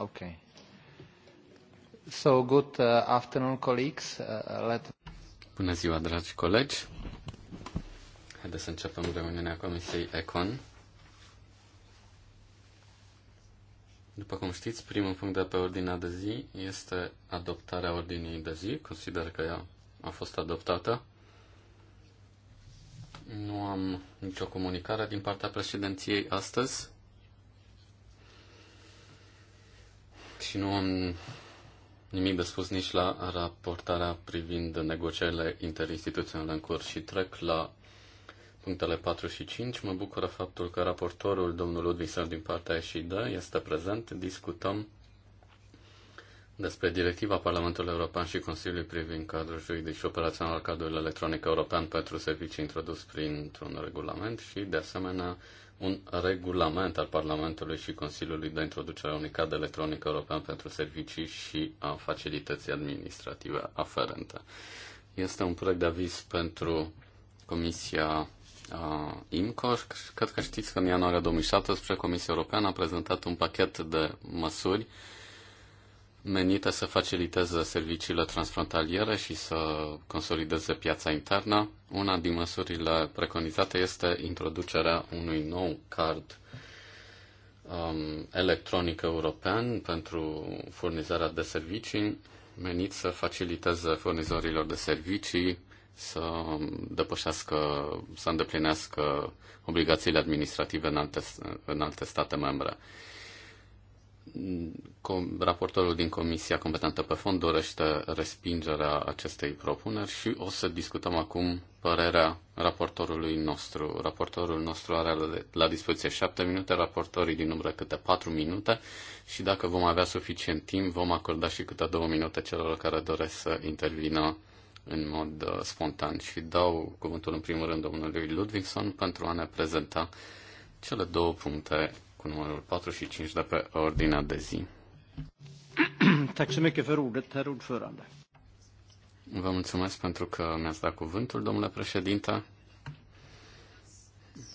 Okay. So, good uh, afternoon, colleagues. Uh, let... Bună ziua, dragi colegi. Haideți să începem reuniunea Comisiei Econ. După cum știți, primul punct de pe ordinea de zi este adoptarea ordinii de zi. Consider că ea a fost adoptată. Nu am nicio comunicare din partea președinției astăzi. Și nu am nimic de spus nici la raportarea privind negocierile interinstituționale în curs și trec la punctele 4 și 5. Mă bucură faptul că raportorul, domnul Ludvigsen, din partea SID, este prezent. Discutăm despre directiva Parlamentului European și Consiliului privind cadrul juridic și operațional al cadrului electronic european pentru servicii introdus printr-un regulament și, de asemenea, un regulament al Parlamentului și Consiliului de introducere a unui cad electronic european pentru servicii și a facilității administrative aferente. Este un proiect de aviz pentru Comisia uh, IMCOR. Cred că știți că în ianuarie 2017 Comisia Europeană a prezentat un pachet de măsuri uh, menită să faciliteze serviciile transfrontaliere și să consolideze piața internă. Una din măsurile preconizate este introducerea unui nou card um, electronic european pentru furnizarea de servicii, menit să faciliteze furnizorilor de servicii să depășească, să îndeplinească obligațiile administrative în alte, în alte state membre raportorul din Comisia Competentă pe Fond dorește respingerea acestei propuneri și o să discutăm acum părerea raportorului nostru. Raportorul nostru are la dispoziție șapte minute, raportorii din umbră câte patru minute și dacă vom avea suficient timp, vom acorda și câte două minute celor care doresc să intervină în mod uh, spontan. Și dau cuvântul în primul rând domnului Ludvigson pentru a ne prezenta cele două puncte numărul 45 de pe ordinea de zi. Vă mulțumesc pentru că mi-ați dat cuvântul, domnule președinte.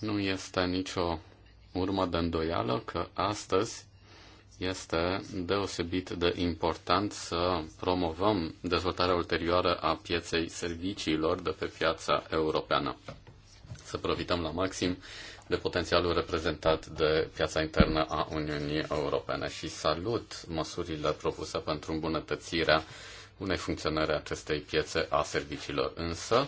Nu este nicio urmă de îndoială că astăzi este deosebit de important să promovăm dezvoltarea ulterioară a pieței serviciilor de pe piața europeană. Să profităm la maxim de potențialul reprezentat de piața internă a Uniunii Europene și salut măsurile propuse pentru îmbunătățirea unei funcționări a acestei piețe a serviciilor. Însă,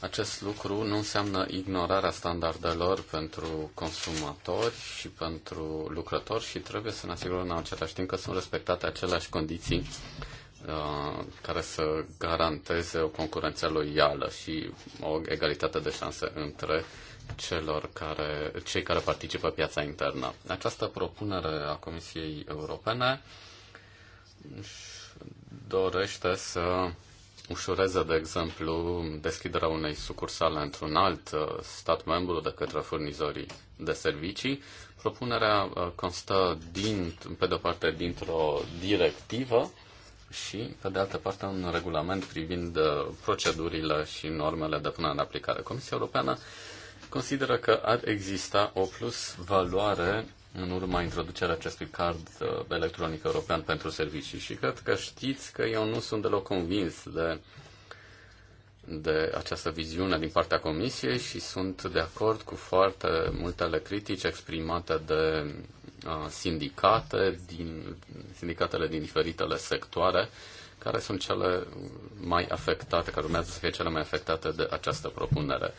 acest lucru nu înseamnă ignorarea standardelor pentru consumatori și pentru lucrători și trebuie să ne asigurăm în același timp că sunt respectate aceleași condiții uh, care să garanteze o concurență loială și o egalitate de șanse între celor care, cei care participă piața internă. Această propunere a Comisiei Europene dorește să ușureze, de exemplu, deschiderea unei sucursale într-un alt uh, stat membru de către furnizorii de servicii. Propunerea uh, constă, din, pe de-o parte, dintr-o directivă și, pe de altă parte, un regulament privind uh, procedurile și normele de până în aplicare. Comisia Europeană consideră că ar exista o plus valoare în urma introducerea acestui card uh, electronic european pentru servicii și cred că știți că eu nu sunt deloc convins de, de această viziune din partea Comisiei și sunt de acord cu foarte multele critici exprimate de uh, sindicate din, sindicatele din diferitele sectoare care sunt cele mai afectate, care urmează să fie cele mai afectate de această propunere.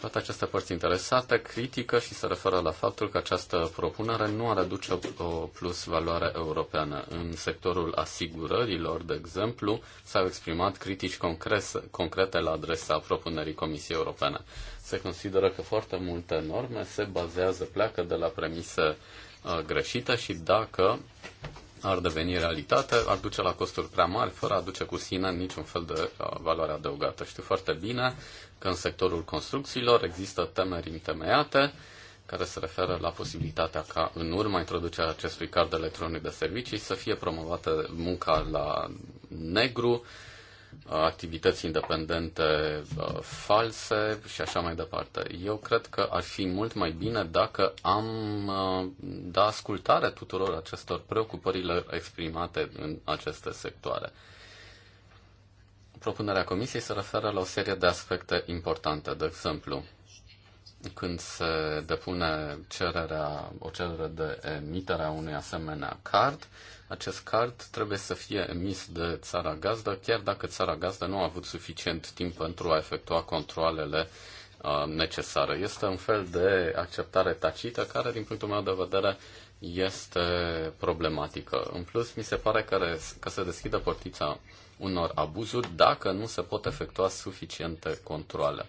Toate aceste părți interesate critică și se referă la faptul că această propunere nu ar aduce o plus valoare europeană. În sectorul asigurărilor, de exemplu, s-au exprimat critici concrese, concrete la adresa propunerii Comisiei Europene. Se consideră că foarte multe norme se bazează, pleacă de la premise uh, greșite și dacă ar deveni realitate, ar duce la costuri prea mari, fără a aduce cu sine niciun fel de uh, valoare adăugată. Știu foarte bine că în sectorul construcțiilor există temeri întemeiate care se referă la posibilitatea ca în urma introducerea acestui card electronic de servicii să fie promovată munca la negru, activități independente uh, false și așa mai departe. Eu cred că ar fi mult mai bine dacă am uh, da ascultare tuturor acestor preocupările exprimate în aceste sectoare. Propunerea Comisiei se referă la o serie de aspecte importante, de exemplu, când se depune cererea, o cerere de emitere a unui asemenea card, acest card trebuie să fie emis de țara gazdă, chiar dacă țara gazdă nu a avut suficient timp pentru a efectua controlele uh, necesare. Este un fel de acceptare tacită care, din punctul meu de vedere, este problematică. În plus, mi se pare că, că se deschide portița unor abuzuri dacă nu se pot efectua suficiente controle.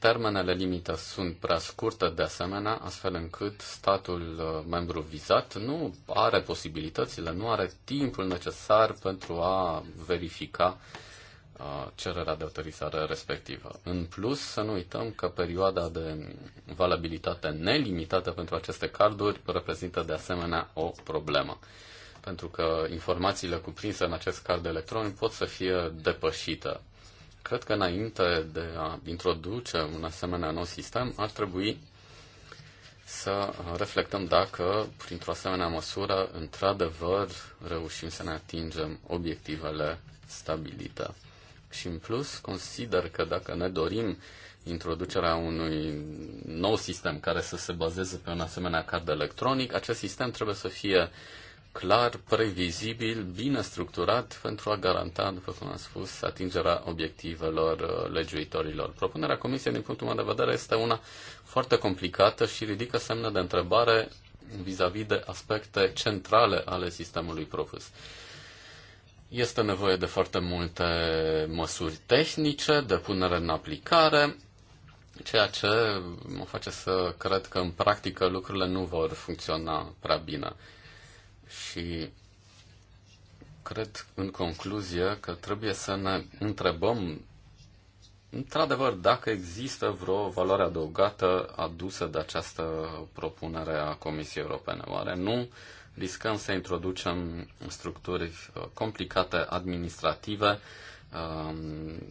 Termenele limită sunt prea scurte de asemenea, astfel încât statul uh, membru vizat nu are posibilitățile, nu are timpul necesar pentru a verifica uh, cererea de autorizare respectivă. În plus, să nu uităm că perioada de valabilitate nelimitată pentru aceste carduri reprezintă de asemenea o problemă, pentru că informațiile cuprinse în acest card electronic pot să fie depășite Cred că înainte de a introduce un asemenea nou sistem, ar trebui să reflectăm dacă, printr-o asemenea măsură, într-adevăr reușim să ne atingem obiectivele stabilite. Și, în plus, consider că dacă ne dorim introducerea unui nou sistem care să se bazeze pe un asemenea card electronic, acest sistem trebuie să fie uh, clar, previzibil, bine structurat pentru a garanta, după cum am spus, atingerea obiectivelor uh, legiuitorilor. Propunerea Comisiei, din punctul meu de vedere, este una foarte complicată și ridică semne de întrebare vis-a-vis -vis de aspecte centrale ale sistemului propus. Este nevoie de foarte multe măsuri tehnice, de punere în aplicare, ceea ce mă face să cred că în practică lucrurile nu vor funcționa prea bine. Și cred în concluzie că trebuie să ne întrebăm într-adevăr dacă există vreo valoare adăugată adusă de această propunere a Comisiei Europene. Oare nu riscăm să introducem structuri uh, complicate administrative um,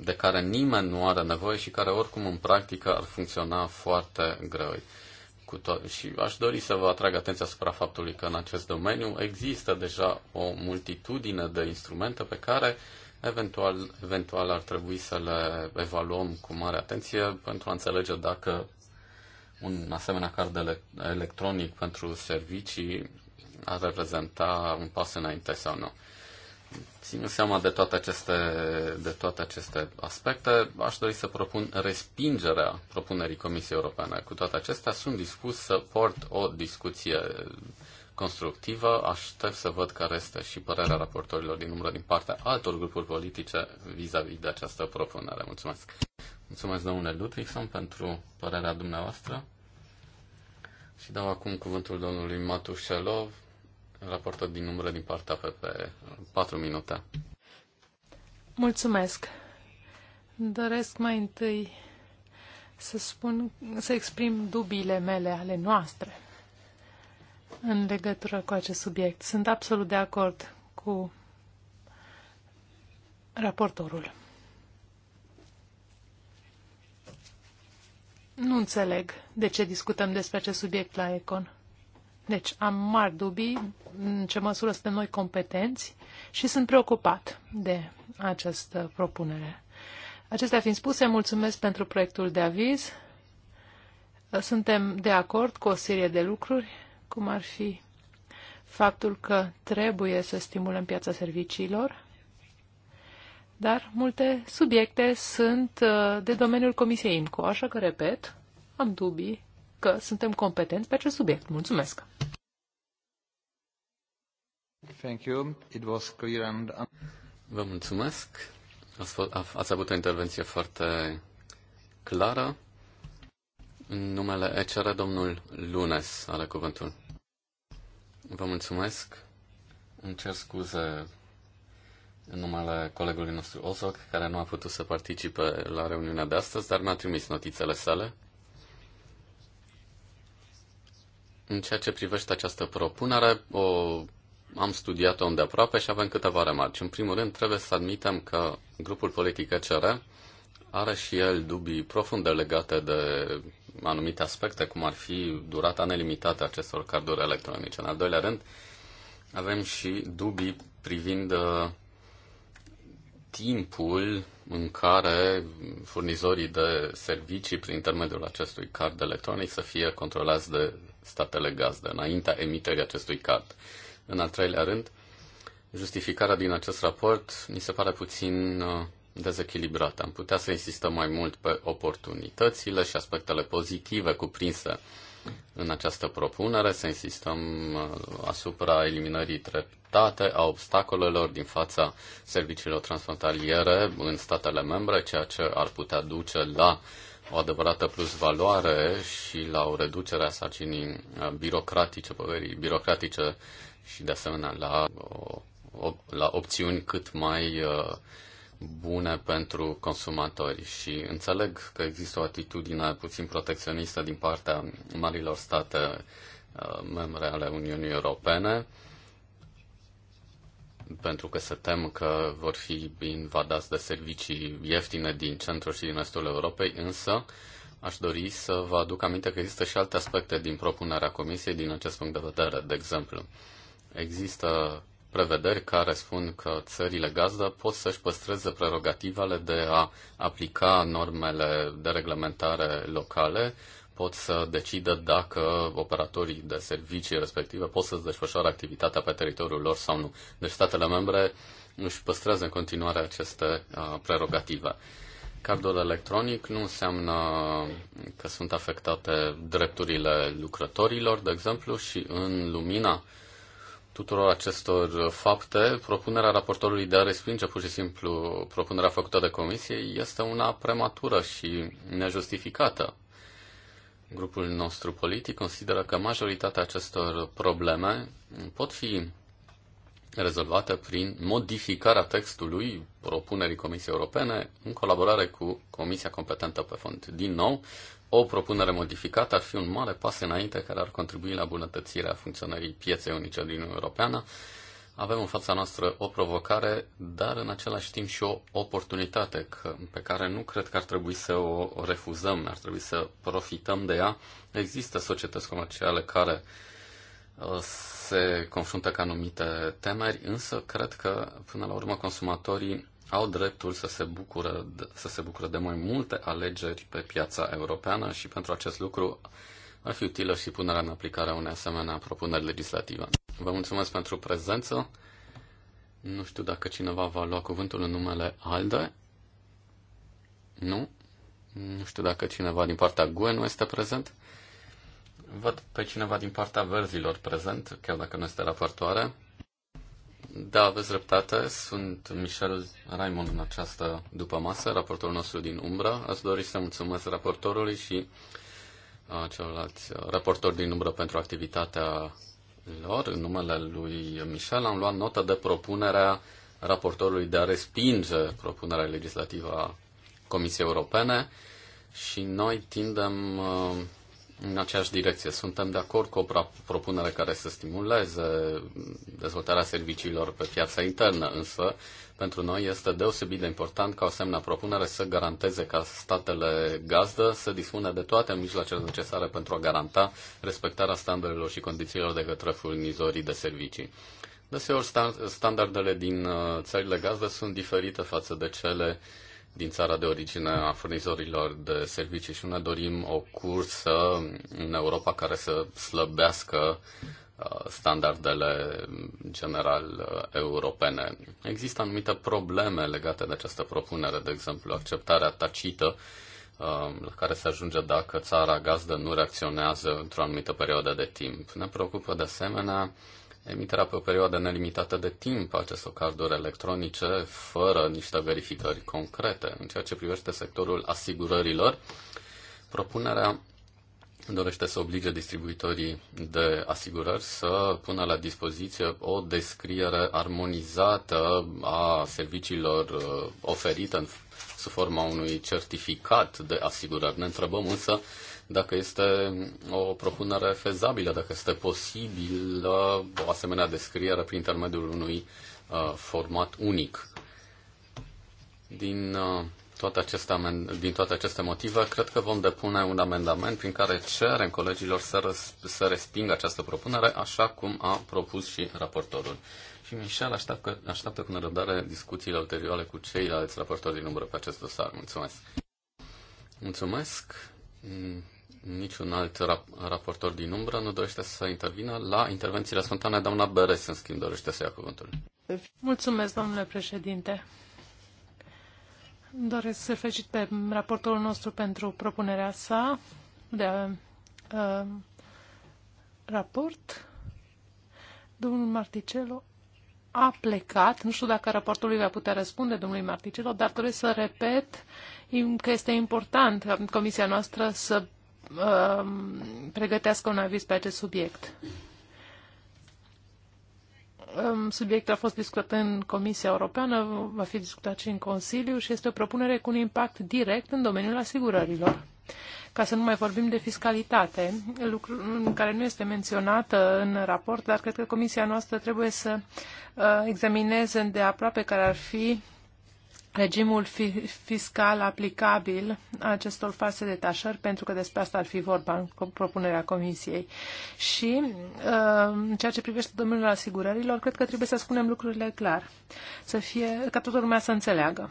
de care nimeni nu are nevoie și care oricum în practică ar funcționa foarte greu cu to- și aș dori să vă atrag atenția asupra faptului că în acest domeniu există deja o multitudine de instrumente pe care eventual, eventual ar trebui să le evaluăm cu mare atenție pentru a înțelege dacă un asemenea card electronic pentru servicii ar reprezenta un pas înainte sau nu. Ținând seama de toate, aceste, de toate aceste aspecte, aș dori să propun respingerea propunerii Comisiei Europene. Cu toate acestea, sunt dispus să port o discuție constructivă. Aștept să văd care este și părerea raportorilor din umbră din partea altor grupuri politice vis-a-vis -vis de această propunere. Mulțumesc! Mulțumesc, domnule Ludvigson, pentru părerea dumneavoastră. Și dau acum cuvântul domnului Matușelov, raportor din umbră din partea pe 4 minute. Mulțumesc. Doresc mai întâi să spun, să exprim dubiile mele ale noastre în legătură cu acest subiect. Sunt absolut de acord cu raportorul. Nu înțeleg de ce discutăm despre acest subiect la Econ. Deci am mari dubii în ce măsură suntem noi competenți și sunt preocupat de această propunere. Acestea fiind spuse, mulțumesc pentru proiectul de aviz. Suntem de acord cu o serie de lucruri, cum ar fi faptul că trebuie să stimulăm piața serviciilor, dar multe subiecte sunt uh, de domeniul Comisiei IMCO, așa că, repet, am dubii că suntem competenți pe acest subiect. Mulțumesc! Thank you. It was clear and... Vă mulțumesc. Ați avut o intervenție foarte clară. În numele ECR, domnul Lunes are cuvântul. Vă mulțumesc. Îmi cer scuze în numele colegului nostru Ozoc, care nu a putut să participe la reuniunea de astăzi, dar mi-a trimis notițele sale. În ceea ce privește această propunere, o am studiat-o îndeaproape și avem câteva remarci. În primul rând, trebuie să admitem că grupul politic ECR are și el dubii profunde legate de anumite aspecte, cum ar fi durata nelimitată a acestor carduri electronice. În al doilea rând, avem și dubii privind uh, timpul în care furnizorii de servicii prin intermediul acestui card electronic să fie controlați de statele gazdă, înaintea emiterii acestui card. În al treilea rând, justificarea din acest raport mi se pare puțin uh, dezechilibrată. Am putea să insistăm mai mult pe oportunitățile și aspectele pozitive cuprinse în această propunere, să insistăm uh, asupra eliminării treptate a obstacolelor din fața serviciilor transfrontaliere în statele membre, ceea ce ar putea duce la uh, o adevărată plusvaloare și la o reducere a sarcinii birocratice, poverii birocratice și de asemenea la, o, la opțiuni cât mai bune pentru consumatori și înțeleg că există o atitudine puțin protecționistă din partea marilor state membre ale Uniunii Europene, pentru că se tem că vor fi invadați de servicii ieftine din centrul și din estul Europei, însă aș dori să vă aduc aminte că există și alte aspecte din propunerea Comisiei din acest punct de vedere. De exemplu, există prevederi care spun că țările gazdă pot să-și păstreze prerogativele de a aplica normele de reglementare locale pot să decidă dacă operatorii de servicii respective pot să-și desfășoare activitatea pe teritoriul lor sau nu. Deci statele membre își păstrează în continuare aceste uh, prerogative. Cardul electronic nu înseamnă că sunt afectate drepturile lucrătorilor, de exemplu, și în lumina tuturor acestor fapte, propunerea raportorului de a respinge pur și simplu propunerea făcută de comisie este una prematură și nejustificată. Grupul nostru politic consideră că majoritatea acestor probleme pot fi rezolvate prin modificarea textului propunerii Comisiei Europene în colaborare cu Comisia competentă pe fond. Din nou, o propunere modificată ar fi un mare pas înainte care ar contribui la bunătățirea funcționării pieței unice din Europeană avem în fața noastră o provocare, dar în același timp și o oportunitate pe care nu cred că ar trebui să o refuzăm, ar trebui să profităm de ea. Există societăți comerciale care uh, se confruntă cu anumite temeri, însă cred că până la urmă consumatorii au dreptul să se, bucură, să se bucură de mai multe alegeri pe piața europeană și pentru acest lucru ar fi utilă și punerea în aplicare a unei asemenea propuneri legislative. Vă mulțumesc pentru prezență. Nu știu dacă cineva va lua cuvântul în numele ALDE. Nu? Nu știu dacă cineva din partea GUE nu este prezent. Văd pe cineva din partea verzilor prezent, chiar dacă nu este raportoare. Da, aveți dreptate. Sunt Michel Raimond în această după masă, raportorul nostru din Umbra. Aș dori să mulțumesc raportorului și uh, celorlalți uh, raportori din Umbra pentru activitatea lor, în numele lui Michel, am luat notă de propunerea raportorului de a respinge propunerea legislativă a Comisiei Europene și noi tindem uh, în aceeași direcție. Suntem de acord cu o propunere care să stimuleze dezvoltarea serviciilor pe piața internă, însă pentru noi este deosebit de important ca o asemenea propunere să garanteze ca statele gazdă să dispună de toate mijloacele necesare pentru a garanta respectarea standardelor și condițiilor de către furnizorii de servicii. Deseori standardele din uh, țările gazdă sunt diferite față de cele uh, din țara de origine a furnizorilor de servicii și ne dorim o cursă în Europa care să slăbească uh, standardele general uh, europene. Există anumite probleme legate de această propunere, de exemplu acceptarea tacită uh, la care se ajunge dacă țara gazdă nu reacționează într-o anumită perioadă de timp. Ne preocupă de asemenea emiterea pe o perioadă nelimitată de timp a acestor carduri electronice fără niște verificări concrete. În ceea ce privește sectorul asigurărilor, propunerea dorește să oblige distribuitorii de asigurări să pună la dispoziție o descriere armonizată a serviciilor uh, oferite în, sub forma unui certificat de asigurări. Ne întrebăm însă dacă este o propunere fezabilă, dacă este posibil o asemenea descriere prin intermediul unui uh, format unic. Din uh, toate aceste, din toate aceste motive, cred că vom depune un amendament prin care cerem colegilor să, răs, să respingă această propunere, așa cum a propus și raportorul. Și Michel așteaptă, așteaptă cu nerăbdare discuțiile ulterioare cu ceilalți raportori din umbră pe acest dosar. Mulțumesc! Mulțumesc! Niciun alt rap- raportor din umbră nu dorește să intervină. La intervențiile spontane, doamna Beres, în schimb, dorește să ia cuvântul. Mulțumesc, domnule președinte. Doresc să felicit pe raportorul nostru pentru propunerea sa de a, uh, raport. Domnul Marticello a plecat. Nu știu dacă raportul lui va putea răspunde domnului Marticello, dar doresc să repet că este important ca comisia noastră să Um, pregătească un aviz pe acest subiect. Um, subiectul a fost discutat în Comisia Europeană, va fi discutat și în Consiliu și este o propunere cu un impact direct în domeniul asigurărilor. Ca să nu mai vorbim de fiscalitate, lucru care nu este menționată în raport, dar cred că Comisia noastră trebuie să uh, examineze de aproape care ar fi regimul fi fiscal aplicabil acestor de tașări, pentru că despre asta ar fi vorba în propunerea Comisiei. Și uh, în ceea ce privește domeniul asigurărilor, cred că trebuie să spunem lucrurile clar, să fie, ca toată lumea să înțeleagă.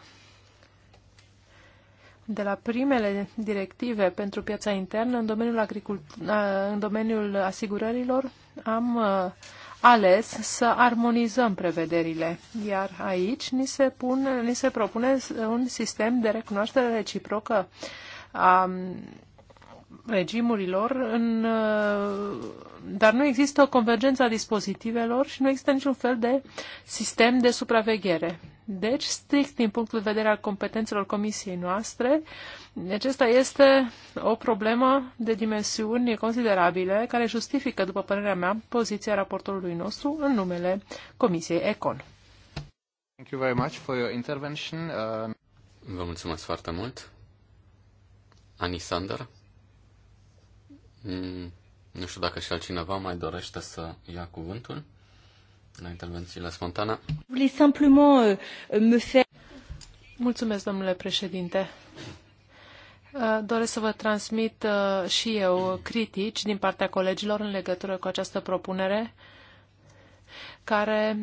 De la primele directive pentru piața internă, în domeniul, agricult, uh, în domeniul asigurărilor, am uh, ales să armonizăm prevederile, iar aici ni se, pun, ni se propune un sistem de recunoaștere reciprocă a regimurilor, în, dar nu există o convergență a dispozitivelor și nu există niciun fel de sistem de supraveghere. Deci, strict din punctul de vedere al competențelor comisiei noastre, acesta deci este o problemă de dimensiuni considerabile care justifică, după părerea mea, poziția raportorului nostru în numele Comisiei Econ. Thank you very much for your intervention. Uh... Vă mulțumesc foarte mult. Anisander. Mm, nu știu dacă și altcineva mai dorește să ia cuvântul la intervențiile spontane. Euh, euh, Mulțumesc, domnule președinte. Uh, doresc să vă transmit uh, și eu critici din partea colegilor în legătură cu această propunere care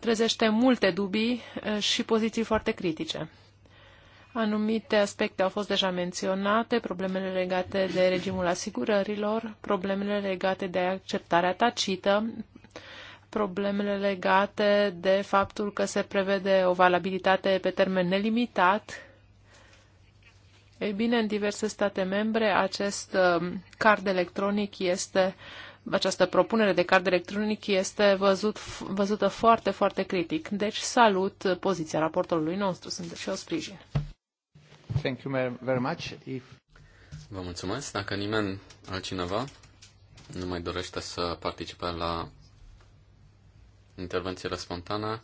trezește multe dubii uh, și poziții foarte critice. Anumite aspecte au fost deja menționate, problemele legate de regimul asigurărilor, problemele legate de acceptarea tacită, problemele legate de faptul că se prevede o valabilitate pe termen nelimitat. Ei bine, în diverse state membre, acest uh, card electronic este această propunere de card electronic este văzut, văzută foarte, foarte critic. Deci salut poziția raportorului nostru, sunt și o sprijin. Thank you very much. If... Vă mulțumesc. Dacă nimeni altcineva nu mai dorește să participe la intervențiile spontane,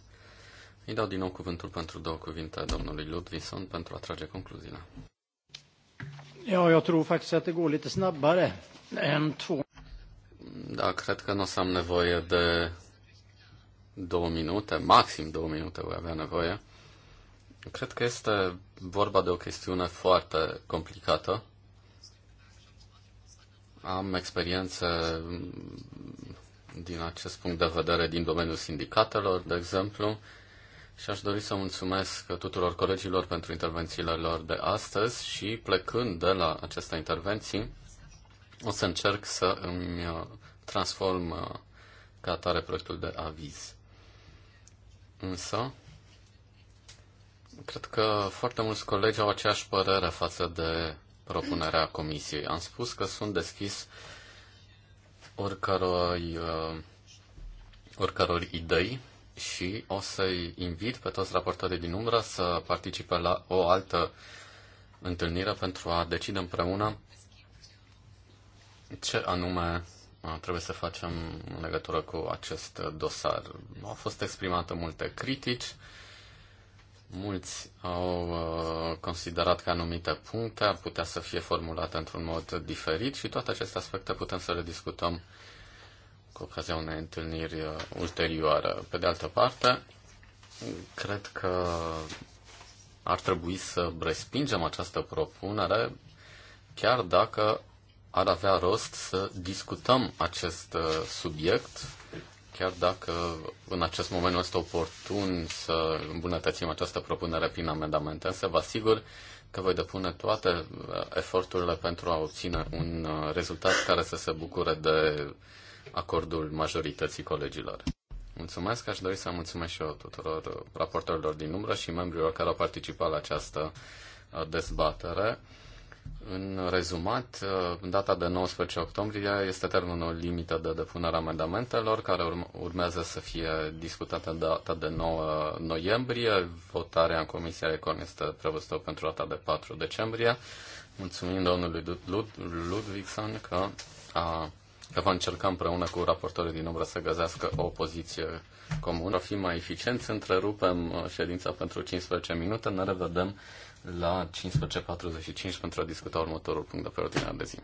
îi dau din nou cuvântul pentru două cuvinte domnului Ludvison pentru a trage concluziile. Ja, jag tror faktiskt att det går lite snabbare än två. Da, cred că nu o să am nevoie de două minute, maxim două minute voi avea nevoie. Cred că este vorba de o chestiune foarte complicată. Am experiențe din acest punct de vedere din domeniul sindicatelor, de exemplu, și aș dori să mulțumesc tuturor colegilor pentru intervențiile lor de astăzi și plecând de la aceste intervenții, o să încerc să îmi uh, transform uh, ca atare proiectul de aviz. Însă, Cred că foarte mulți colegi au aceeași părere față de propunerea comisiei. Am spus că sunt deschis oricărui, uh, oricăror idei și o să-i invit pe toți raportorii din umbră să participe la o altă întâlnire pentru a decide împreună ce anume uh, trebuie să facem în legătură cu acest dosar. Au fost exprimate multe critici Mulți au uh, considerat că anumite puncte ar putea să fie formulate într-un mod diferit și toate aceste aspecte putem să le discutăm cu ocazia unei întâlniri uh, ulterioare. Pe de altă parte, cred că ar trebui să respingem această propunere, chiar dacă ar avea rost să discutăm acest uh, subiect chiar dacă în acest moment nu este oportun să îmbunătățim această propunere prin amendamente, însă vă asigur că voi depune toate uh, eforturile pentru a obține un uh, rezultat care să se bucure de acordul majorității colegilor. Mulțumesc, aș dori să mulțumesc și eu tuturor uh, raportorilor din umbră și membrilor care au participat la această dezbatere. În rezumat, în uh, data de 19 octombrie este termenul limită de depunere amendamentelor, care urmează să fie discutată în data de 9 noiembrie. Votarea în Comisia Econ este prevăzută pentru data de 4 decembrie. Mulțumim domnului Ludvigson că, a, că va încerca împreună cu raportorii din umbră să găsească o poziție comună. Va fi mai eficienți, întrerupem uh, ședința pentru 15 minute, ne revedem la 15.45 pentru a discuta următorul punct de pe ordinea de zi.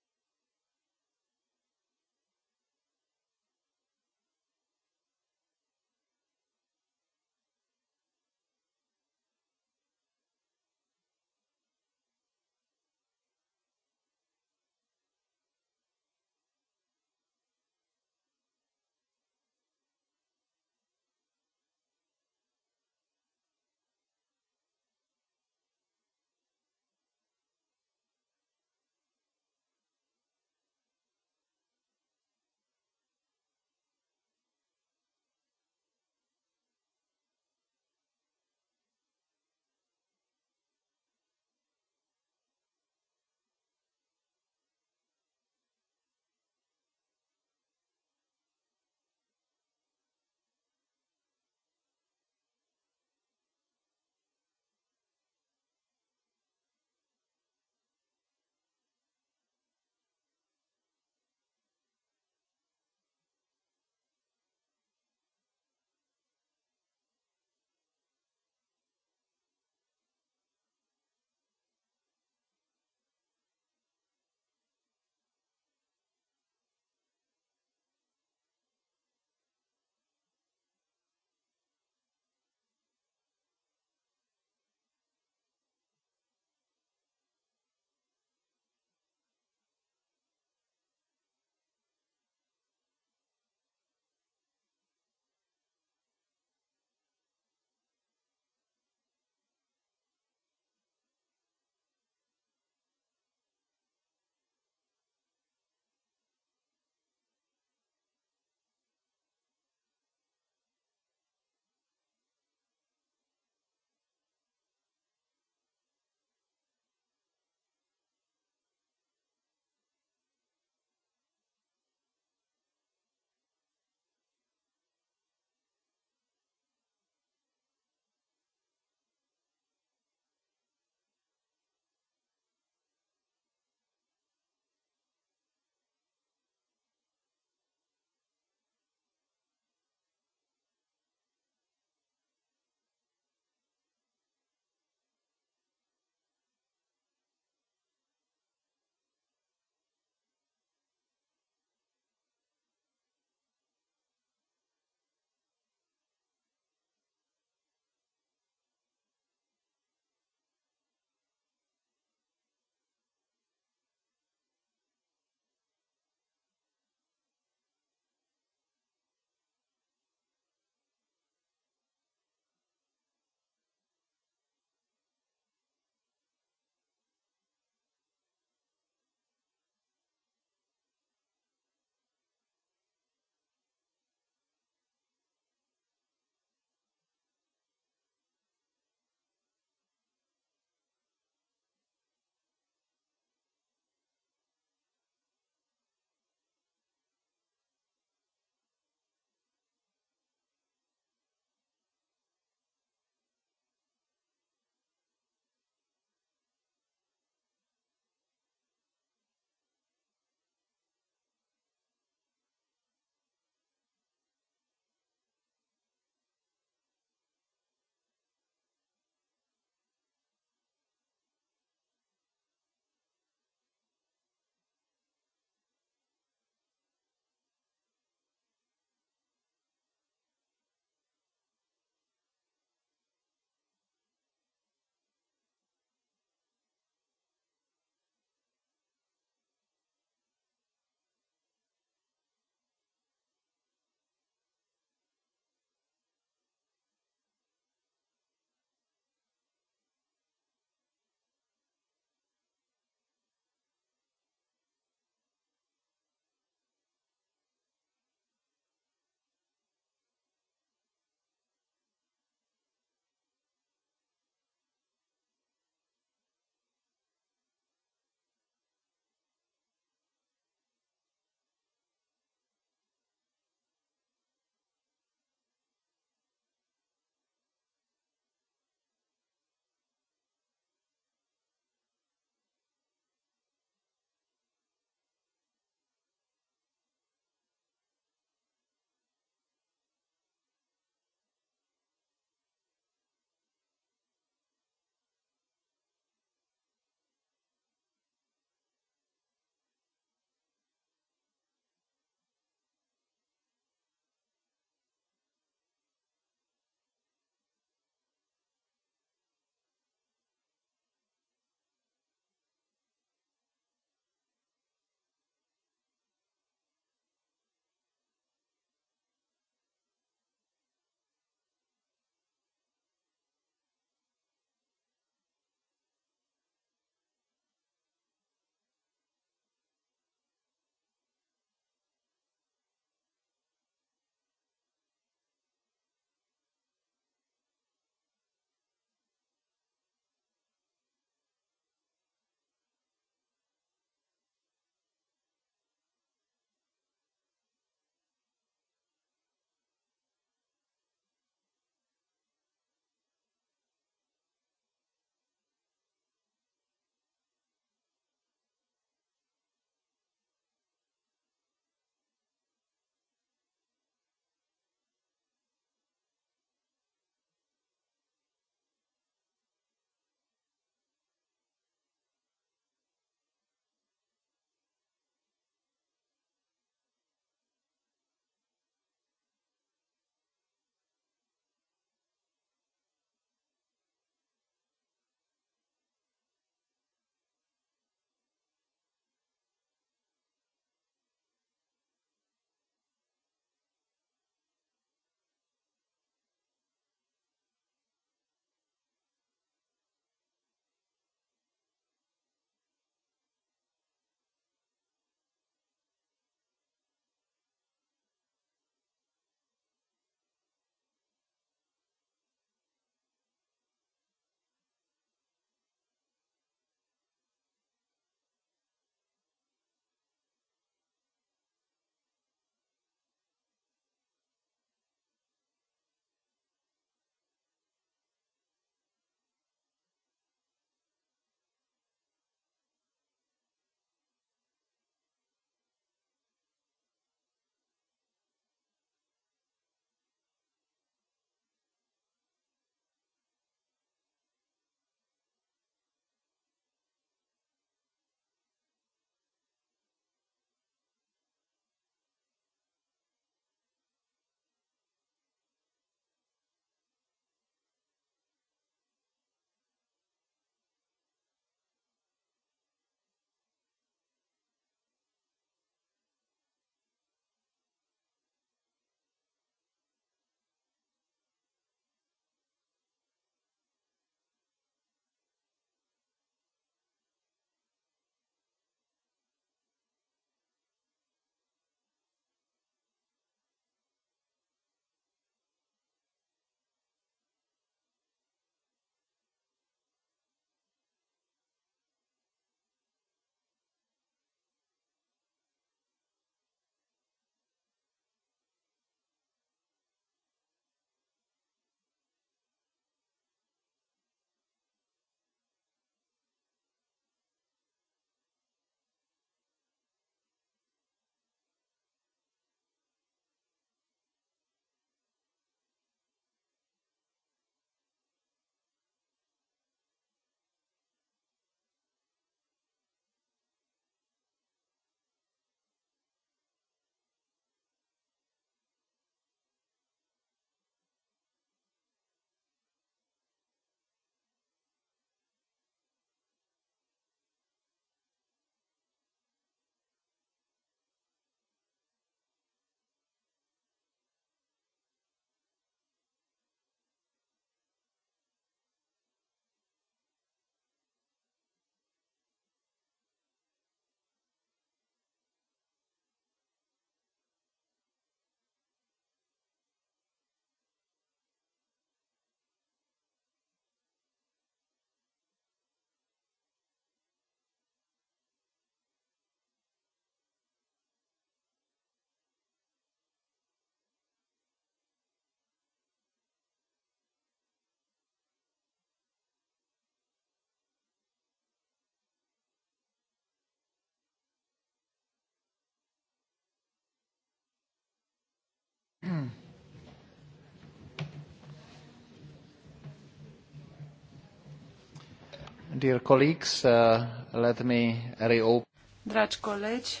dear colleagues, uh, let me reopen. Dragi colegi,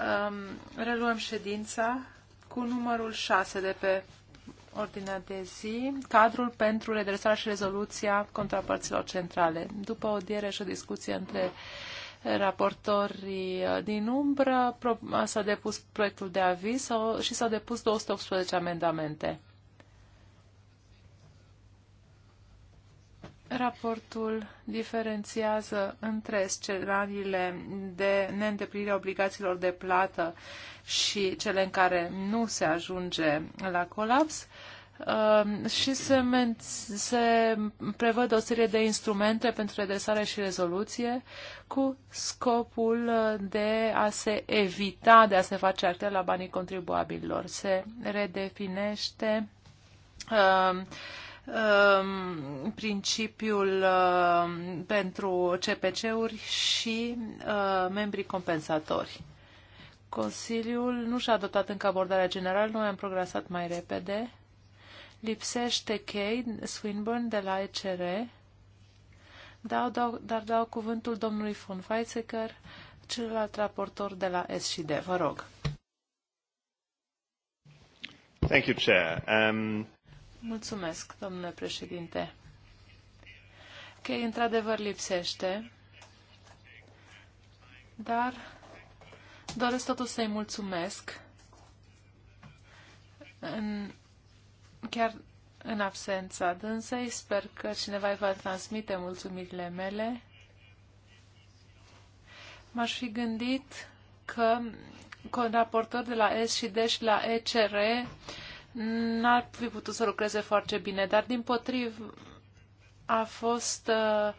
um, reluăm ședința cu numărul 6 de pe ordinea de zi, cadrul pentru redresarea și rezoluția contrapărților centrale. După o diere și o discuție între raportorii uh, din umbră, s-a depus proiectul de aviz și s-au depus 218 amendamente. Raportul diferențiază între scenariile de neîndeplinire a obligațiilor de plată și cele în care nu se ajunge la colaps um, și se, men- se prevăd o serie de instrumente pentru redresare și rezoluție cu scopul de a se evita, de a se face arte la banii contribuabililor. Se redefinește uh, Um, principiul um, pentru CPC-uri și uh, membrii compensatori. Consiliul nu și-a adoptat încă abordarea generală, noi am progresat mai repede. Lipsește Kay Swinburne de la ECR, dau, dau, dar dau cuvântul domnului von Weizsäcker, celălalt raportor de la S&D. Vă rog. Thank you, Chair. Um... Mulțumesc, domnule președinte. Că într-adevăr lipsește, dar doresc totuși să-i mulțumesc în, chiar în absența dânsei. Sper că cineva va transmite mulțumirile mele. M-aș fi gândit că cu raportor de la S și de și la ECR n-ar fi putut să lucreze foarte bine, dar din potriv a fost uh,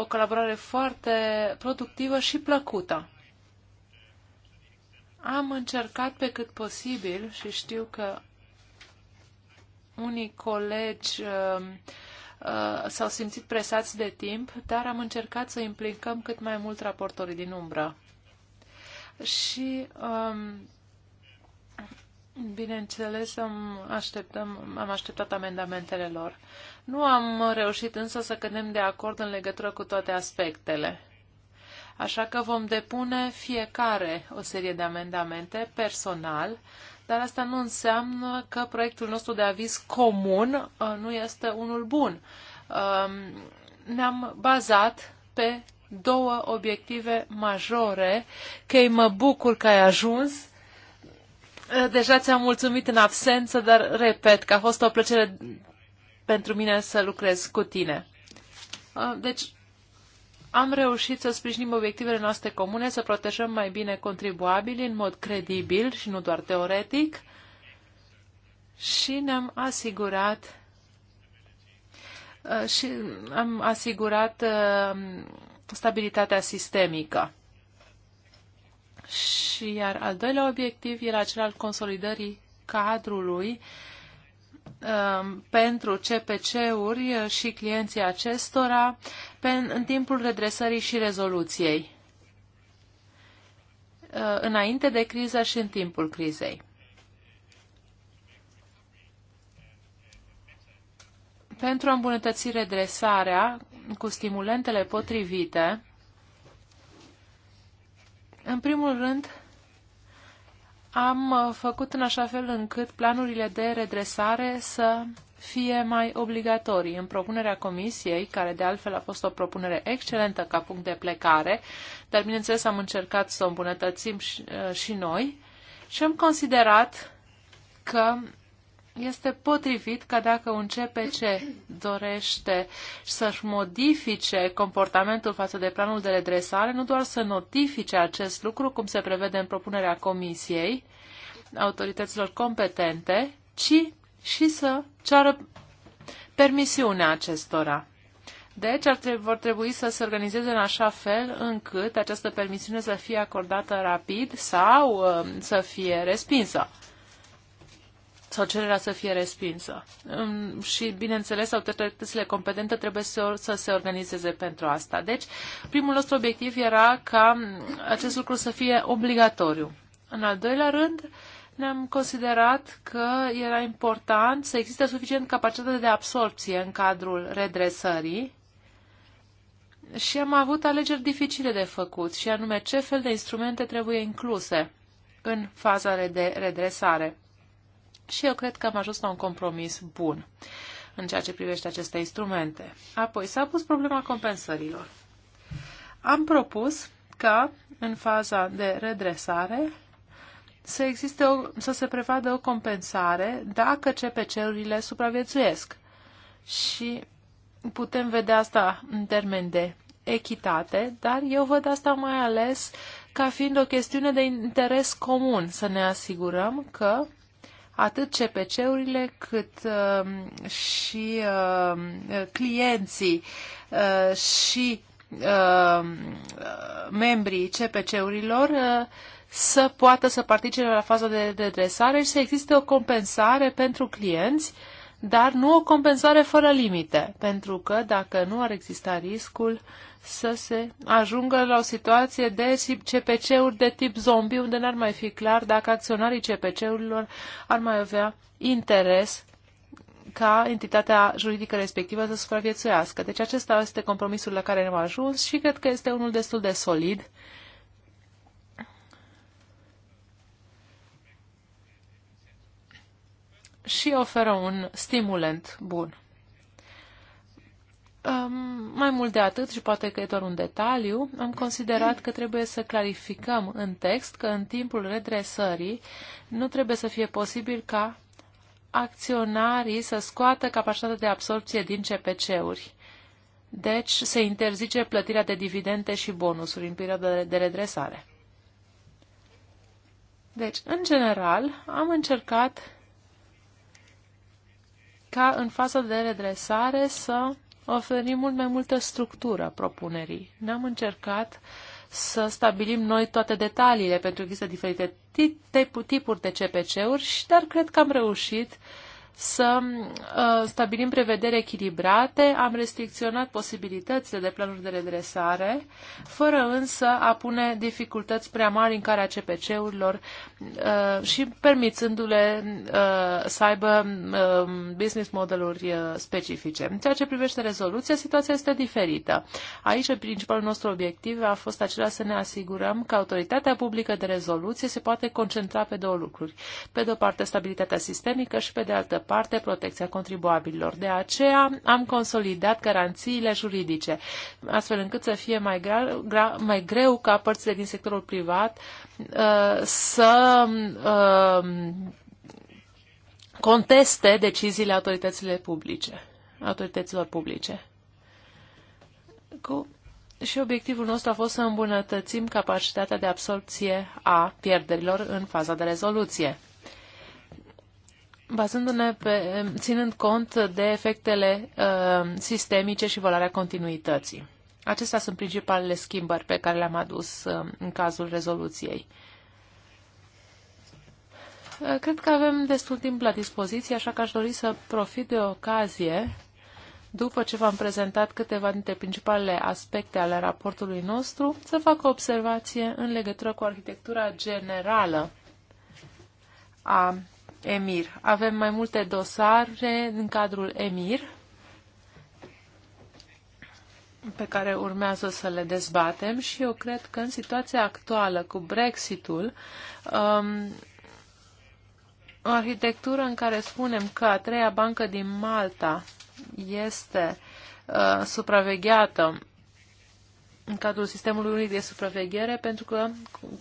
o colaborare foarte productivă și plăcută. Am încercat pe cât posibil și știu că unii colegi uh, uh, s-au simțit presați de timp, dar am încercat să implicăm cât mai mult raportorii din umbră. Și um, Bineînțeles, am, așteptăm, am așteptat amendamentele lor. Nu am reușit însă să cădem de acord în legătură cu toate aspectele. Așa că vom depune fiecare o serie de amendamente personal, dar asta nu înseamnă că proiectul nostru de aviz comun uh, nu este unul bun. Um, ne-am bazat pe două obiective majore, că mă bucur că ai ajuns Eh, deja ți-am mulțumit în absență, dar repet că a fost o plăcere pentru mine să lucrez cu tine. Eh, deci, am reușit să sprijinim obiectivele noastre comune, să protejăm mai bine contribuabilii în mod credibil și nu doar teoretic și ne-am asigurat eh, și am asigurat stabilitatea sistemică. Și iar al doilea obiectiv era acela al consolidării cadrului um, pentru CPC-uri și clienții acestora în timpul redresării și rezoluției, uh, înainte de criză și în timpul crizei. Pentru a îmbunătăți redresarea cu stimulentele potrivite, în primul rând, am uh, făcut în așa fel încât planurile de redresare să fie mai obligatorii. În propunerea comisiei, care de altfel a fost o propunere excelentă ca punct de plecare, dar bineînțeles am încercat să o îmbunătățim și, uh, și noi și am considerat că este potrivit ca dacă un CPC dorește să-și modifice comportamentul față de planul de redresare, nu doar să notifice acest lucru, cum se prevede în propunerea Comisiei, autorităților competente, ci și să ceară permisiunea acestora. Deci ar trebui, vor trebui să se organizeze în așa fel încât această permisiune să fie acordată rapid sau uh, să fie respinsă sau cererea să fie respinsă. Și, bineînțeles, autoritățile competente trebuie să, se organizeze pentru asta. Deci, primul nostru obiectiv era ca acest lucru să fie obligatoriu. În al doilea rând, ne-am considerat că era important să existe suficient capacitate de absorpție în cadrul redresării și am avut alegeri dificile de făcut, și anume ce fel de instrumente trebuie incluse în faza de redresare și eu cred că am ajuns la un compromis bun în ceea ce privește aceste instrumente. Apoi s-a pus problema compensărilor. Am propus ca în faza de redresare să, existe o, să se prevadă o compensare dacă CPC-urile supraviețuiesc. Și putem vedea asta în termen de echitate, dar eu văd asta mai ales ca fiind o chestiune de interes comun, să ne asigurăm că atât CPC-urile cât uh, și uh, clienții uh, și uh, membrii CPC-urilor uh, să poată să participe la faza de redresare și să existe o compensare pentru clienți uh, dar nu o compensare fără limite, pentru că dacă nu ar exista riscul să se ajungă la o situație de CPC-uri de tip zombie, unde n-ar mai fi clar dacă acționarii CPC-urilor ar mai avea interes ca entitatea juridică respectivă să supraviețuiască. Deci acesta este compromisul la care ne-am ajuns și cred că este unul destul de solid și oferă un stimulent bun. Mai mult de atât, și poate că e doar un detaliu, am considerat că trebuie să clarificăm în text că în timpul redresării nu trebuie să fie posibil ca acționarii să scoată capacitatea de absorpție din CPC-uri. Deci se interzice plătirea de dividende și bonusuri în perioada de redresare. Deci, în general, am încercat ca în faza de redresare să oferim mult mai multă structură propunerii. Ne-am încercat să stabilim noi toate detaliile, pentru că există diferite tipuri de CPC-uri, dar cred că am reușit uh, să uh, stabilim prevederi echilibrate, am restricționat posibilitățile de planuri de redresare, fără însă a pune dificultăți prea mari în care CPC-urilor uh, și permițându-le uh, să aibă uh, business modeluri uh, specifice. În ceea ce privește rezoluția, situația este diferită. Aici principalul nostru obiectiv a fost acela să ne asigurăm că autoritatea publică de rezoluție se poate concentra pe două lucruri. Pe de o parte, stabilitatea sistemică și pe de altă parte, protecția contribuabililor. De aceea am consolidat garanțiile juridice, astfel încât să fie mai, gra, gra, mai greu ca părțile din sectorul privat uh, să uh, conteste deciziile autorităților publice, autorităților publice. Cu și obiectivul nostru a fost să îmbunătățim capacitatea de absorpție a pierderilor în faza de rezoluție bazându-ne pe, ținând cont de efectele uh, sistemice și valoarea continuității. Acestea sunt principalele schimbări pe care le-am adus uh, în cazul rezoluției. Uh, cred că avem destul timp la dispoziție, așa că aș dori să profit de ocazie, după ce v-am prezentat câteva dintre principalele aspecte ale raportului nostru, să fac o observație în legătură cu arhitectura generală a EMIR. Avem mai multe dosare în cadrul EMIR pe care urmează să le dezbatem și eu cred că în situația actuală cu Brexitul, um, o arhitectură în care spunem că a treia bancă din Malta este uh, supravegheată în cadrul sistemului unic de supraveghere, pentru că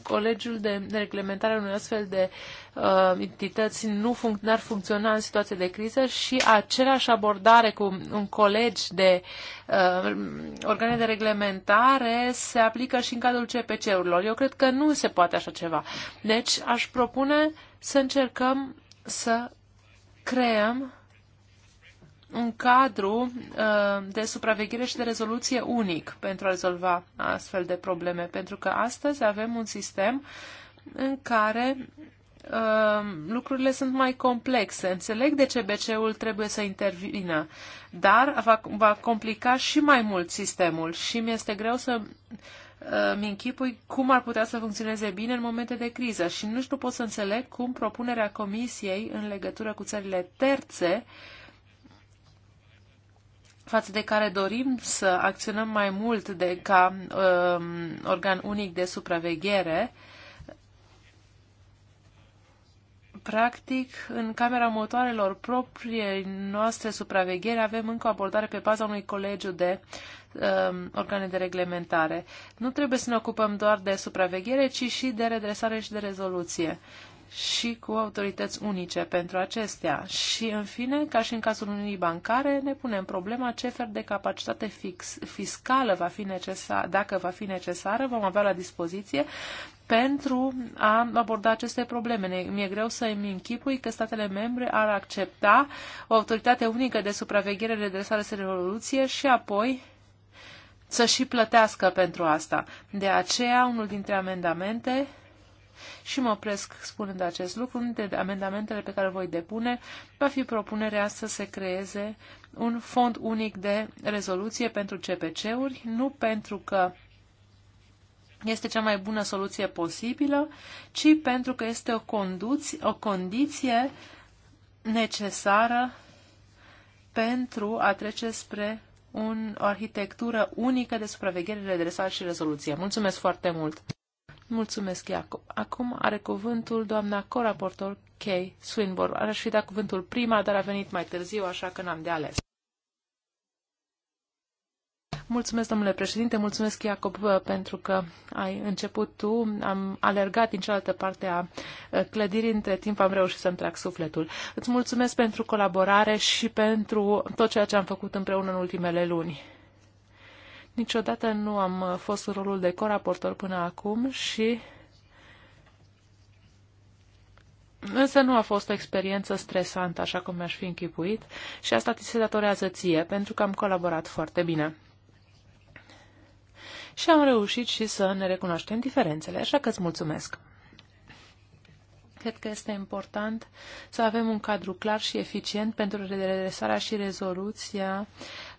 colegiul de reglementare al unui astfel de uh, entități nu func- ar funcționa în situație de criză și aceeași abordare cu un colegi de uh, organe de reglementare se aplică și în cadrul CPC-urilor. Eu cred că nu se poate așa ceva. Deci aș propune să încercăm să creăm un cadru uh, de supraveghere și de rezoluție unic pentru a rezolva astfel de probleme, pentru că astăzi avem un sistem în care uh, lucrurile sunt mai complexe. Înțeleg de ce BCE-ul trebuie să intervină, dar va, va complica și mai mult sistemul și mi este greu să uh, mi închipui cum ar putea să funcționeze bine în momente de criză și nu știu pot să înțeleg cum propunerea Comisiei în legătură cu țările terțe uh, față de care dorim să acționăm mai mult de, ca um, organ unic de supraveghere, practic, în camera motoarelor proprie noastre supraveghere avem încă o abordare pe baza unui colegiu de um, organe de reglementare. Nu trebuie să ne ocupăm doar de supraveghere, ci și de redresare și de rezoluție și cu autorități unice pentru acestea. Și, în fine, ca și în cazul unii Bancare, ne punem problema ce fel de capacitate fix, fiscală va fi necesar, dacă va fi necesară, vom avea la dispoziție pentru a aborda aceste probleme. Mi-e greu să îmi închipui că statele membre ar accepta o autoritate unică de supraveghere, redresare și revoluție și apoi să și plătească pentru asta. De aceea, unul dintre amendamente și mă opresc spunând acest lucru. Unul de amendamentele pe care voi depune va fi propunerea să se creeze un fond unic de rezoluție pentru CPC-uri, nu pentru că este cea mai bună soluție posibilă, ci pentru că este o, conduți, o condiție necesară pentru a trece spre un, o arhitectură unică de supraveghere, redresare și rezoluție. Mulțumesc foarte mult! Mulțumesc, Iacob. Acum are cuvântul doamna coraportor Kay Swinburne. Ar fi dat cuvântul prima, dar a venit mai târziu, așa că n-am de ales. Mulțumesc, domnule președinte, mulțumesc, Iacob, pentru că ai început tu. Am alergat din cealaltă parte a clădirii, între timp am reușit să-mi trag sufletul. Îți mulțumesc pentru colaborare și pentru tot ceea ce am făcut împreună în ultimele luni. Niciodată nu am fost în rolul de coraportor până acum și Însă nu a fost o experiență stresantă, așa cum mi-aș fi închipuit, și asta ți se datorează ție, pentru că am colaborat foarte bine. Și am reușit și să ne recunoaștem diferențele, așa că îți mulțumesc. Cred că este important să avem un cadru clar și eficient pentru redresarea și rezoluția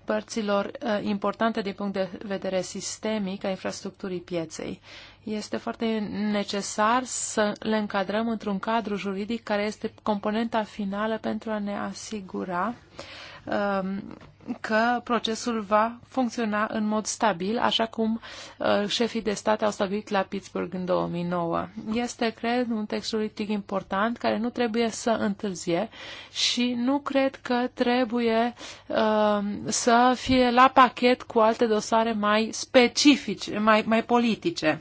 părților uh, importante din punct de vedere sistemic a infrastructurii pieței. Este foarte necesar să le încadrăm într-un cadru juridic care este componenta finală pentru a ne asigura uh, Um, că procesul va funcționa în mod stabil, așa cum uh, șefii de stat au stabilit la Pittsburgh în 2009. Este, cred, un text politic important care nu trebuie să întârzie și nu cred că trebuie uh, să fie la pachet cu alte dosare mai specifice, mai, mai politice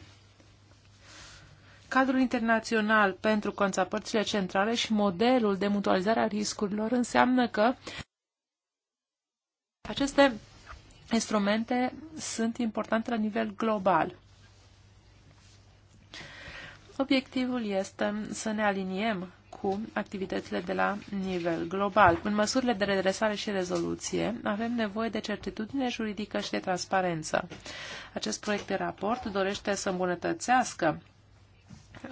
cadrul internațional pentru contrapărțile centrale și modelul de mutualizare a riscurilor înseamnă că aceste instrumente sunt importante la nivel global. Obiectivul este să ne aliniem cu activitățile de la nivel global. În măsurile de redresare și rezoluție avem nevoie de certitudine juridică și de transparență. Acest proiect de raport dorește să îmbunătățească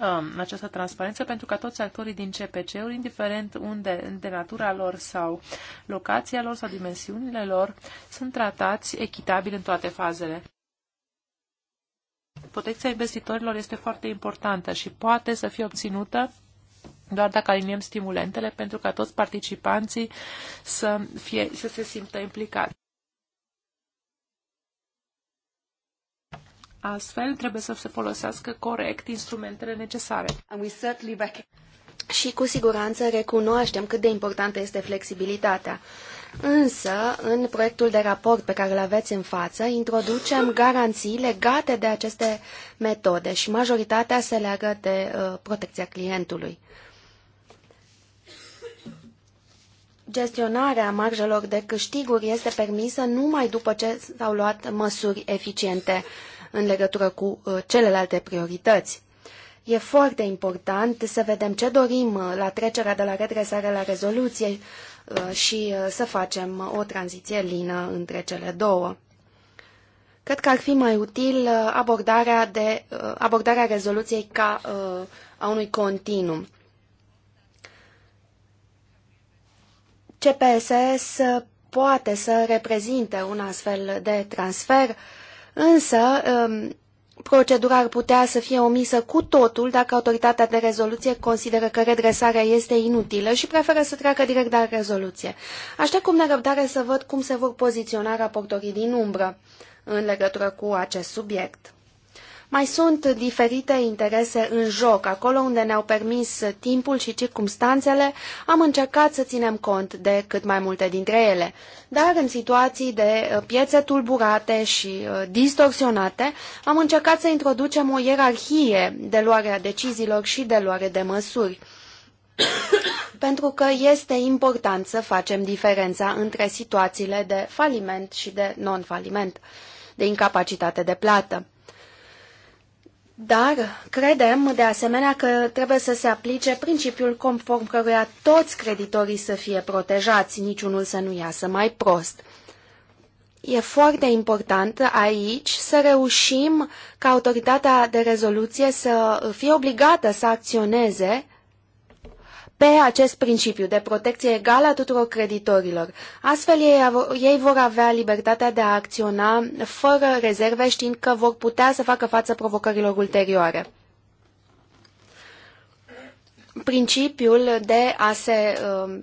Um, această transparență pentru ca toți actorii din CPC-uri, indiferent unde, de natura lor sau locația lor sau dimensiunile lor, sunt tratați echitabil în toate fazele. Protecția investitorilor este foarte importantă și poate să fie obținută doar dacă aliniem stimulentele pentru ca toți participanții să, fie, să se simtă implicați. Astfel, trebuie să se folosească corect instrumentele necesare. Și cu siguranță recunoaștem cât de importantă este flexibilitatea. Însă, în proiectul de raport pe care îl aveți în față, introducem garanții legate de aceste metode și majoritatea se leagă de uh, protecția clientului. Gestionarea marjelor de câștiguri este permisă numai după ce s-au luat măsuri eficiente în legătură cu uh, celelalte priorități. E foarte important să vedem ce dorim uh, la trecerea de la redresare la rezoluție uh, și să facem o tranziție lină între cele două. Cred că ar fi mai util abordarea, de, abordarea rezoluției ca a unui continuum. CPSS poate să reprezinte un astfel de transfer Însă, um, procedura ar putea să fie omisă cu totul dacă autoritatea de rezoluție consideră că redresarea este inutilă și preferă să treacă direct la rezoluție. Aștept cu nerăbdare să văd cum se vor poziționa raportorii din umbră în legătură cu acest subiect. Mai sunt diferite interese în joc. Acolo unde ne-au permis timpul și circumstanțele, am încercat să ținem cont de cât mai multe dintre ele. Dar în situații de uh, piețe tulburate și uh, distorsionate, am încercat să introducem o ierarhie de luare a deciziilor și de luare de măsuri. pentru că este important să facem diferența între situațiile de faliment și de non-faliment, de incapacitate de plată. Dar credem, de asemenea, că trebuie să se aplice principiul conform căruia toți creditorii să fie protejați, niciunul să nu iasă mai prost. E foarte important aici să reușim ca autoritatea de rezoluție să fie obligată să acționeze pe acest principiu de protecție egală a tuturor creditorilor. Astfel, ei vor avea libertatea de a acționa fără rezerve, știind că vor putea să facă față provocărilor ulterioare. Principiul de a se uh,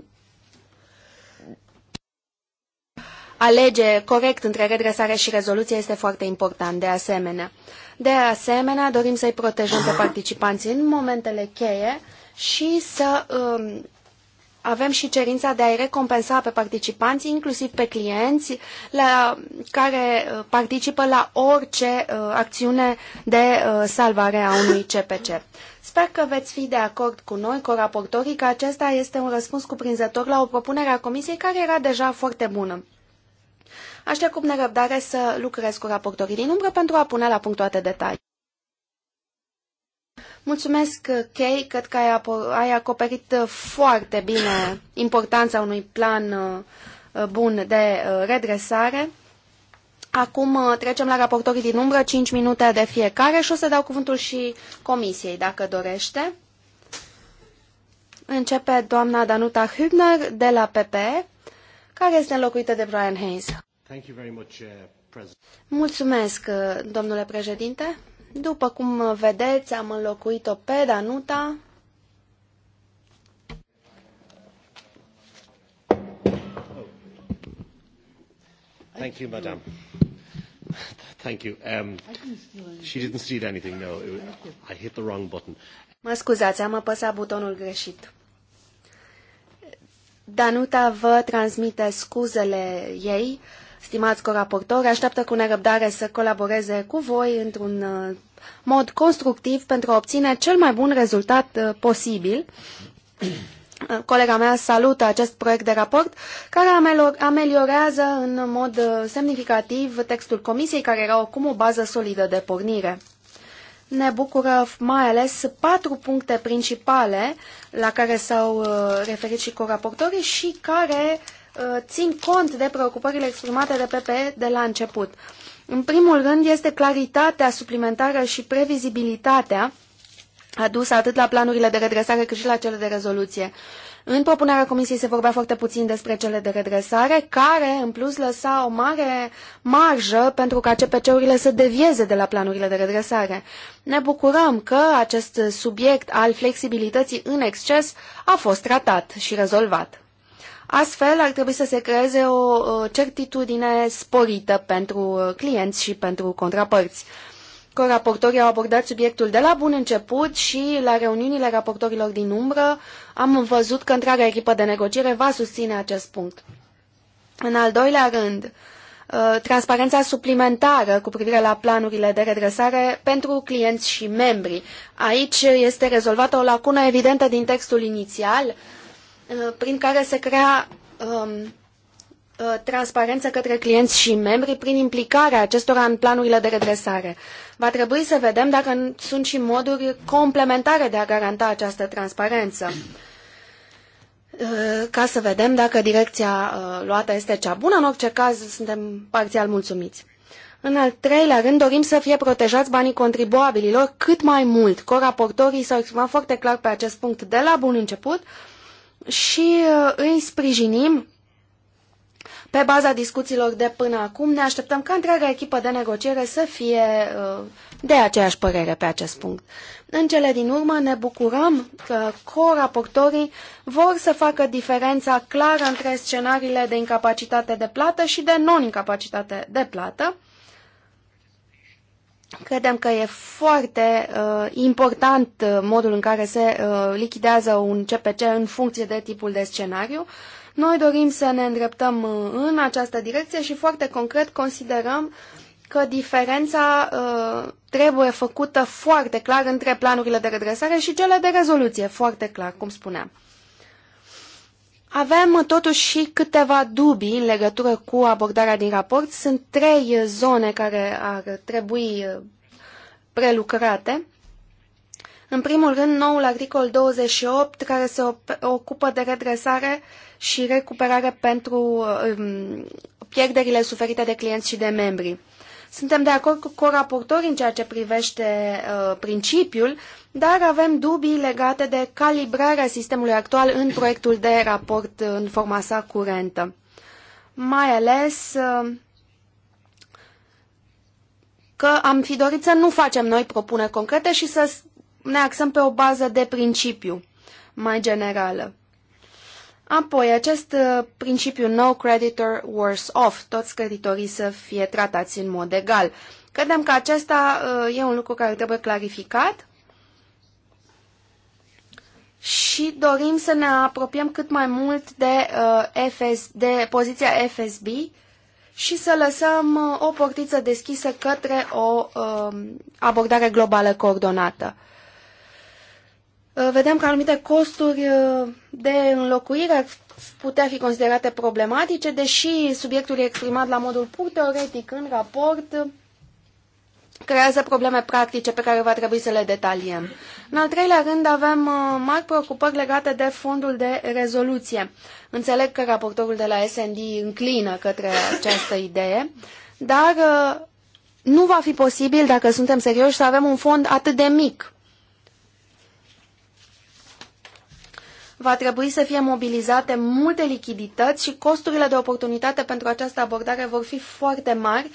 alege corect între redresare și rezoluție este foarte important, de asemenea. De asemenea, dorim să-i protejăm pe participanții în momentele cheie, și să um, avem și cerința de a-i recompensa pe participanți, inclusiv pe clienți la, care uh, participă la orice uh, acțiune de uh, salvare a unui CPC. Sper că veți fi de acord cu noi, cu raportorii, că acesta este un răspuns cuprinzător la o propunere a Comisiei care era deja foarte bună. Aștept cu nerăbdare să lucrez cu raportorii din umbră pentru a pune la punct toate detalii. Mulțumesc, uh, Kay, cred că ai, ai acoperit uh, foarte bine importanța unui plan uh, bun de redresare. Acum trecem la raportorii din umbră, 5 minute de fiecare și o să dau cuvântul și comisiei, dacă dorește. Începe doamna Danuta Hübner de la PP, care este înlocuită de Brian Hayes. Mulțumesc, domnule președinte. După cum vedeți, am înlocuit-o pe Danuta. Thank you, madam. Thank you. Um, she didn't steal anything, no. I hit the wrong button. Mă scuzați, am apăsat butonul greșit. Danuta vă transmite scuzele ei. Uh, Stimați coraportori, așteaptă cu nerăbdare să colaboreze cu voi într-un uh, mod constructiv pentru a obține cel mai bun rezultat uh, posibil. Uh, colega mea salută acest proiect de raport care ameliorează în mod semnificativ textul comisiei care era acum o bază solidă de pornire. Ne bucură mai ales patru puncte principale la care s-au referit și coraportorii și care uh, Uh, țin cont de preocupările exprimate de PPE de la început. În primul rând este claritatea suplimentară și previzibilitatea adusă atât la planurile de redresare cât și la cele de rezoluție. În propunerea Comisiei se vorbea foarte puțin despre cele de redresare, care în plus lăsa o mare marjă pentru ca CPC-urile să devieze de la planurile de redresare. Ne bucurăm că acest subiect al flexibilității în exces a fost tratat și rezolvat. Astfel, ar trebui să se creeze o certitudine sporită pentru uh, clienți și pentru contrapărți. Coraportorii au abordat subiectul de la bun început și la reuniunile raportorilor din umbră am văzut că întreaga echipă de negociere va susține acest punct. În al doilea rând, uh, transparența suplimentară cu privire la planurile de redresare pentru clienți și membri. Aici este rezolvată o lacună evidentă din textul inițial, Uh, prin care se crea um, uh, transparență către clienți și membri prin implicarea acestora în planurile de redresare. Va trebui să vedem dacă sunt și moduri complementare de a garanta această transparență uh, ca să vedem dacă direcția luată este cea bună. În orice caz, suntem parțial mulțumiți. În al treilea rând, dorim să fie protejați banii contribuabililor cât mai mult. Coraportorii s-au exprimat foarte clar pe acest punct de la bun început și uh, îi sprijinim pe baza discuțiilor de până acum. Ne așteptăm ca întreaga echipă de negociere să fie uh, de aceeași părere pe acest punct. În cele din urmă ne bucurăm că co-raportorii vor să facă diferența clară între scenariile de incapacitate de plată și de non-incapacitate de plată Credem că e foarte uh, important uh, modul în care se uh, lichidează un CPC în funcție de tipul de scenariu. Noi dorim să ne îndreptăm uh, în această direcție și foarte concret considerăm că diferența uh, trebuie făcută foarte clar între planurile de redresare și cele de rezoluție, foarte clar, cum spuneam. Avem totuși și câteva dubii în legătură cu abordarea din raport. Sunt trei zone care ar trebui uh, prelucrate. În primul rând, noul articol 28, care se ocupă de redresare și recuperare pentru uh, um, pierderile suferite de clienți și de membri. Suntem de acord cu coraportori în ceea ce privește uh, principiul, dar avem dubii legate de calibrarea sistemului actual în proiectul de raport în forma sa curentă. Mai ales uh, că am fi dorit să nu facem noi propuneri concrete și să ne axăm pe o bază de principiu mai generală. Apoi, acest uh, principiu no creditor worse off, toți creditorii să fie tratați în mod egal. Credem că acesta uh, e un lucru care trebuie clarificat și dorim să ne apropiem cât mai mult de, uh, FS, de poziția FSB și să lăsăm o portiță deschisă către o um, abordare globală coordonată. Uh, Vedem că anumite costuri uh, de înlocuire ar putea fi considerate problematice, deși subiectul e exprimat la modul pur teoretic în raport, creează probleme practice pe care va trebui să le detaliem. În al treilea rând avem uh, mari preocupări legate de fondul de rezoluție. Înțeleg că raportorul de la SND înclină către această idee, dar nu va fi posibil, dacă suntem serioși, să avem un fond atât de mic va trebui să fie mobilizate multe lichidități și costurile de oportunitate pentru această abordare vor fi foarte mari,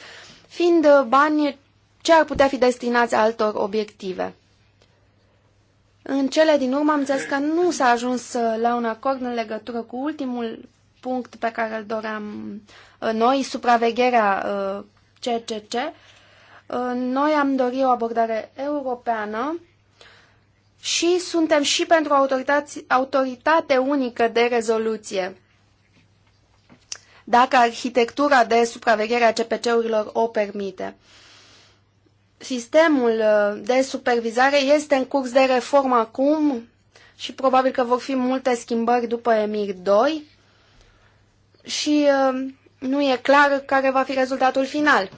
fiind uh, bani ce ar putea fi destinați altor obiective. În cele din urmă am zis că nu s-a ajuns uh, la un acord în legătură cu ultimul punct pe care îl doream uh, noi, supravegherea CCC. Noi am dorit o abordare europeană și suntem și pentru autoritate, autoritate unică de rezoluție. Dacă arhitectura de supraveghere a CPC-urilor o permite. Sistemul uh, de supervizare este în curs de reformă acum și probabil că vor fi multe schimbări după EMIR 2 și uh, nu e clar care va fi rezultatul final.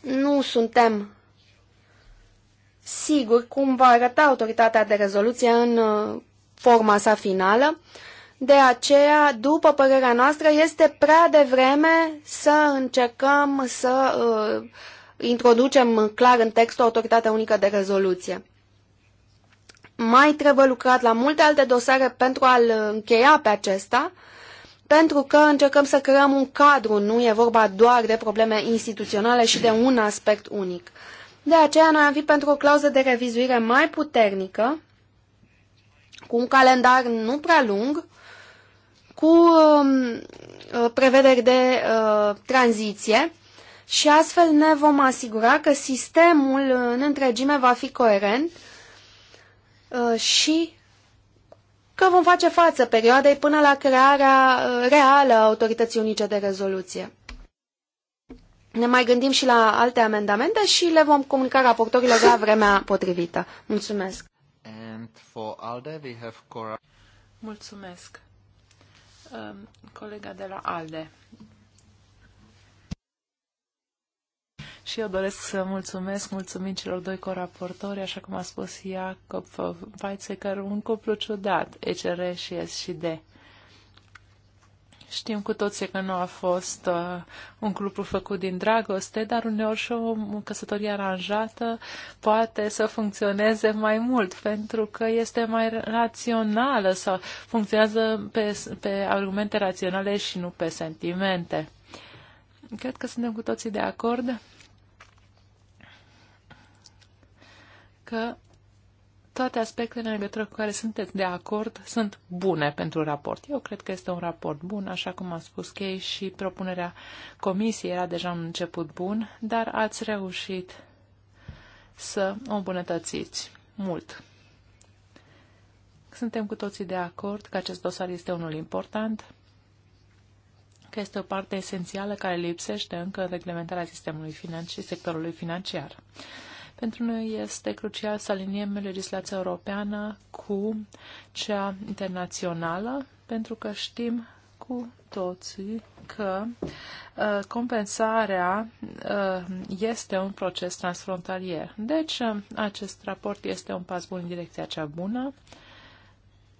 Nu suntem sigur cum va arăta autoritatea de rezoluție în uh, forma sa finală. De aceea, după părerea noastră, este prea devreme să încercăm să uh, introducem clar în text o autoritate unică de rezoluție. Mai trebuie lucrat la multe alte dosare pentru a-l încheia pe acesta, pentru că încercăm să creăm un cadru, nu e vorba doar de probleme instituționale și de un aspect unic. De aceea noi am fi pentru o clauză de revizuire mai puternică, cu un calendar nu prea lung, cu um, uh, prevederi de uh, tranziție și astfel ne vom asigura că sistemul în întregime va fi coerent uh, și că vom face față perioadei până la crearea uh, reală a Autorității Unice de Rezoluție. Ne mai gândim și la alte amendamente și le vom comunica raportorilor la vremea potrivită. Mulțumesc! And for ALDE, we have Cora. Mulțumesc! Um, colega de la ALDE. Și eu doresc să mulțumesc, mulțumim celor doi coraportori, așa cum a spus Iacob Weizsäcker, un cuplu ciudat, ECR și S și Știm cu toții că nu a fost uh, un lucru făcut din dragoste, dar uneori și o căsătorie aranjată poate să funcționeze mai mult, pentru că este mai rațională sau funcționează pe, pe argumente raționale și nu pe sentimente. Cred că suntem cu toții de acord că toate aspectele în legătură cu care sunteți de acord sunt bune pentru raport. Eu cred că este un raport bun, așa cum am spus ei și propunerea comisiei era deja un început bun, dar ați reușit să o îmbunătățiți mult. Suntem cu toții de acord că acest dosar este unul important, că este o parte esențială care lipsește încă în reglementarea sistemului financiar și sectorului financiar. Pentru noi este crucial să aliniem legislația europeană cu cea internațională, pentru că știm cu toții că uh, compensarea uh, este un proces transfrontalier. Deci, uh, acest raport este un pas bun în direcția cea bună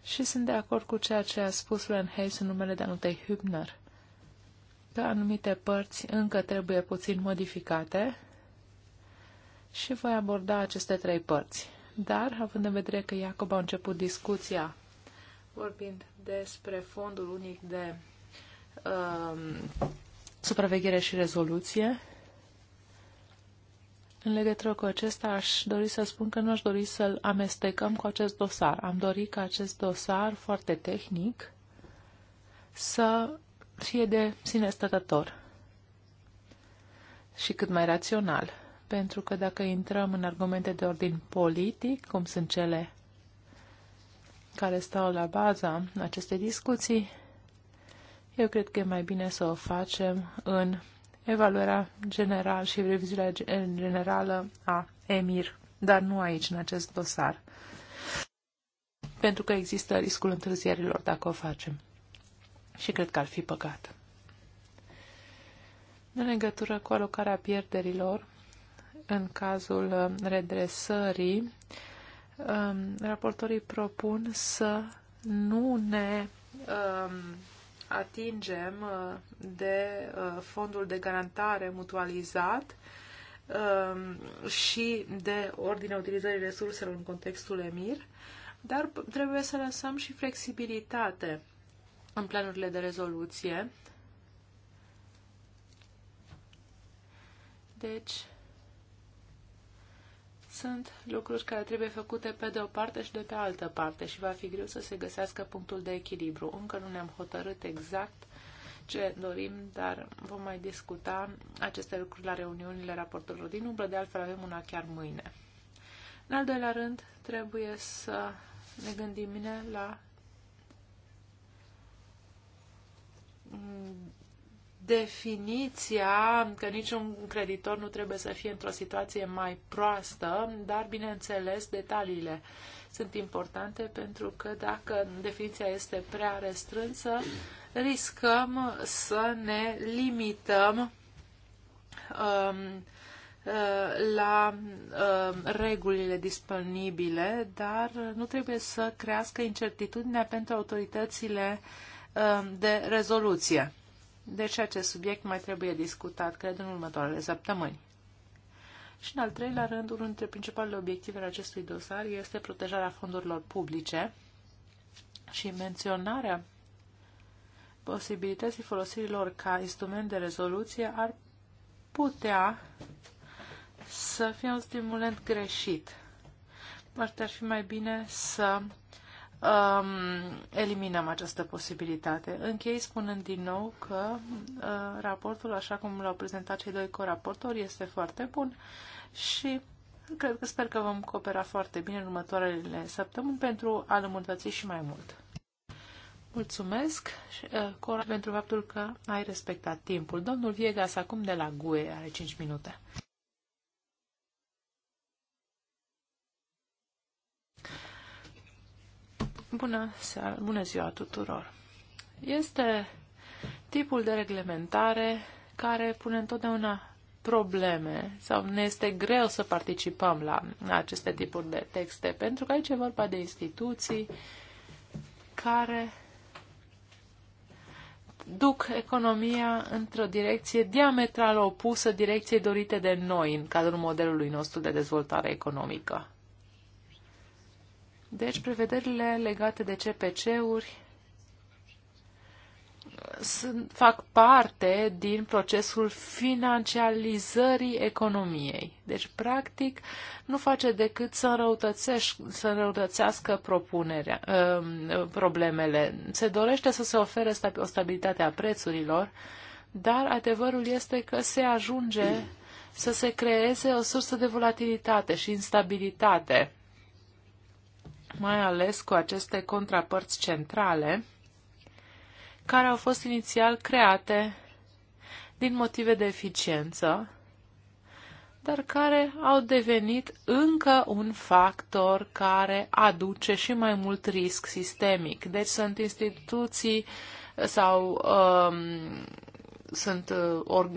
și sunt de acord cu ceea ce a spus Len Hayes în numele Danutei Hübner, că anumite părți încă trebuie puțin modificate și voi aborda aceste trei părți. Dar, având în vedere că Iacob a început discuția vorbind despre fondul unic de um, supraveghere și rezoluție, în legătură cu acesta aș dori să spun că nu aș dori să-l amestecăm cu acest dosar. Am dorit ca acest dosar foarte tehnic să fie de sine stătător și cât mai rațional pentru că dacă intrăm în argumente de ordin politic, cum sunt cele care stau la baza acestei discuții, eu cred că e mai bine să o facem în evaluarea generală și revizuirea generală a EMIR, dar nu aici, în acest dosar, pentru că există riscul întârzierilor dacă o facem. Și cred că ar fi păcat. În legătură cu alocarea pierderilor, în cazul uh, redresării, um, raportorii propun să nu ne um, atingem uh, de uh, fondul de garantare mutualizat um, și de ordinea utilizării resurselor în contextul EMIR, dar trebuie să lăsăm și flexibilitate în planurile de rezoluție. Deci, sunt lucruri care trebuie făcute pe de o parte și de pe altă parte și va fi greu să se găsească punctul de echilibru. Încă nu ne-am hotărât exact ce dorim, dar vom mai discuta aceste lucruri la reuniunile raportorilor din umbră, de altfel avem una chiar mâine. În al doilea rând, trebuie să ne gândim bine la definiția că niciun creditor nu trebuie să fie într-o situație mai proastă, dar, bineînțeles, detaliile sunt importante pentru că dacă definiția este prea restrânsă, riscăm să ne limităm um, uh, la uh, regulile disponibile, dar nu trebuie să crească incertitudinea pentru autoritățile uh, de rezoluție. Deci acest subiect mai trebuie discutat, cred, în următoarele săptămâni. Și în al treilea rând, unul dintre principalele obiective ale acestui dosar este protejarea fondurilor publice și menționarea posibilității folosirilor ca instrument de rezoluție ar putea să fie un stimulant greșit. Poate ar fi mai bine să um, eliminăm această posibilitate. Închei spunând din nou că uh, raportul, așa cum l-au prezentat cei doi coraportori, este foarte bun și cred că sper că vom coopera foarte bine în următoarele săptămâni pentru a lămurtăți și mai mult. Mulțumesc, uh, Cora, pentru faptul că ai respectat timpul. Domnul Viegas, acum de la GUE, are 5 minute. Bună, seara, bună ziua tuturor! Este tipul de reglementare care pune întotdeauna probleme sau ne este greu să participăm la aceste tipuri de texte, pentru că aici e vorba de instituții care duc economia într-o direcție diametral opusă direcției dorite de noi în cadrul modelului nostru de dezvoltare economică. Deci, prevederile legate de CPC-uri fac parte din procesul financializării economiei. Deci, practic, nu face decât să, înrăutățești, să înrăutățească propunerea, um, problemele. Se dorește să se ofere o stabilitate a prețurilor, dar adevărul este că se ajunge să se creeze o sursă de volatilitate și instabilitate mai ales cu aceste contrapărți centrale, care au fost inițial create din motive de eficiență, dar care au devenit încă un factor care aduce și mai mult risc sistemic. Deci sunt instituții sau um, sunt uh, or,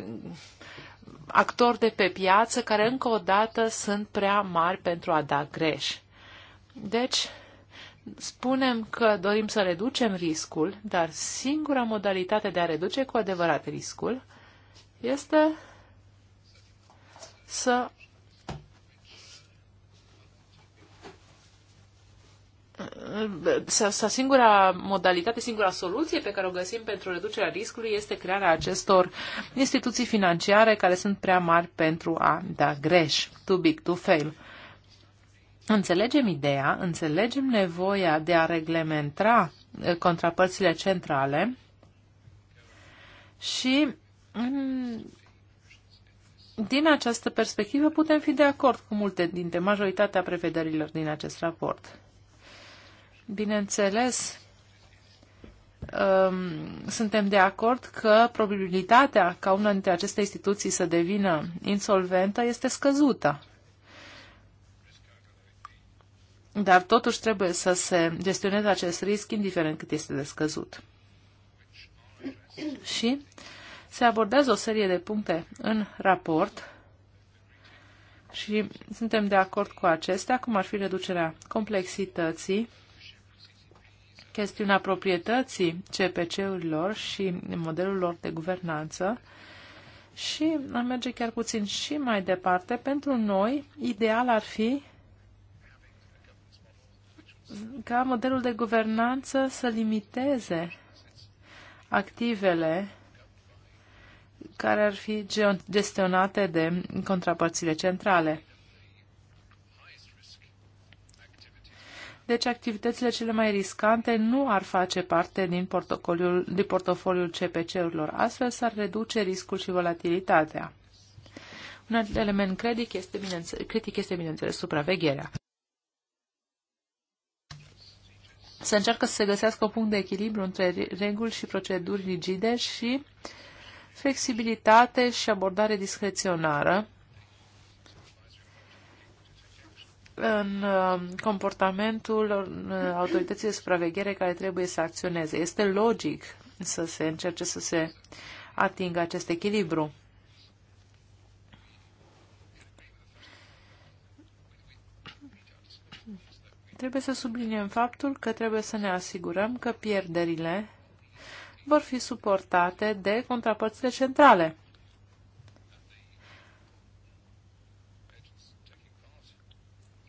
actori de pe piață care încă o dată sunt prea mari pentru a da greș. Deci, spunem că dorim să reducem riscul, dar singura modalitate de a reduce cu adevărat riscul este să Sau singura modalitate, singura soluție pe care o găsim pentru reducerea riscului este crearea acestor instituții financiare care sunt prea mari pentru a da greș, too big to fail. Înțelegem ideea, înțelegem nevoia de a reglementa eh, contrapărțile centrale și din această perspectivă putem fi de acord cu multe dintre majoritatea prevederilor din acest raport. Bineînțeles, ehm, suntem de acord că probabilitatea ca una dintre aceste instituții să devină insolventă este scăzută. dar totuși trebuie să se gestioneze acest risc, indiferent cât este de scăzut. Și se abordează o serie de puncte în raport și suntem de acord cu acestea, cum ar fi reducerea complexității, chestiunea proprietății CPC-urilor și modelul lor de guvernanță și a merge chiar puțin și mai departe. Pentru noi, ideal ar fi ca modelul de guvernanță să limiteze activele care ar fi gestionate de contrapărțile centrale. Deci activitățile cele mai riscante nu ar face parte din portofoliul, din portofoliul CPC-urilor. Astfel s-ar reduce riscul și volatilitatea. Un alt element critic este, bineînțeles, critic este bineînțeles, supravegherea. să încearcă să se găsească un punct de echilibru între reguli și proceduri rigide și flexibilitate și abordare discreționară în uh, comportamentul uh, autorității de supraveghere care trebuie să acționeze. Este logic să se încerce să se atingă acest echilibru. Trebuie să subliniem faptul că trebuie să ne asigurăm că pierderile vor fi suportate de contrapărțile centrale.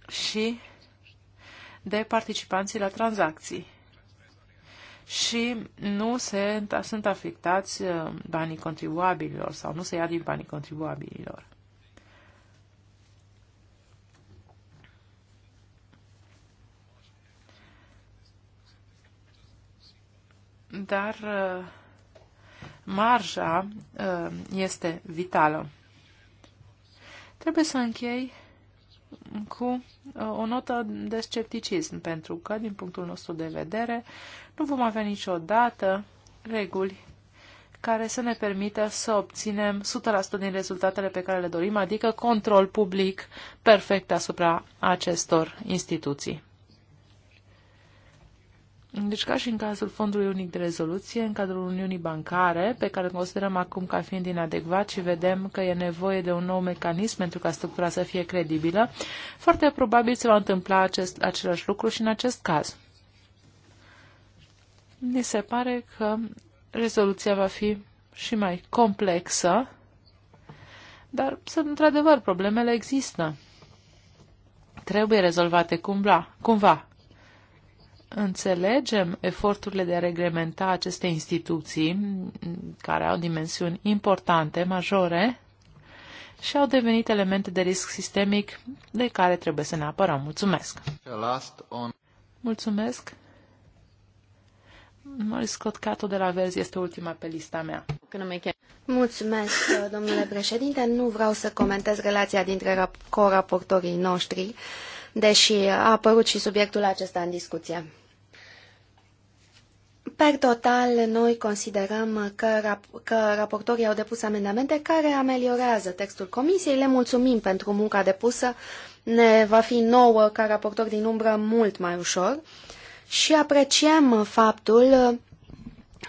și de participanții la tranzacții. Și nu se, sunt afectați uh, banii contribuabililor sau nu se ia din banii contribuabililor. dar uh, marja uh, este vitală. Trebuie să închei cu uh, o notă de scepticism, pentru că, din punctul nostru de vedere, nu vom avea niciodată reguli care să ne permită să obținem 100% din rezultatele pe care le dorim, adică control public perfect asupra acestor instituții. Deci, ca și în cazul Fondului Unic de Rezoluție, în cadrul Uniunii Bancare, pe care îl considerăm acum ca fiind inadecvat și vedem că e nevoie de un nou mecanism pentru ca structura să fie credibilă, foarte probabil se va întâmpla acest, același lucru și în acest caz. Mi se pare că rezoluția va fi și mai complexă, dar, într-adevăr, problemele există. Trebuie rezolvate cumva, cumva înțelegem eforturile de a reglementa aceste instituții, care au dimensiuni importante, majore, și au devenit elemente de risc sistemic de care trebuie să ne apărăm. Mulțumesc! Mulțumesc! Maurice Scott Cato de la Verzi este ultima pe lista mea. Mulțumesc, domnule președinte. Nu vreau să comentez relația dintre coraportorii noștri, deși a apărut și subiectul acesta în discuție. Per total, noi considerăm că, rap- că raportorii au depus amendamente care ameliorează textul comisiei. Le mulțumim pentru munca depusă. Ne va fi nouă ca raportor din umbră mult mai ușor și apreciem faptul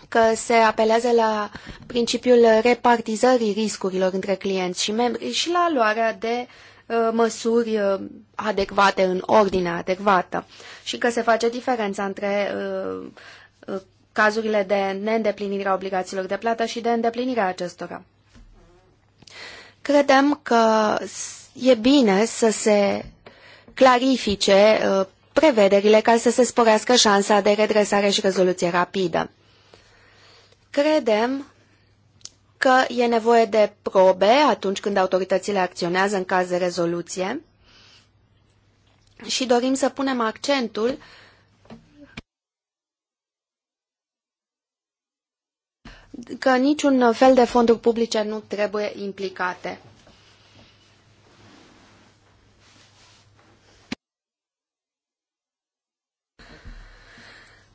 că se apelează la principiul repartizării riscurilor între clienți și membri și la luarea de uh, măsuri uh, adecvate în ordine adecvată și că se face diferența între uh, cazurile de neîndeplinire a obligațiilor de plată și de îndeplinirea acestora. Credem că e bine să se clarifice uh, prevederile ca să se sporească șansa de redresare și rezoluție rapidă. Credem că e nevoie de probe atunci când autoritățile acționează în caz de rezoluție și dorim să punem accentul că niciun fel de fonduri publice nu trebuie implicate.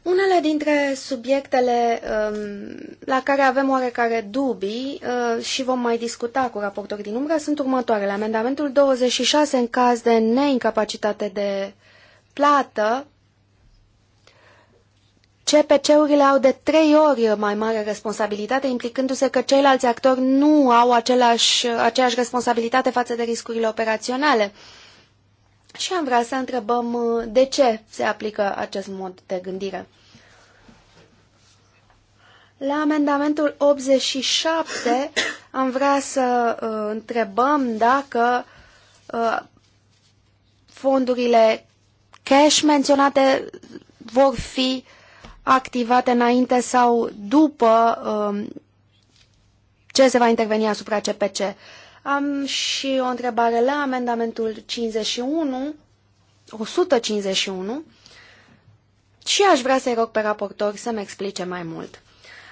Unele dintre subiectele um, la care avem oarecare dubii uh, și vom mai discuta cu raportori din umbră sunt următoarele. Amendamentul 26 în caz de neincapacitate de plată CPC-urile au de trei ori mai mare responsabilitate, implicându-se că ceilalți actori nu au același, aceeași responsabilitate față de riscurile operaționale. Și am vrea să întrebăm uh, de ce se aplică acest mod de gândire. La amendamentul 87 am vrea să uh, întrebăm dacă uh, fondurile cash menționate vor fi activate înainte sau după um, ce se va interveni asupra CPC. Am și o întrebare la amendamentul 51, 151 și aș vrea să-i rog pe raportor să-mi explice mai mult.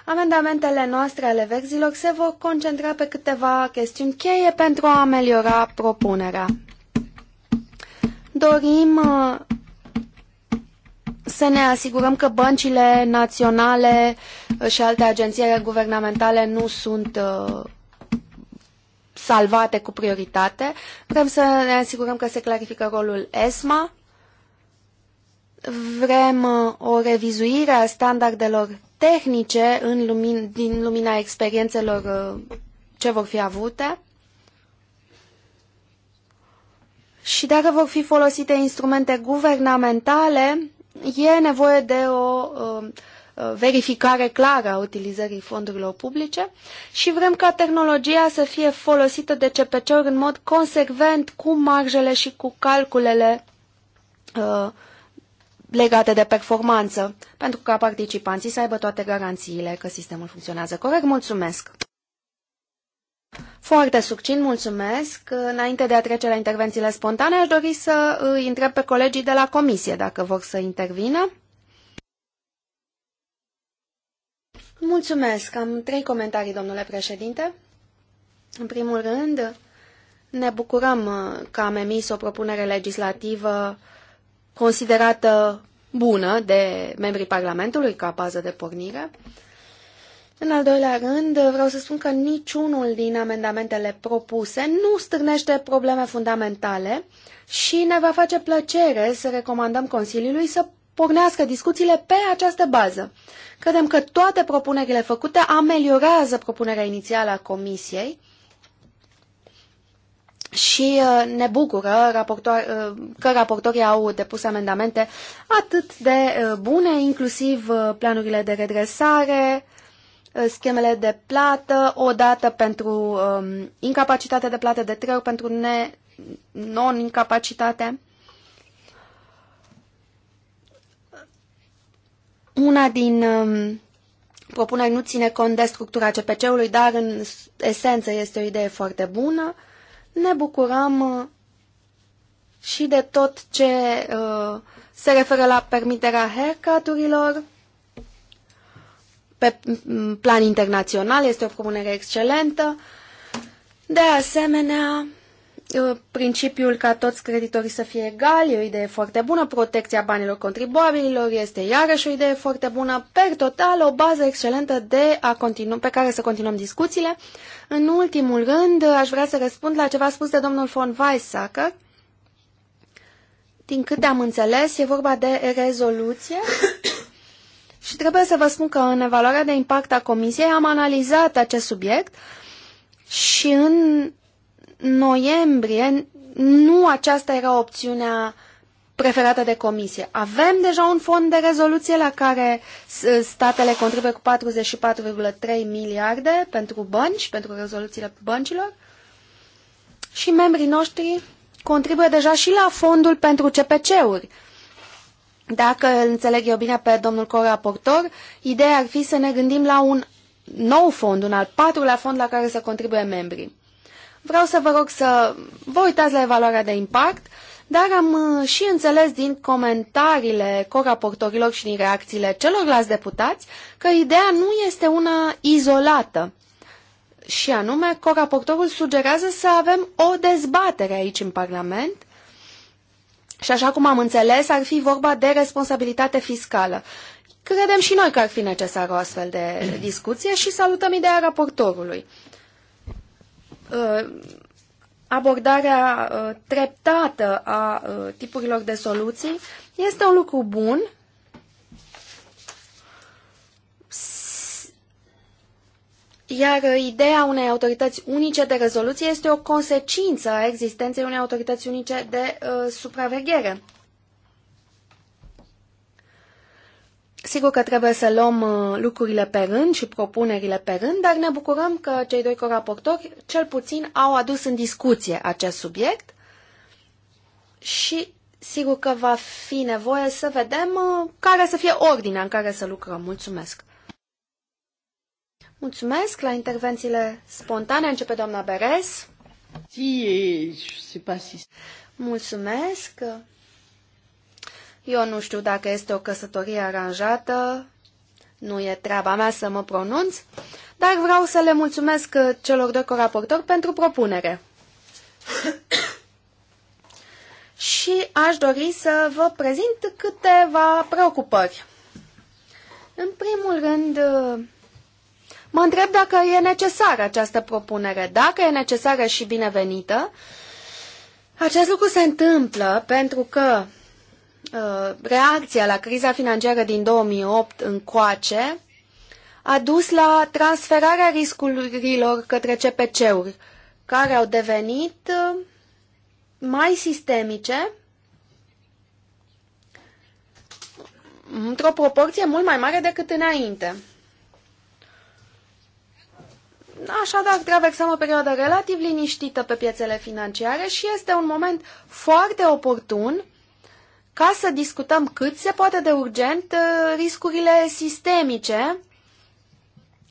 Amendamentele noastre ale verzilor se vor concentra pe câteva chestiuni cheie pentru a ameliora propunerea. Dorim uh, să ne asigurăm că băncile naționale și alte agenții guvernamentale nu sunt uh, salvate cu prioritate. Vrem să ne asigurăm că se clarifică rolul ESMA. Vrem uh, o revizuire a standardelor tehnice în lumin, din lumina experiențelor uh, ce vor fi avute. Și dacă vor fi folosite instrumente guvernamentale, e nevoie de o um, verificare clară a utilizării fondurilor publice și vrem ca tehnologia să fie folosită de CPC-uri în mod consecvent cu marjele și cu calculele uh, legate de performanță, pentru ca participanții să aibă toate garanțiile că sistemul funcționează corect. Mulțumesc! Foarte succint, mulțumesc. Înainte de a trece la intervențiile spontane, aș dori să îi întreb pe colegii de la comisie dacă vor să intervină. Mulțumesc. Am trei comentarii, domnule președinte. În primul rând, ne bucurăm că am emis o propunere legislativă considerată bună de membrii Parlamentului ca bază de pornire în al doilea rând, vreau să spun că niciunul din amendamentele propuse nu stârnește probleme fundamentale și ne va face plăcere să recomandăm Consiliului să pornească discuțiile pe această bază. Credem că toate propunerile făcute ameliorează propunerea inițială a Comisiei și uh, ne bucură uh, că raportorii au depus amendamente atât de uh, bune, inclusiv planurile de redresare, Uh, schemele de plată, o dată pentru um, incapacitate de plată de trei ori pentru ne, non-incapacitate. Una din um, propuneri nu ține cont de structura CPC-ului, dar în esență este o idee foarte bună. Ne bucurăm uh, și de tot ce uh, se referă la permiterea haircut-urilor pe plan internațional, este o propunere excelentă. De asemenea, principiul ca toți creditorii să fie egali e o idee foarte bună, protecția banilor contribuabililor este iarăși o idee foarte bună, per total o bază excelentă de a continu- pe care să continuăm discuțiile. În ultimul rând, aș vrea să răspund la ceva spus de domnul von Weissacker. Din câte am înțeles, e vorba de rezoluție Și trebuie să vă spun că în evaluarea de impact a Comisiei am analizat acest subiect și în noiembrie nu aceasta era opțiunea preferată de comisie. Avem deja un fond de rezoluție la care statele contribuie cu 44,3 miliarde pentru bănci, pentru rezoluțiile băncilor și membrii noștri contribuie deja și la fondul pentru CPC-uri. Dacă îl înțeleg eu bine pe domnul coraportor, ideea ar fi să ne gândim la un nou fond, un al patrulea fond la care să contribuie membrii. Vreau să vă rog să vă uitați la evaluarea de impact, dar am uh, și înțeles din comentariile coraportorilor și din reacțiile celorlalți deputați că ideea nu este una izolată. Și anume, coraportorul sugerează să avem o dezbatere aici în Parlament și așa cum am înțeles, ar fi vorba de responsabilitate fiscală. Credem și noi că ar fi necesară o astfel de discuție și salutăm ideea raportorului. Uh, abordarea uh, treptată a uh, tipurilor de soluții este un lucru bun Iar ideea unei autorități unice de rezoluție este o consecință a existenței unei autorități unice de uh, supraveghere. Sigur că trebuie să luăm uh, lucrurile pe rând și propunerile pe rând, dar ne bucurăm că cei doi coraportori cel puțin au adus în discuție acest subiect și sigur că va fi nevoie să vedem uh, care să fie ordinea în care să lucrăm. Mulțumesc! Mulțumesc la intervențiile spontane. Începe doamna Beres. Mulțumesc. Eu nu știu dacă este o căsătorie aranjată, nu e treaba mea să mă pronunț, dar vreau să le mulțumesc celor doi coraportori pentru propunere. Și aș dori să vă prezint câteva preocupări. În primul rând, Mă întreb dacă e necesară această propunere. Dacă e necesară și binevenită, acest lucru se întâmplă pentru că uh, reacția la criza financiară din 2008 încoace a dus la transferarea riscurilor către CPC-uri, care au devenit uh, mai sistemice într-o proporție mult mai mare decât înainte. Așadar, traversăm o perioadă relativ liniștită pe piețele financiare și este un moment foarte oportun ca să discutăm cât se poate de urgent uh, riscurile sistemice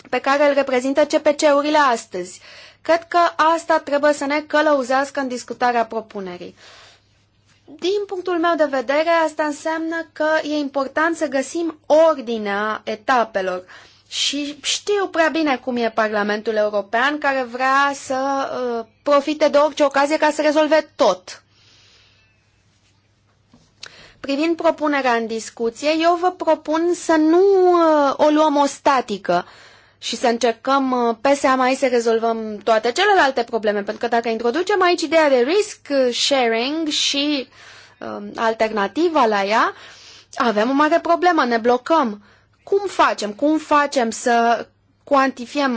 pe care îl reprezintă CPC-urile astăzi. Cred că asta trebuie să ne călăuzească în discutarea propunerii. Din punctul meu de vedere, asta înseamnă că e important să găsim ordinea etapelor. Și știu prea bine cum e Parlamentul European care vrea să uh, profite de orice ocazie ca să rezolve tot. Privind propunerea în discuție, eu vă propun să nu uh, o luăm o statică și să încercăm uh, pe seama ei să rezolvăm toate celelalte probleme, pentru că dacă introducem aici ideea de risk uh, sharing și uh, alternativa la ea, avem o mare problemă, ne blocăm. Uh, cum facem? Cum facem să cuantifiem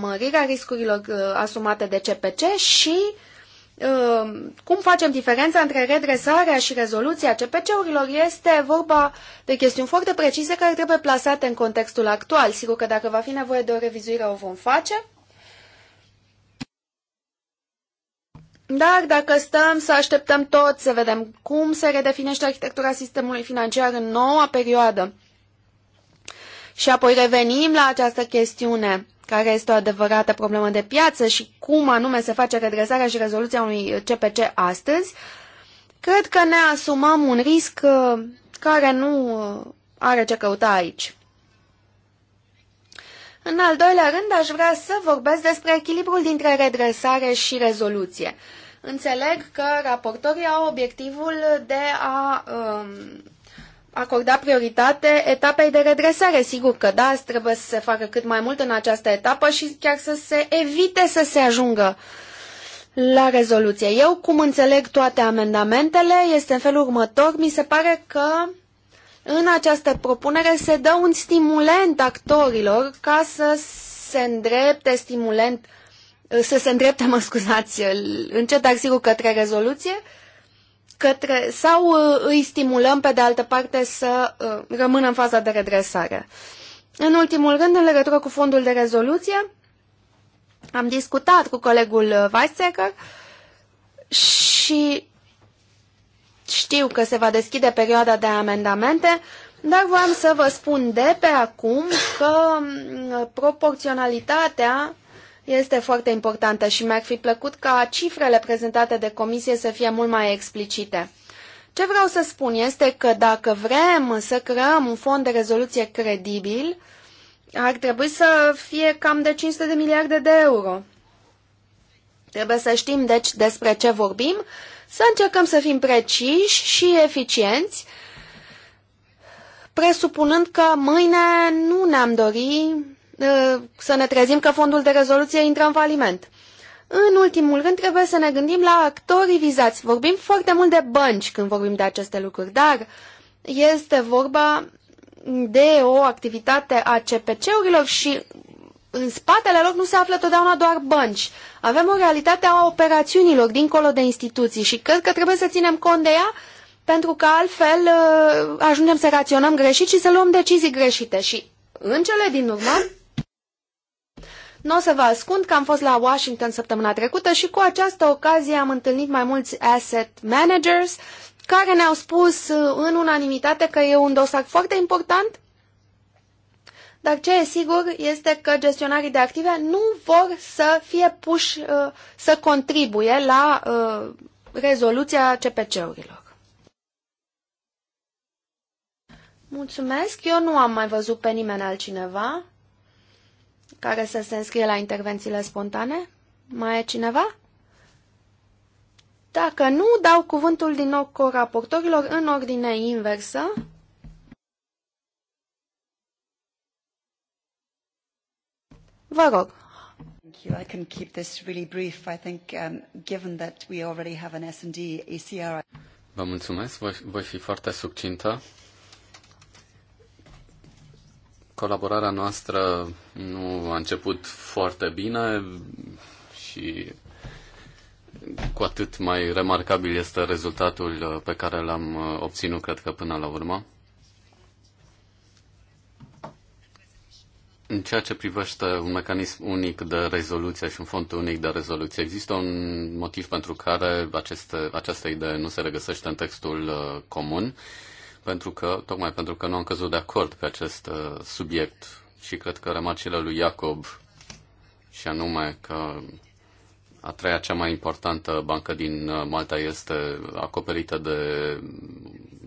mărirea riscurilor uh, asumate de CPC și uh, cum facem diferența între redresarea și rezoluția CPC-urilor este vorba de chestiuni foarte precise care trebuie plasate în contextul actual. Sigur că dacă va fi nevoie de o revizuire o vom face. Dar dacă stăm să așteptăm tot să vedem cum se redefinește arhitectura sistemului financiar în noua perioadă, și apoi revenim la această chestiune care este o adevărată problemă de piață și cum anume se face redresarea și rezoluția unui CPC astăzi, cred că ne asumăm un risc uh, care nu uh, are ce căuta aici. În al doilea rând, aș vrea să vorbesc despre echilibrul dintre redresare și rezoluție. Înțeleg că raportorii au obiectivul de a um, acorda prioritate etapei de redresare. Sigur că da, trebuie să se facă cât mai mult în această etapă și chiar să se evite să se ajungă la rezoluție. Eu, cum înțeleg toate amendamentele, este în felul următor. Mi se pare că în această propunere se dă un stimulent actorilor ca să se îndrepte stimulent, să se îndrepte, mă scuzați, încet, dar sigur către rezoluție, către, sau uh, îi stimulăm pe de altă parte să uh, rămână în faza de redresare. În ultimul rând, în legătură cu fondul de rezoluție, am discutat cu colegul uh, Weissecker și știu că se va deschide perioada de amendamente, dar voiam să vă spun de pe acum că mm, proporționalitatea este foarte importantă și mi-ar fi plăcut ca cifrele prezentate de comisie să fie mult mai explicite. Ce vreau să spun este că dacă vrem să creăm un fond de rezoluție credibil, ar trebui să fie cam de 500 de miliarde de euro. Trebuie să știm, deci, despre ce vorbim, să încercăm să fim preciși și eficienți, presupunând că mâine nu ne-am dori Eh, să ne trezim că fondul de rezoluție intră în faliment. În ultimul rând, trebuie să ne gândim la actorii vizați. Vorbim foarte mult de bănci când vorbim de aceste lucruri, dar este vorba de o activitate a CPC-urilor și în spatele lor nu se află totdeauna doar bănci. Avem o realitate a operațiunilor dincolo de instituții și cred că trebuie să ținem cont de ea pentru că altfel eh, ajungem să raționăm greșit și să luăm decizii greșite. Și în cele din urmă, nu o să vă ascund că am fost la Washington săptămâna trecută și cu această ocazie am întâlnit mai mulți asset managers care ne-au spus uh, în unanimitate că e un dosar foarte important, dar ce e sigur este că gestionarii de active nu vor să fie puși uh, să contribuie la uh, rezoluția CPC-urilor. Mulțumesc, eu nu am mai văzut pe nimeni altcineva care să se înscrie la intervențiile spontane? Mai e cineva? Dacă nu, dau cuvântul din nou coraportorilor în ordine inversă. Vă rog. I can keep this really brief. I think, um, given that we already have an S&D ECR. Vă mulțumesc. Voi, voi fi foarte succintă Colaborarea noastră nu a început foarte bine și cu atât mai remarcabil este rezultatul uh, pe care l-am uh, obținut, cred că, până la urmă. În ceea ce privește un mecanism unic de rezoluție și un fond unic de rezoluție, există un motiv pentru care aceste, această idee nu se regăsește în textul uh, comun. Uh, pentru că, tocmai pentru că nu am căzut de acord pe acest uh, subiect și cred că remarcile lui Iacob și anume că a treia cea mai importantă bancă din uh, Malta este acoperită de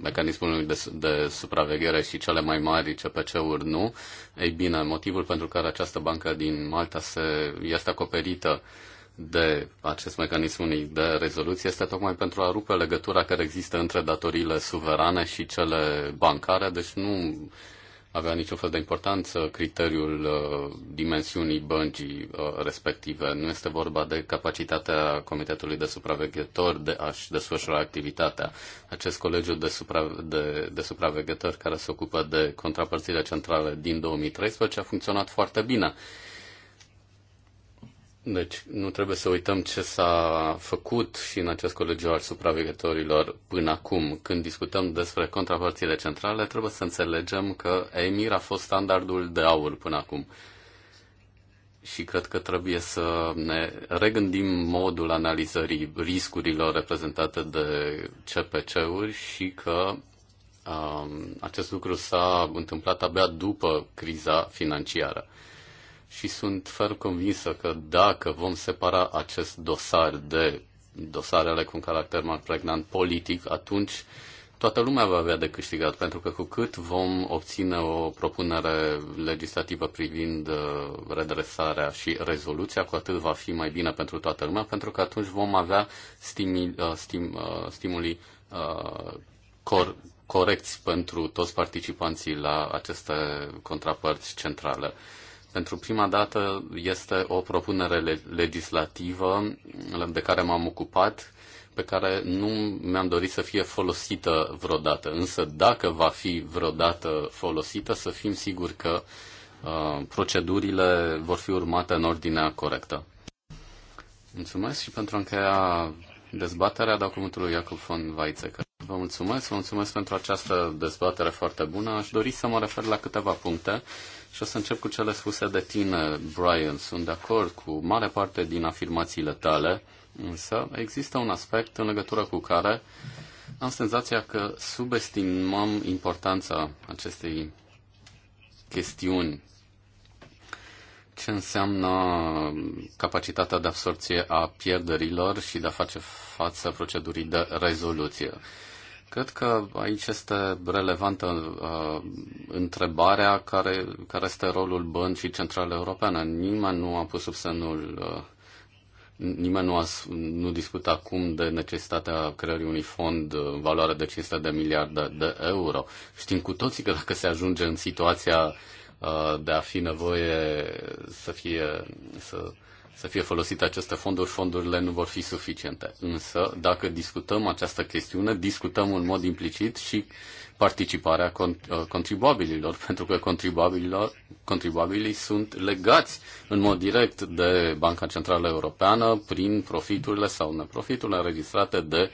mecanismul de, de supraveghere și cele mai mari CPC-uri nu. Ei bine, motivul pentru care această bancă din Malta se, este acoperită uh, de acest mecanism unic de rezoluție este tocmai pentru a rupe legătura care există între datoriile suverane și cele bancare, deci nu avea niciun fel de importanță criteriul uh, dimensiunii băncii uh, respective. Nu este vorba de capacitatea Comitetului de Supraveghetori de a-și desfășura activitatea. Acest colegiu de, supra- de, de supraveghetori care se ocupă de contrapărțile centrale din 2013 a funcționat foarte bine. Deci nu trebuie să uităm ce s-a făcut și în acest colegiu al supraveghetorilor până acum. Când discutăm despre contrapărțile centrale, trebuie să înțelegem că EMIR a fost standardul de aur până acum. Și cred că trebuie să ne regândim modul analizării riscurilor reprezentate de CPC-uri și că um, acest lucru s-a întâmplat abia după criza financiară și sunt ferm convinsă că dacă vom separa acest dosar de dosarele cu un caracter mai pregnant politic, atunci toată lumea va avea de câștigat, pentru că cu cât vom obține o propunere legislativă privind uh, redresarea și rezoluția, cu atât va fi mai bine pentru toată lumea, pentru că atunci vom avea stimuli, uh, stim, uh, stimuli cor, corecți pentru toți participanții la aceste contrapărți centrale. Pentru prima dată este o propunere legislativă um, de care m-am ocupat, pe care nu mi-am dorit să fie folosită vreodată. Însă dacă va fi vreodată folosită, să fim siguri că uh, procedurile vor fi urmate în ordinea corectă. Mulțumesc și pentru încheia dezbaterea, dau cuvântul lui Iacob von Weizsäcker. Vă mulțumesc, vă mulțumesc pentru această dezbatere foarte bună. Aș dori să mă refer la câteva puncte și o să încep cu cele spuse de tine, Brian. Sunt de acord cu mare parte din afirmațiile tale, însă există un aspect în legătură cu care am senzația că subestimăm importanța acestei chestiuni. Ce înseamnă capacitatea de absorție a pierderilor și de a face față procedurii de rezoluție. Cred că aici este relevantă uh, întrebarea care, care este rolul băncii centrale europene. Nimeni nu a pus sub semnul, uh, nimeni nu, a, nu discută acum de necesitatea creării unui fond în uh, valoare de 500 de miliarde de euro. Știm cu toții că dacă se ajunge în situația uh, de a fi nevoie să fie, să să fie folosite aceste fonduri, fondurile nu vor fi suficiente. Însă, dacă discutăm această chestiune, discutăm în mod implicit și participarea uh, contribuabililor, pentru că contribuabililor, contribuabilii sunt legați în mod direct de Banca Centrală Europeană prin profiturile sau neprofiturile înregistrate de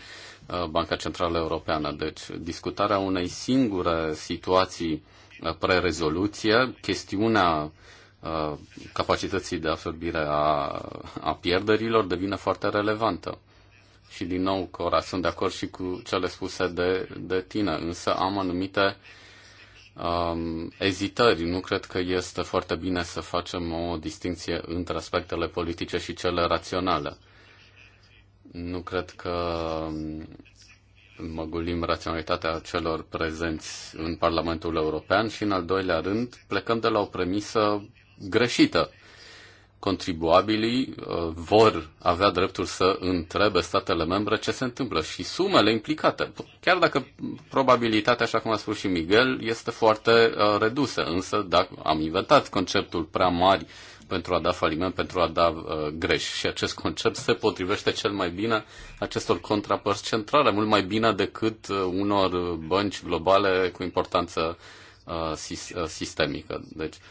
uh, Banca Centrală Europeană. Deci, discutarea unei singure situații pre uh, pre-rezoluție, chestiunea Uh, capacității de absorbire a, a pierderilor devine foarte relevantă. Și din nou, Cora, sunt de acord și cu cele spuse de, de tine, însă am anumite um, ezitări. Nu cred că este foarte bine să facem o distinție între aspectele politice și cele raționale. Nu cred că um, măgulim raționalitatea celor prezenți în Parlamentul European și, în al doilea rând, plecăm de la o premisă greșită. Contribuabilii uh, vor avea dreptul să întrebe statele membre ce se întâmplă și sumele implicate. Chiar dacă probabilitatea, așa cum a spus și Miguel, este foarte uh, redusă, însă dacă am inventat conceptul prea mari pentru a da faliment, pentru a da uh, greș. Și acest concept se potrivește cel mai bine acestor contrapărți centrale, mult mai bine decât uh, unor bănci globale cu importanță uh, sis- uh, sistemică. Deci, uh,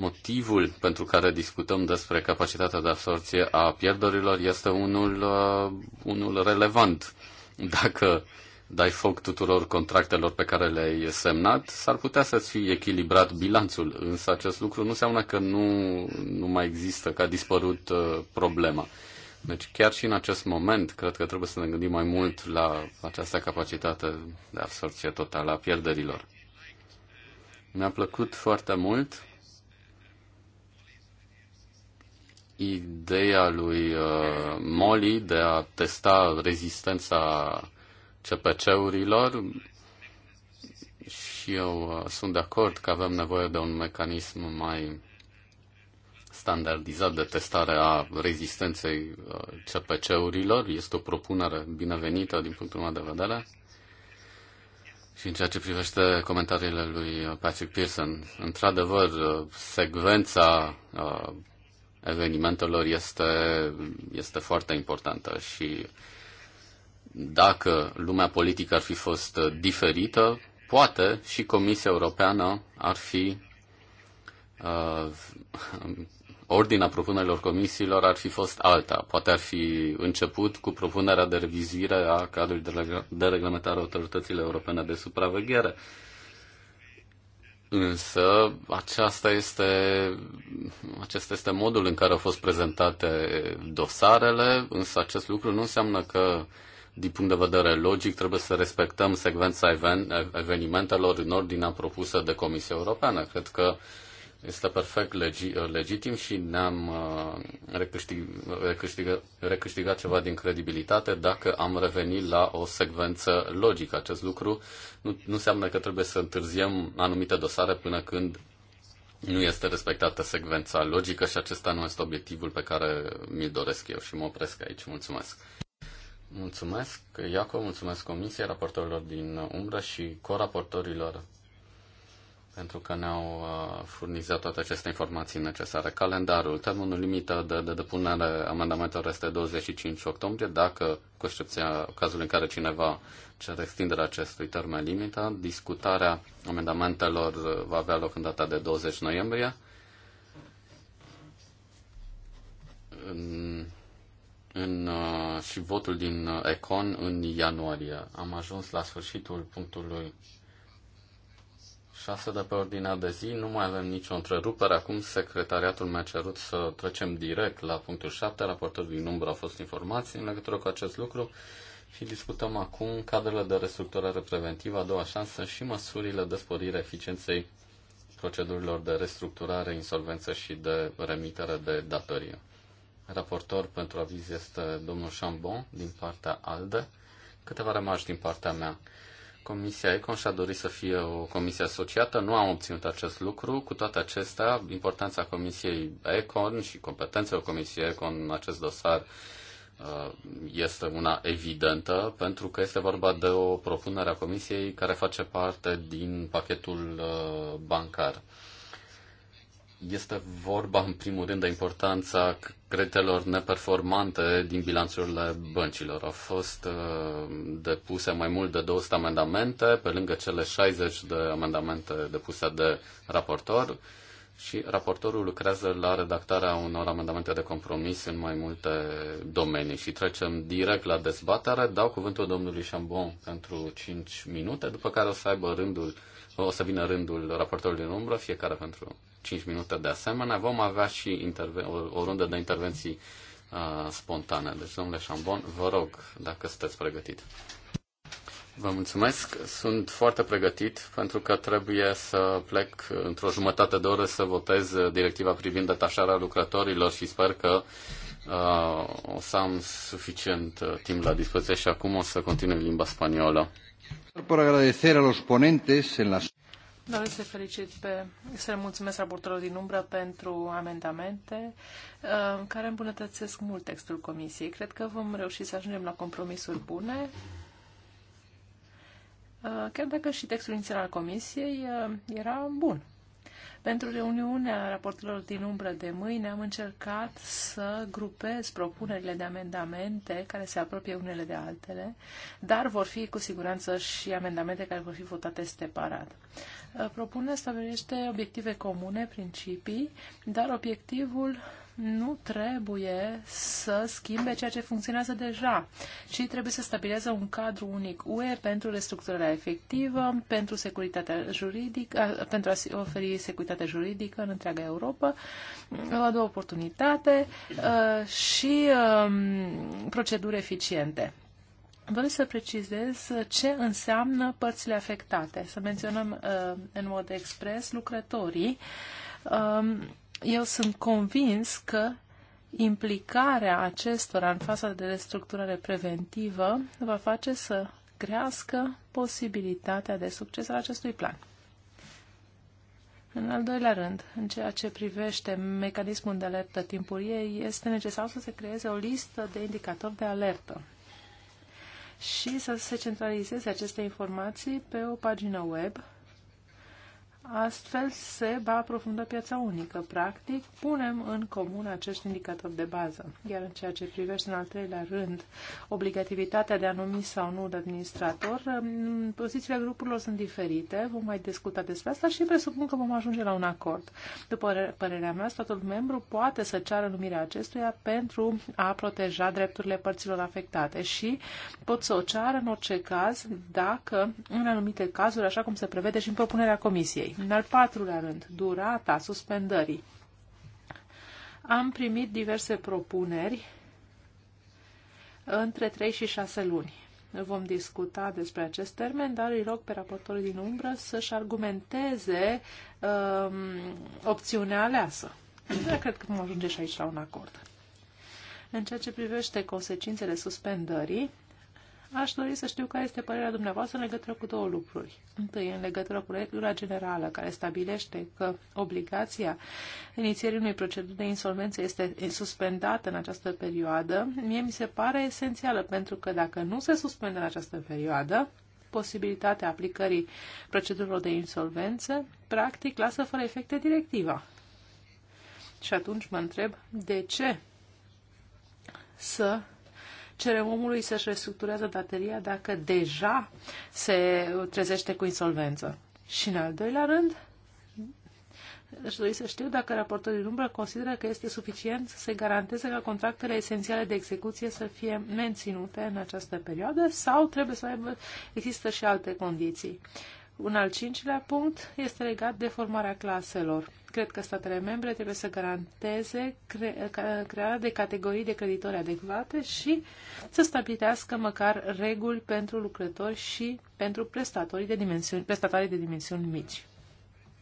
Motivul pentru care discutăm despre capacitatea de absorție a pierderilor este unul, uh, unul relevant. Dacă dai foc tuturor contractelor pe care le-ai semnat, s-ar putea să-ți fie echilibrat bilanțul, însă acest lucru nu înseamnă că nu, nu mai există, că a dispărut uh, problema. Deci chiar și în acest moment, cred că trebuie să ne gândim mai mult la această capacitate de absorție totală a pierderilor. Mi-a plăcut foarte mult ideea lui uh, Molly de a testa rezistența CPC-urilor și eu uh, sunt de acord că avem nevoie de un mecanism mai standardizat de testare a rezistenței uh, CPC-urilor. Este o propunere binevenită din punctul meu de vedere. Și în ceea ce privește comentariile lui Patrick Pearson, într-adevăr, uh, secvența uh, evenimentelor este, este foarte importantă și dacă lumea politică ar fi fost diferită, poate și Comisia Europeană ar fi uh, ordinea propunerilor comisiilor ar fi fost alta. Poate ar fi început cu propunerea de revizuire a cadrului de, reglementare a autorităților europene de supraveghere. Uh, Însă aceasta este, acesta este modul în care au fost prezentate dosarele, însă acest lucru nu înseamnă că, din punct de vedere logic, trebuie să respectăm secvența even, evenimentelor în ordinea propusă de Comisia Europeană. Cred că uh, este perfect legi- legitim și ne-am uh, recâștig, recâștig, recâștigat ceva din credibilitate dacă am revenit la o secvență logică. Acest lucru nu, nu înseamnă că trebuie să întârziem anumite dosare până când nu este respectată secvența logică și acesta nu este obiectivul pe care mi-l doresc eu și mă opresc aici. Mulțumesc! Mulțumesc, Iaco, mulțumesc Comisiei, raportorilor din umbră și coraportorilor pentru că ne-au uh, furnizat toate aceste informații necesare. Calendarul, termenul limită de, de depunere amendamentelor este 25 octombrie. Dacă, cu excepția cazului în care cineva cere extinderea acestui termen limită, discutarea amendamentelor uh, va avea loc în data de 20 noiembrie. În, în, uh, și votul din Econ în ianuarie. Am ajuns la sfârșitul punctului 6 de pe ordinea de zi, nu mai avem nicio întrerupere. Acum secretariatul mi-a cerut să trecem direct la punctul 7. Raportorul din umbră a fost informații în legătură cu acest lucru și discutăm acum cadrele de restructurare preventivă, a doua șansă și măsurile de sporire eficienței procedurilor de restructurare, insolvență și de remitere de datorie. Raportor pentru aviz este domnul Chambon din partea ALDE. Câteva rămași din partea mea. Comisia Econ și-a dorit să fie o comisie asociată, nu am obținut acest lucru. Cu toate acestea, importanța Comisiei Econ și competențele Comisiei Econ în acest dosar uh, este una evidentă, pentru că este vorba de o propunere a Comisiei care face parte din pachetul uh, bancar. Este vorba, în primul rând, de importanța creditelor neperformante din bilanțurile băncilor. Au fost uh, depuse mai mult de 200 amendamente, pe lângă cele 60 de amendamente depuse de raportor și raportorul lucrează la redactarea unor amendamente de compromis în mai multe domenii. Și trecem direct la dezbatere. Dau cuvântul domnului Chambon pentru 5 minute, după care o să aibă rândul, o să vină rândul raportorului în umbră, fiecare pentru 5 minute de asemenea. Vom avea și o, o rundă de intervenții uh, spontane. Deci, domnule Șambon, vă rog dacă sunteți pregătit. Vă mulțumesc. Sunt foarte pregătit pentru că trebuie să plec într-o jumătate de oră să votez directiva privind detașarea lucrătorilor și sper că uh, o să am suficient uh, timp la dispoziție și acum o să continui limba spaniolă. Por agradecer a los ponentes en las Doresc să felicit pe, să le mulțumesc raportorului din umbră pentru amendamente uh, care îmbunătățesc mult textul comisiei. Cred că vom reuși să ajungem la compromisuri bune. Uh, chiar dacă și textul inițial al comisiei uh, era bun. Pentru reuniunea raportelor din umbră de mâine am încercat să grupez propunerile de amendamente care se apropie unele de altele, dar vor fi cu siguranță și amendamente care vor fi votate separat. Propunerea stabilește obiective comune, principii, dar obiectivul nu trebuie să schimbe ceea ce funcționează deja, ci trebuie să stabileze un cadru unic UE pentru restructurarea efectivă, pentru securitatea juridică, pentru a oferi securitate juridică în întreaga Europa, la două oportunitate și um, proceduri eficiente. Vreau să precizez ce înseamnă părțile afectate. Să menționăm uh, în mod expres lucrătorii um, eu sunt convins că implicarea acestora în faza de restructurare preventivă va face să crească posibilitatea de succes al acestui plan. În al doilea rând, în ceea ce privește mecanismul de alertă timpurie, este necesar să se creeze o listă de indicatori de alertă și să se centralizeze aceste informații pe o pagină web Astfel se va aprofunda piața unică. Practic, punem în comun acești indicatori de bază. Iar în ceea ce privește, în al treilea rând, obligativitatea de a numi sau nu de administrator, um, pozițiile grupurilor sunt diferite. Vom mai discuta despre asta și presupun că vom ajunge la un acord. După părerea mea, statul membru poate să ceară numirea acestuia pentru a proteja drepturile părților afectate și pot să o ceară în orice caz dacă, în anumite cazuri, așa cum se prevede și în propunerea Comisiei. În al patrulea rând, durata suspendării. Am primit diverse propuneri între 3 și 6 luni. Vom discuta despre acest termen, dar îi rog pe raportorul din umbră să-și argumenteze um, opțiunea aleasă. Nu cred că vom ajunge și aici la un acord. În ceea ce privește consecințele suspendării, Aș dori să știu care este părerea dumneavoastră în legătură cu două lucruri. Întâi, în legătură cu regula generală care stabilește că obligația inițierii unui proceduri de insolvență este suspendată în această perioadă, mie mi se pare esențială, pentru că dacă nu se suspendă în această perioadă, posibilitatea aplicării procedurilor de insolvență, practic lasă fără efecte directiva. Și atunci mă întreb de ce să cerem omului să-și restructureze dateria dacă deja se trezește cu insolvență. Și în al doilea rând, Aș dori să știu dacă raportul din umbră consideră că este suficient să se garanteze că contractele esențiale de execuție să fie menținute în această perioadă sau trebuie să aibă, există și alte condiții. Un al cincilea punct este legat de formarea claselor. Cred că statele membre trebuie să garanteze cre crearea de categorii de creditori adecvate și să stabilească măcar reguli pentru lucrători și pentru prestatorii de dimensiuni, prestatorii de dimensiuni mici.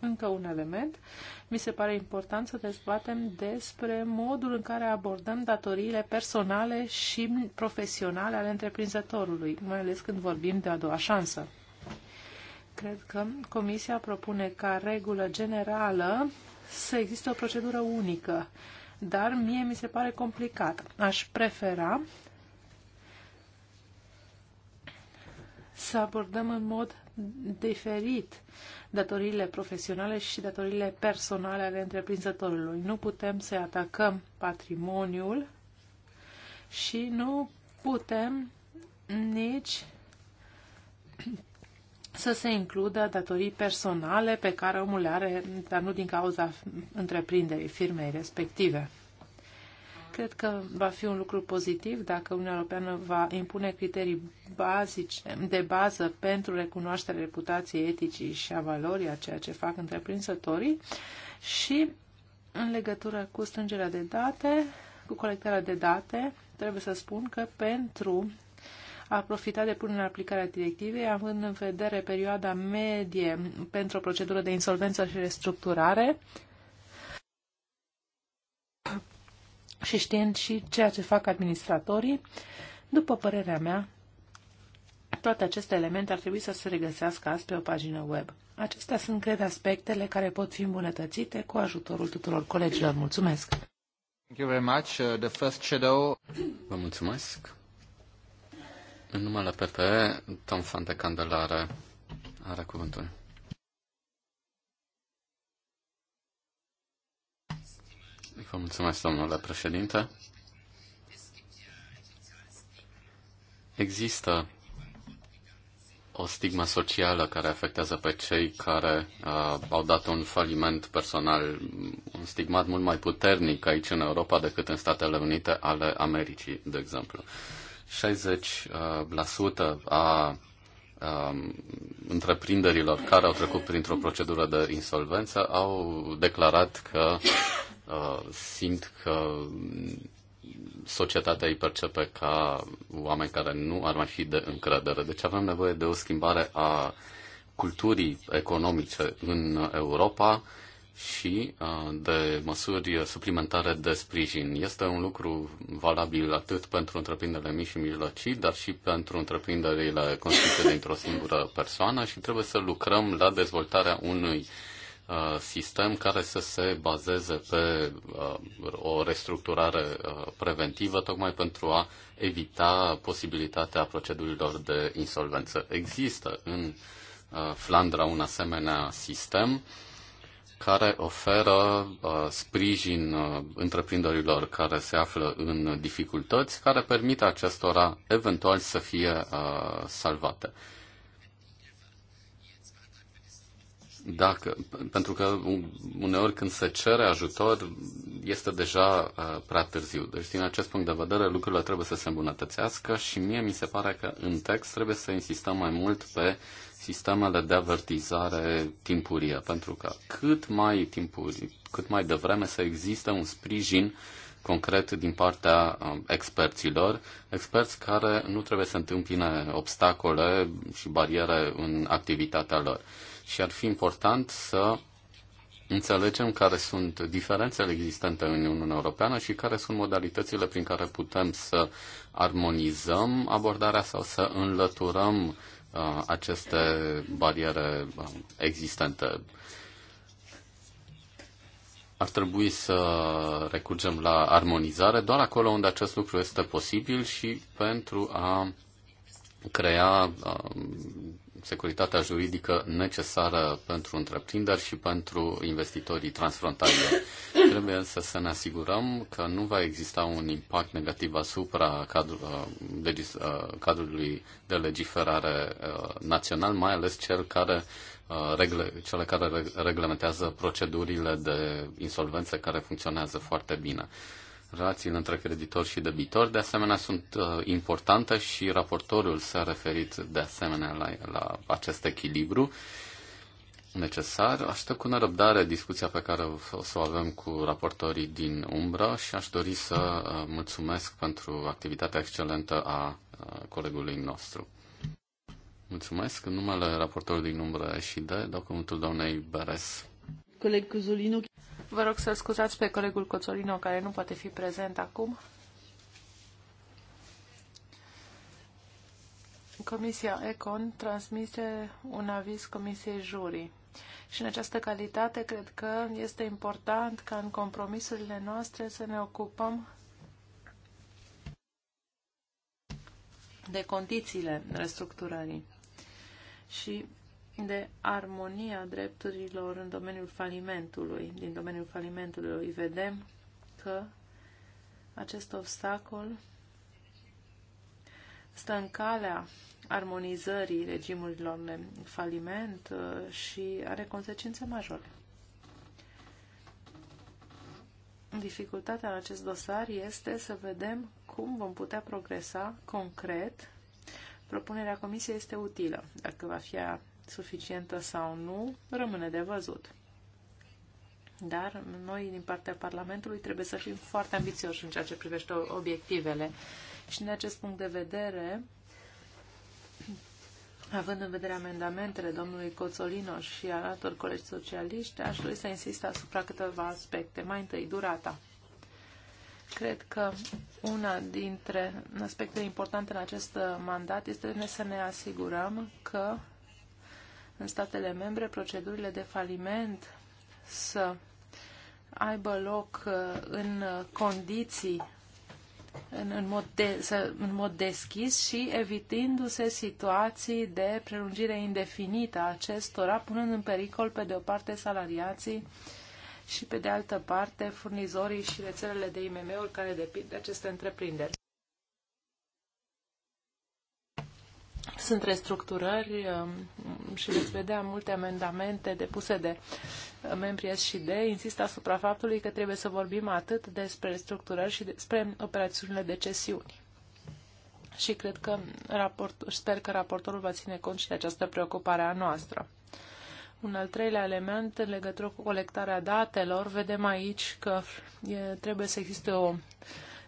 Încă un element. Mi se pare important să dezbatem despre modul în care abordăm datoriile personale și profesionale ale întreprinzătorului, mai ales când vorbim de a doua șansă. Cred că Comisia propune ca regulă generală să existe o procedură unică, dar mie mi se pare complicat. Aș prefera să abordăm în mod diferit datoriile profesionale și datoriile personale ale întreprinzătorului. Nu putem să atacăm patrimoniul și nu putem nici să se includă datorii personale pe care omul le are, dar nu din cauza întreprinderii firmei respective. Cred că va fi un lucru pozitiv dacă Uniunea Europeană va impune criterii bazice, de bază pentru recunoașterea reputației eticii și a valorii a ceea ce fac întreprinzătorii și în legătură cu strângerea de date, cu colectarea de date, trebuie să spun că pentru a profitat de punerea în aplicare a directivei, având în vedere perioada medie pentru o procedură de insolvență și restructurare și știind și ceea ce fac administratorii, după părerea mea, toate aceste elemente ar trebui să se regăsească azi pe o pagină web. Acestea sunt, cred, aspectele care pot fi îmbunătățite cu ajutorul tuturor colegilor. Mulțumesc! Thank you very much. Uh, the first shadow... Vă mulțumesc. În numele PPE, Tom Fan de Candelare are cuvântul. Vă mulțumesc, domnule președinte. Există o stigmă socială care afectează pe cei care uh, au dat un faliment personal, un stigmat mult mai puternic aici în Europa decât în Statele Unite ale Americii, de exemplu. Uh, 60% uh, a um, întreprinderilor care au trecut printr-o procedură de insolvență au declarat că uh, simt că societatea îi percepe ca oameni care nu ar mai fi de încredere. Deci avem nevoie de o schimbare a culturii economice în Europa și uh, de măsuri suplimentare de sprijin. Este un lucru valabil atât pentru întreprinderile mici și mijlocii, dar și pentru întreprinderile constituite dintr-o singură persoană și trebuie să lucrăm la dezvoltarea unui uh, sistem care să se bazeze pe uh, o restructurare preventivă, tocmai pentru a evita posibilitatea procedurilor de insolvență. Există în Flandra un asemenea sistem care oferă uh, sprijin uh, întreprinderilor care se află în dificultăți, care permite acestora eventual să fie uh, salvate. Dacă, pentru că uneori când se cere ajutor, este deja uh, prea târziu. Deci, din acest punct de vedere, lucrurile trebuie să se îmbunătățească și mie mi se pare că în text trebuie să insistăm mai mult pe uh, sistemele de avertizare timpurie, pentru că cât mai timpuri, cât mai devreme să existe un sprijin concret din partea um, experților, experți care nu trebuie să întâmpine obstacole și bariere în activitatea lor. Și ar fi important să înțelegem care sunt diferențele existente în Uniunea Europeană și care sunt modalitățile prin care putem să armonizăm abordarea sau să înlăturăm Uh, aceste bariere um, existente. Ar trebui să recurgem la armonizare doar acolo unde acest lucru este posibil și pentru a crea um, securitatea juridică necesară pentru întreprinderi și pentru investitorii transfrontalieri. Trebuie însă să ne asigurăm că nu va exista un impact negativ asupra cadru, uh, legis, uh, cadrului de legiferare uh, național, mai ales cel care regle, cele care reglementează procedurile de insolvență care funcționează foarte bine. Relațiile între creditori și debitori, de asemenea, sunt uh, importante și raportorul s-a referit de asemenea la, la acest echilibru necesar. Aștept cu nerăbdare discuția pe care o să o avem cu raportorii din umbră și aș dori să uh, mulțumesc pentru activitatea excelentă a uh, colegului nostru. Mulțumesc. În numele raportorului din umbră și de, documentul doamnei Beres. Coleg Cuzulinu. Vă rog să scuzați pe colegul Coțolino, care nu poate fi prezent acum. Comisia Econ transmite un aviz Comisiei Jurii. Și în această calitate, cred că este important ca în compromisurile noastre să ne ocupăm de condițiile restructurării. Și de armonia drepturilor în domeniul falimentului. Din domeniul falimentului vedem că acest obstacol stă în calea armonizării regimurilor de faliment uh, și are consecințe majore. Dificultatea în acest dosar este să vedem cum vom putea progresa concret. Propunerea Comisiei este utilă, dacă va fi suficientă sau nu, rămâne de văzut. Dar noi, din partea Parlamentului, trebuie să fim foarte ambițioși în ceea ce privește obiectivele. Și din acest punct de vedere, având în vedere amendamentele domnului Coțolino și al altor colegi socialiști, aș dori să insist asupra câteva aspecte. Mai întâi, durata. Cred că una dintre aspectele importante în acest mandat este să ne asigurăm că în statele membre procedurile de faliment să aibă loc uh, în condiții în, în, mod de, să, în mod deschis și evitându-se situații de prelungire indefinită a acestora, punând în pericol, pe de o parte, salariații și, pe de altă parte, furnizorii și rețelele de IMM-uri care depind de aceste întreprinderi. sunt restructurări um, și veți vedea multe amendamente depuse de uh, membrii S și Insist asupra faptului că trebuie să vorbim atât despre restructurări și despre operațiunile de cesiuni. Și cred că raport, sper că raportorul va ține cont și de această preocupare a noastră. Un al treilea element, în legătură cu colectarea datelor, vedem aici că e, trebuie să existe o...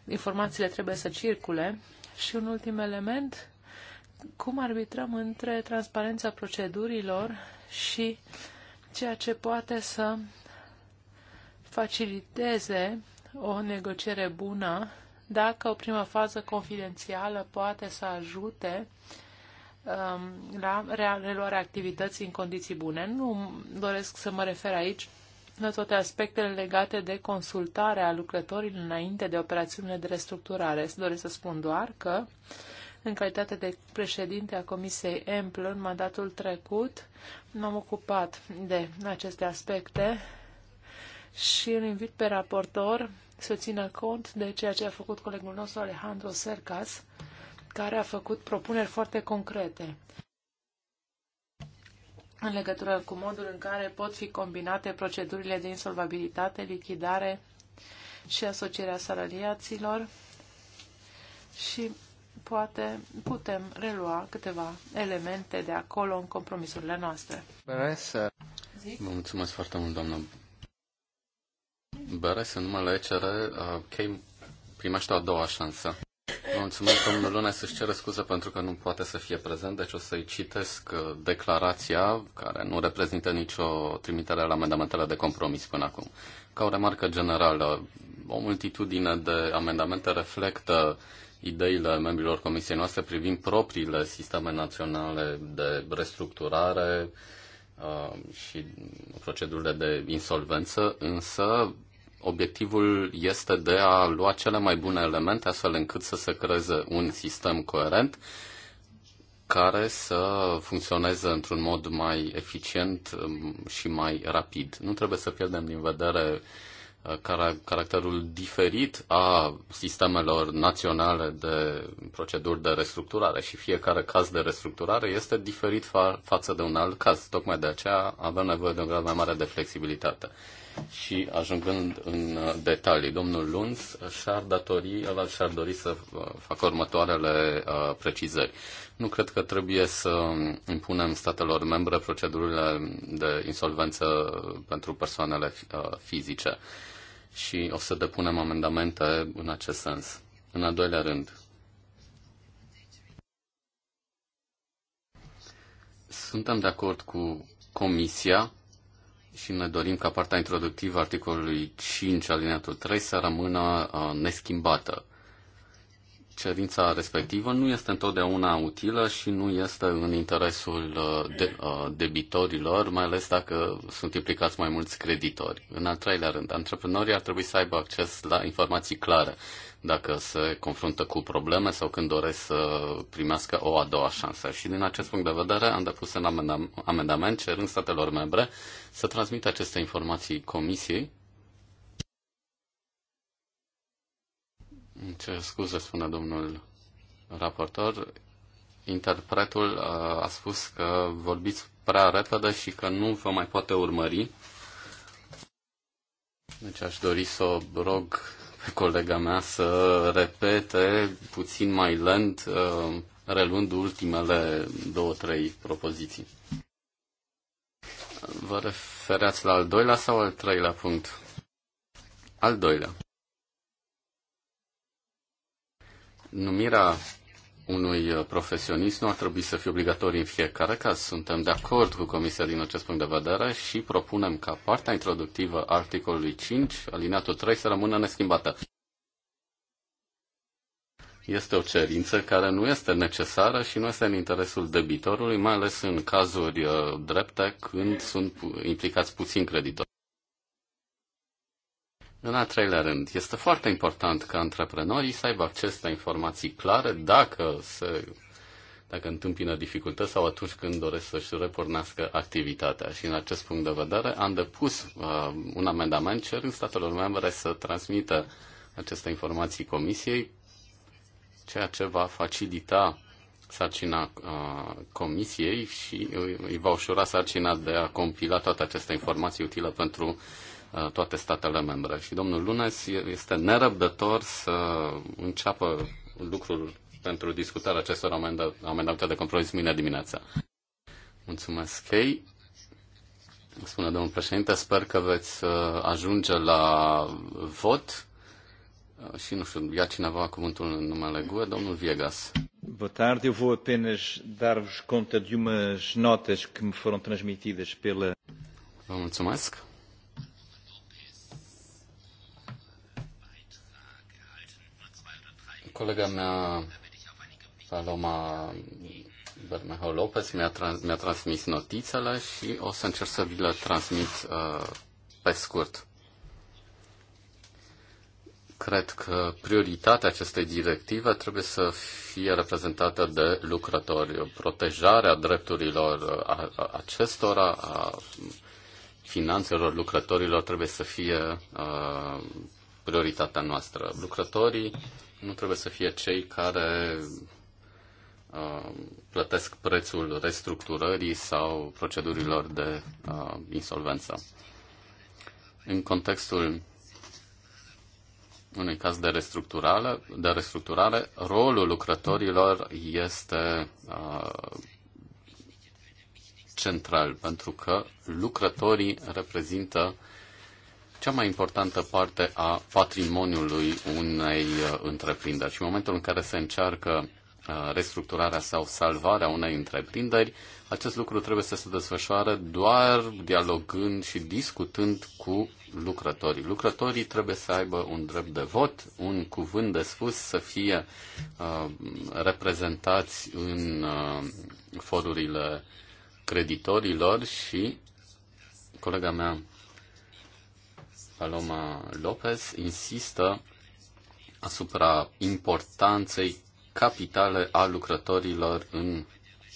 informațiile trebuie să circule. Și un ultim element, cum arbitrăm între transparența procedurilor și ceea ce poate să faciliteze o negociere bună dacă o primă fază confidențială poate să ajute um, la reluarea activității în condiții bune. Nu doresc să mă refer aici la toate aspectele legate de consultarea lucrătorilor înainte de operațiunile de restructurare. Doresc să spun doar că uh, în calitate de președinte a Comisiei EMPL în mandatul trecut. M-am ocupat de aceste aspecte și îl invit pe raportor să țină cont de ceea ce a făcut colegul nostru Alejandro Sercas, care a făcut propuneri foarte concrete în legătură cu modul în care pot fi combinate procedurile de insolvabilitate, lichidare și asocierea salariaților și poate putem relua câteva elemente de acolo în compromisurile noastre. Vă mulțumesc foarte mult, doamnă Beres, în numele ECR, uh, Kay primește a doua șansă. Vă mulțumesc, domnul Luna, să-și cere scuze pentru că nu poate să fie prezent, deci o să-i citesc uh, declarația, care nu reprezintă nicio trimitere la amendamentele de compromis până acum. Ca o remarcă generală, o multitudine de amendamente reflectă ideile membrilor comisiei noastre privind propriile sisteme naționale de restructurare uh, și procedurile de insolvență, însă obiectivul este de a lua cele mai bune elemente astfel încât să se creeze un sistem coerent care să funcționeze într-un mod mai eficient um, și mai rapid. Nu trebuie să pierdem din vedere Uh, caracterul diferit a sistemelor naționale de proceduri de restructurare și fiecare caz de restructurare este diferit fa- față de un alt caz. Tocmai de aceea avem nevoie de un grad mai mare de flexibilitate. Și ajungând în uh, detalii, domnul Lunz uh, și-ar, datori, și-ar dori să facă următoarele precizări. Nu cred că trebuie să impunem statelor membre procedurile de insolvență pentru persoanele uh, fizice și o să depunem amendamente în acest sens. În al doilea rând, suntem de acord cu Comisia și ne dorim ca partea introductivă articolului 5 alineatul 3 să rămână uh, neschimbată cerința respectivă nu este întotdeauna utilă și nu este în interesul uh, de, uh, debitorilor, mai ales dacă sunt implicați mai mulți creditori. În al treilea rând, antreprenorii ar trebui să aibă acces la informații clare dacă se confruntă cu probleme sau când doresc să primească o a doua șansă. Și din acest punct de vedere am depus un amendament cerând statelor membre să transmită aceste informații comisiei Ce scuze spune domnul raportor. Interpretul uh, a spus că vorbiți prea repede și că nu vă mai poate urmări. Deci aș dori să o rog pe colega mea să repete puțin mai lent, uh, reluând ultimele două, trei propoziții. Vă referați la al doilea sau al treilea punct? Al doilea. numirea unui uh, profesionist nu ar trebui să fie obligatorie în fiecare caz. Suntem de acord cu Comisia din acest punct de vedere și propunem ca partea introductivă a articolului 5, alineatul 3, să rămână neschimbată. Este o cerință care nu este necesară și nu este în interesul debitorului, mai ales în cazuri uh, drepte când sunt implicați puțin creditori. În al treilea rând, este foarte important ca antreprenorii să aibă acces la informații clare dacă se dacă întâmpină dificultăți sau atunci când doresc să-și repornească activitatea. Și în acest punct de vedere am depus uh, un amendament cerând statelor membre să transmită aceste informații comisiei, ceea ce va facilita sarcina uh, comisiei și îi va ușura sarcina de a compila toate aceste informații utile pentru Uh, toate statele membre. Și domnul Lunes este nerăbdător să înceapă lucrul pentru discutarea acestor amendamente de compromis mâine dimineața. Mulțumesc, Kei. Spune domnul președinte, sper că veți uh, ajunge la vot. Uh, și nu știu, ia cineva cuvântul în numele GUE, domnul Viegas. Boa tarde, eu vou apenas dar-vos conta de umas notas que me foram transmitidas pela... Vă mulțumesc. Colega mea, Paloma Bermejo Lopez, mi-a, trans- mi-a transmis notițele și o să încerc să vi le transmit uh, pe scurt. Cred că prioritatea acestei directive trebuie să fie reprezentată de lucrători. Protejarea drepturilor uh, a, a acestora, a finanțelor lucrătorilor trebuie să fie uh, prioritatea noastră. Lucrătorii nu trebuie să fie cei care uh, plătesc prețul restructurării sau procedurilor de uh, insolvență. În contextul unui caz de restructurare, de restructurare rolul lucrătorilor este uh, central, pentru că lucrătorii reprezintă uh, cea mai importantă parte a patrimoniului unei uh, întreprinderi. Și în momentul în care se încearcă uh, restructurarea sau salvarea unei întreprinderi, acest lucru trebuie să se desfășoare doar dialogând și discutând cu lucrătorii. Lucrătorii trebuie să aibă un drept de vot, un cuvânt de spus, să fie uh, reprezentați în uh, forurile creditorilor și colega mea Paloma Lopez insistă asupra importanței capitale a lucrătorilor în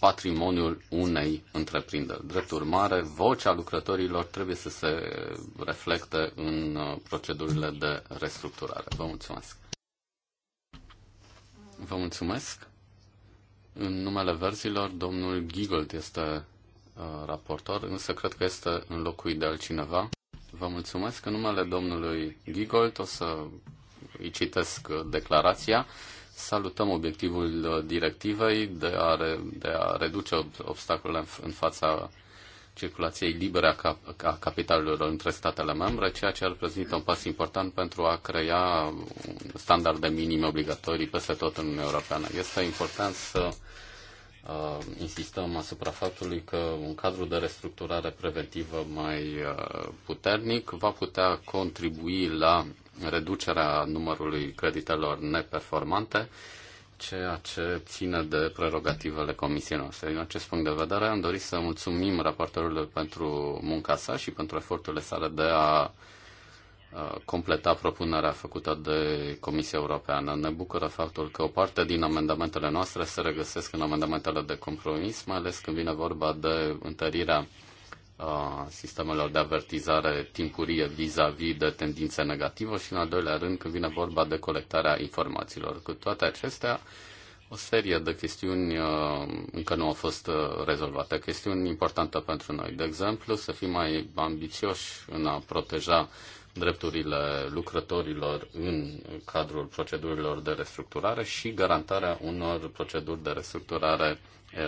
patrimoniul unei întreprinderi. Drept urmare, vocea lucrătorilor trebuie să se reflecte în uh, procedurile de restructurare. Vă mulțumesc! Vă mulțumesc! În numele verzilor, domnul Giggold este uh, raportor, însă cred că este înlocuit de altcineva. Vă mulțumesc. În numele domnului Gigolt o să îi citesc declarația. Salutăm obiectivul directivei de a, re, de a reduce obstacolele în fața circulației libere a, cap, a capitalurilor între statele membre, ceea ce reprezintă un pas important pentru a crea standarde minime obligatorii peste tot în Uniunea Europeană. Este important să Uh, insistăm asupra faptului că un cadru de restructurare preventivă mai uh, puternic va putea contribui la reducerea numărului creditelor neperformante, ceea ce ține de prerogativele comisiei noastre. Din acest punct de vedere, am dorit să mulțumim raportorului pentru munca sa și pentru eforturile sale de a Uh, completa propunerea făcută de Comisia Europeană. Ne bucură faptul că o parte din amendamentele noastre se regăsesc în amendamentele de compromis, mai ales când vine vorba de întărirea uh, sistemelor de avertizare timpurie vis-a-vis de tendințe negativă și, în al doilea rând, când vine vorba de colectarea informațiilor. Cu toate acestea, o serie de chestiuni uh, încă nu au fost rezolvate, chestiuni importante pentru noi. De exemplu, să fim mai ambițioși în a proteja drepturile lucrătorilor în cadrul procedurilor de restructurare și garantarea unor proceduri de restructurare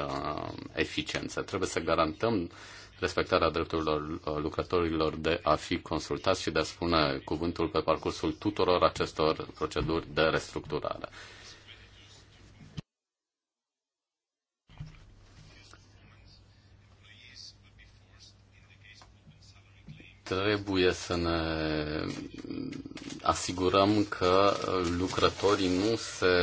uh, eficiență. Trebuie să garantăm respectarea drepturilor uh, lucrătorilor de a fi consultați și de a spune cuvântul pe parcursul tuturor acestor proceduri de restructurare. trebuie să ne asigurăm că lucrătorii nu se,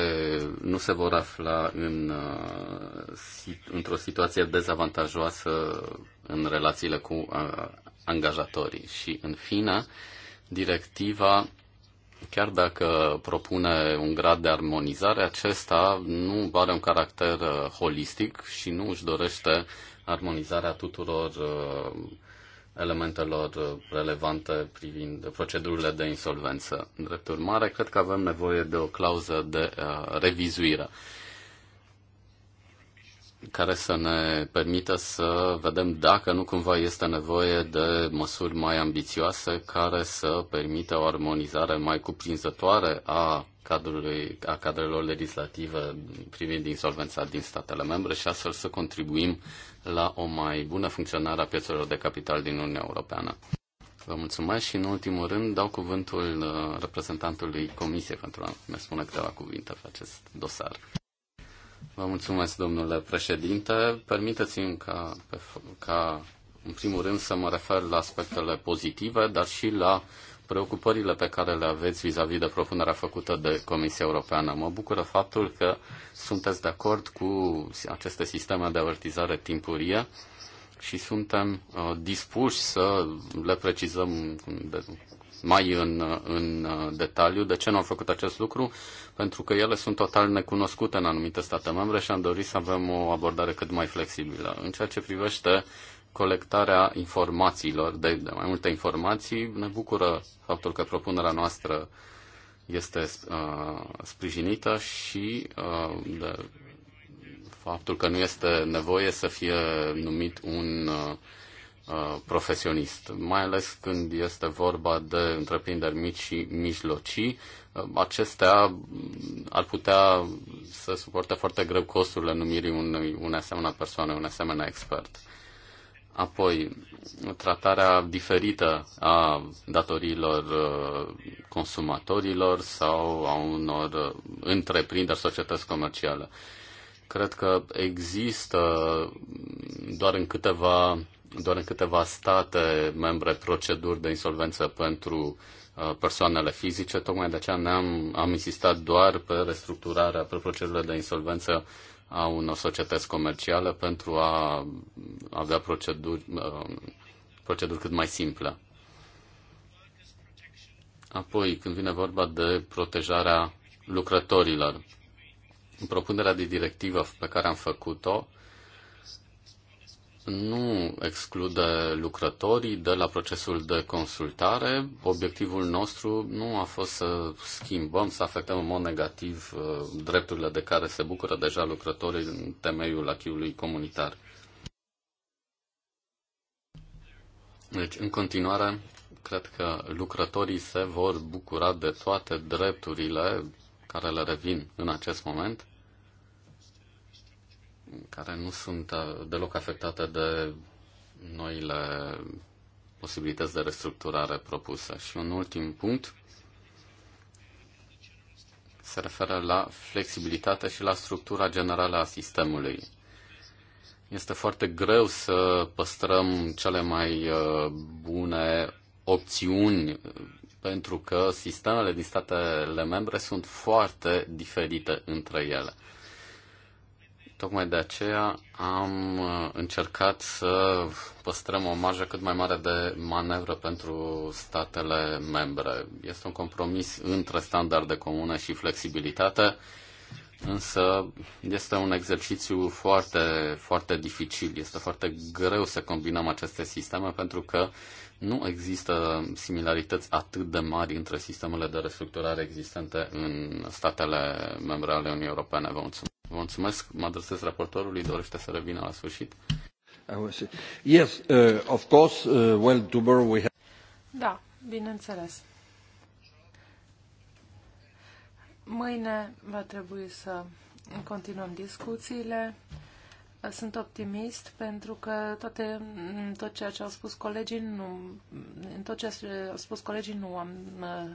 nu se vor afla în, uh, într-o situație dezavantajoasă în relațiile cu uh, angajatorii. Și, în fine, directiva, chiar dacă propune un grad de armonizare, acesta nu are un caracter uh, holistic și nu își dorește armonizarea tuturor uh, elementelor relevante privind procedurile de insolvență. În drept urmare, cred că avem nevoie de o clauză de uh, revizuire care să ne permită să vedem dacă nu cumva este nevoie de măsuri mai ambițioase care să permită o armonizare mai cuprinzătoare a cadrului, a cadrelor legislative privind insolvența din statele membre și astfel să contribuim la o mai bună funcționare a piețelor de capital din Uniunea Europeană. Vă mulțumesc și, în ultimul rând, dau cuvântul uh, reprezentantului Comisiei pentru a ne spune câteva cuvinte pe acest dosar. Vă mulțumesc, domnule președinte. Permiteți-mi ca, ca, în primul rând, să mă refer la aspectele pozitive, dar și la uh, preocupările pe care le aveți vis-a-vis de propunerea făcută de Comisia Europeană. Mă bucură faptul că sunteți de acord cu aceste sisteme de avertizare timpurie și suntem uh, dispuși să le precizăm de, mai în, uh, în uh, detaliu de ce nu am făcut acest lucru, pentru că ele sunt total necunoscute în anumite state membre și am dorit să avem o abordare cât mai flexibilă. În ceea ce privește colectarea informațiilor, de, de mai multe informații. Ne bucură faptul că propunerea noastră este uh, sprijinită și uh, de faptul că nu este nevoie să fie numit un uh, uh profesionist, mai ales când este vorba de întreprinderi mici și mijlocii. Uh, acestea ar putea să suporte foarte greu costurile numirii unei, unei asemenea persoane, unei asemenea expert. Apoi, tratarea diferită a datoriilor uh, consumatorilor sau a unor uh, întreprinderi, societăți comerciale. Cred că există doar în câteva, doar în câteva state membre proceduri de insolvență pentru uh, persoanele fizice, tocmai de aceea ne-am am insistat doar pe restructurarea, pe procedurile de insolvență uh, a unor societăți comerciale pentru a avea proceduri, uh, proceduri cât mai simple. Apoi, când vine vorba de protejarea lucrătorilor, propunerea de directivă pe care am făcut-o nu exclude lucrătorii de la procesul de consultare. Obiectivul nostru nu a fost să schimbăm, să afectăm în mod negativ uh, drepturile de care se bucură deja lucrătorii în temeiul achiului comunitar. Deci, în continuare, cred că lucrătorii se vor bucura de toate drepturile care le revin în acest moment care nu sunt uh, deloc afectate de noile posibilități de restructurare propuse. Și un ultim punct se referă la flexibilitate și la structura generală a sistemului. Este foarte greu să păstrăm cele mai uh, bune opțiuni pentru că sistemele din statele membre sunt foarte diferite între ele. Tocmai de aceea am uh, încercat să păstrăm o marjă cât mai mare de manevră pentru statele membre. Este un compromis între standarde comune și flexibilitate, însă este un exercițiu foarte, foarte dificil. Este foarte greu să combinăm aceste sisteme pentru că nu există similarități atât de mari între sistemele de restructurare existente în statele membre ale Uniunii Europene. Vă mulțumesc! mulțumesc. Mă adresez raportorului. Dorește să revină la sfârșit. Yes, uh, of course, uh, well, we have... Da, bineînțeles. Mâine va trebui să continuăm discuțiile. Sunt optimist pentru că toate, tot ceea ce au spus colegii nu, în tot ce au spus colegii nu am uh,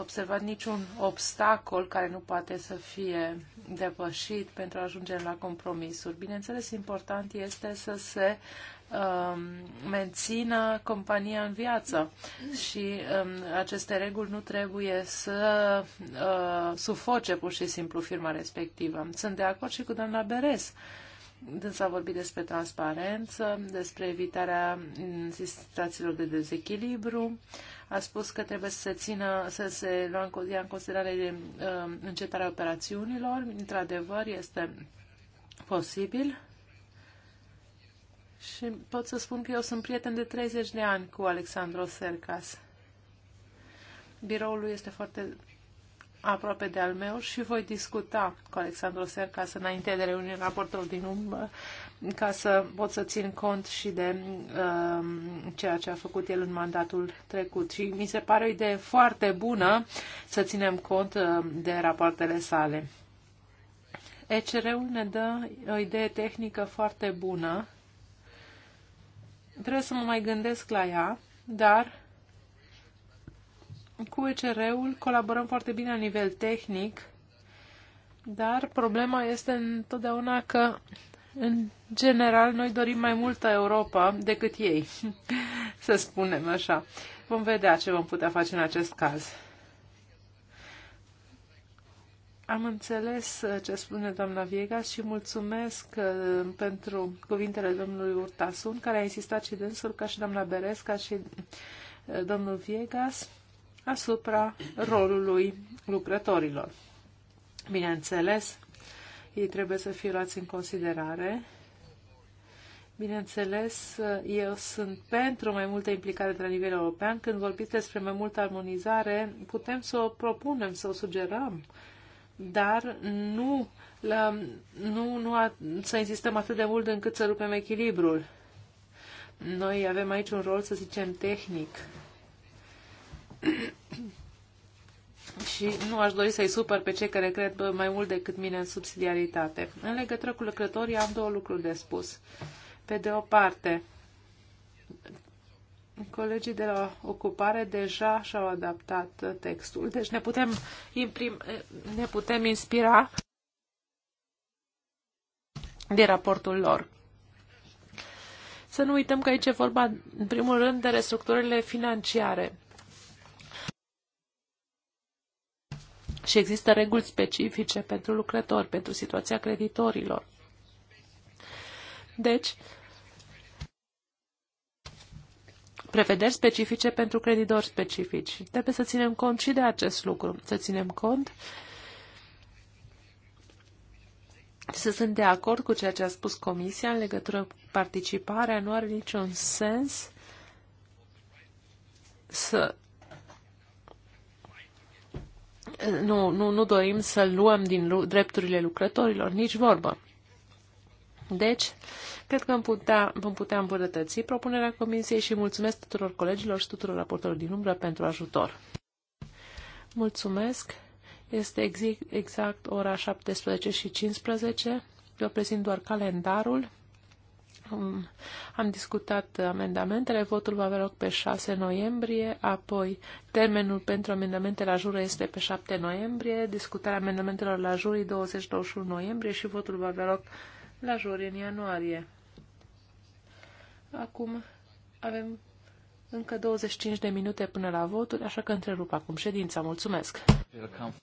observat niciun obstacol care nu poate să fie depășit pentru a ajunge la compromisuri. Bineînțeles, important este să se um, mențină compania în viață și um, aceste reguli nu trebuie să uh, sufoce pur și simplu firma respectivă. Sunt de acord și cu doamna Beres. Uh, Dânsa a vorbit despre transparență, despre evitarea situațiilor de dezechilibru. A spus că trebuie să se țină, să se ia în considerare de, uh, încetarea operațiunilor. Într-adevăr, este posibil. Și pot să spun că eu sunt prieten de 30 de ani cu Alexandru Sercas. Biroul lui este foarte aproape de al meu și voi discuta cu Alexandru să înainte de reuniunea raportul din umbră ca să pot să țin cont și de uh, ceea ce a făcut el în mandatul trecut. Și mi se pare o idee foarte bună să ținem cont uh, de rapoartele sale. ECR-ul ne dă o idee tehnică foarte bună. Trebuie să mă mai gândesc la ea, dar cu ECR-ul colaborăm foarte bine la nivel tehnic, dar problema este întotdeauna că în general, noi dorim mai multă Europa decât ei, să spunem așa. Vom vedea ce vom putea face în acest caz. Am înțeles uh, ce spune doamna Viegas și mulțumesc uh, pentru cuvintele domnului Urtasun, care a insistat și dânsul, ca și doamna Beresca și uh, domnul Viegas asupra rolului lucrătorilor. Bineînțeles, ei trebuie să fie luați în considerare. Bineînțeles, eu sunt pentru mai multă implicare de la nivel european. Când vorbiți despre mai multă armonizare, putem să o propunem, să o sugerăm, dar nu, la, nu, nu a, să insistăm atât de mult încât să rupem echilibrul. Noi avem aici un rol, să zicem, tehnic și nu aș dori să-i supăr pe cei care cred mai mult decât mine în subsidiaritate. În legătură cu lucrătorii am două lucruri de spus. Pe de o parte, colegii de la ocupare deja și-au adaptat textul, deci ne putem, imprim, ne putem inspira de raportul lor. Să nu uităm că aici e vorba, în primul rând, de restructurile financiare și există reguli specifice pentru lucrători, pentru situația creditorilor. Deci, prevederi specifice pentru creditori specifici. Trebuie să ținem cont și de acest lucru. Să ținem cont să sunt de acord cu ceea ce a spus Comisia în legătură cu participarea. Nu are niciun sens să nu, nu, nu dorim să luăm din drepturile lucrătorilor, nici vorbă. Deci, cred că îmi putea, vom putea îmbunătăți propunerea Comisiei și mulțumesc tuturor colegilor și tuturor raportorilor din umbră pentru ajutor. Mulțumesc. Este exact ora 17 și 15. Vă prezint doar calendarul am, am discutat amendamentele, votul va avea loc pe 6 noiembrie, apoi termenul pentru amendamentele la jur este pe 7 noiembrie, discutarea amendamentelor la jurii 20-21 noiembrie și votul va avea loc la juri în ianuarie. Acum avem încă 25 de minute până la voturi, așa că întrerup acum ședința. Mulțumesc! Welcome.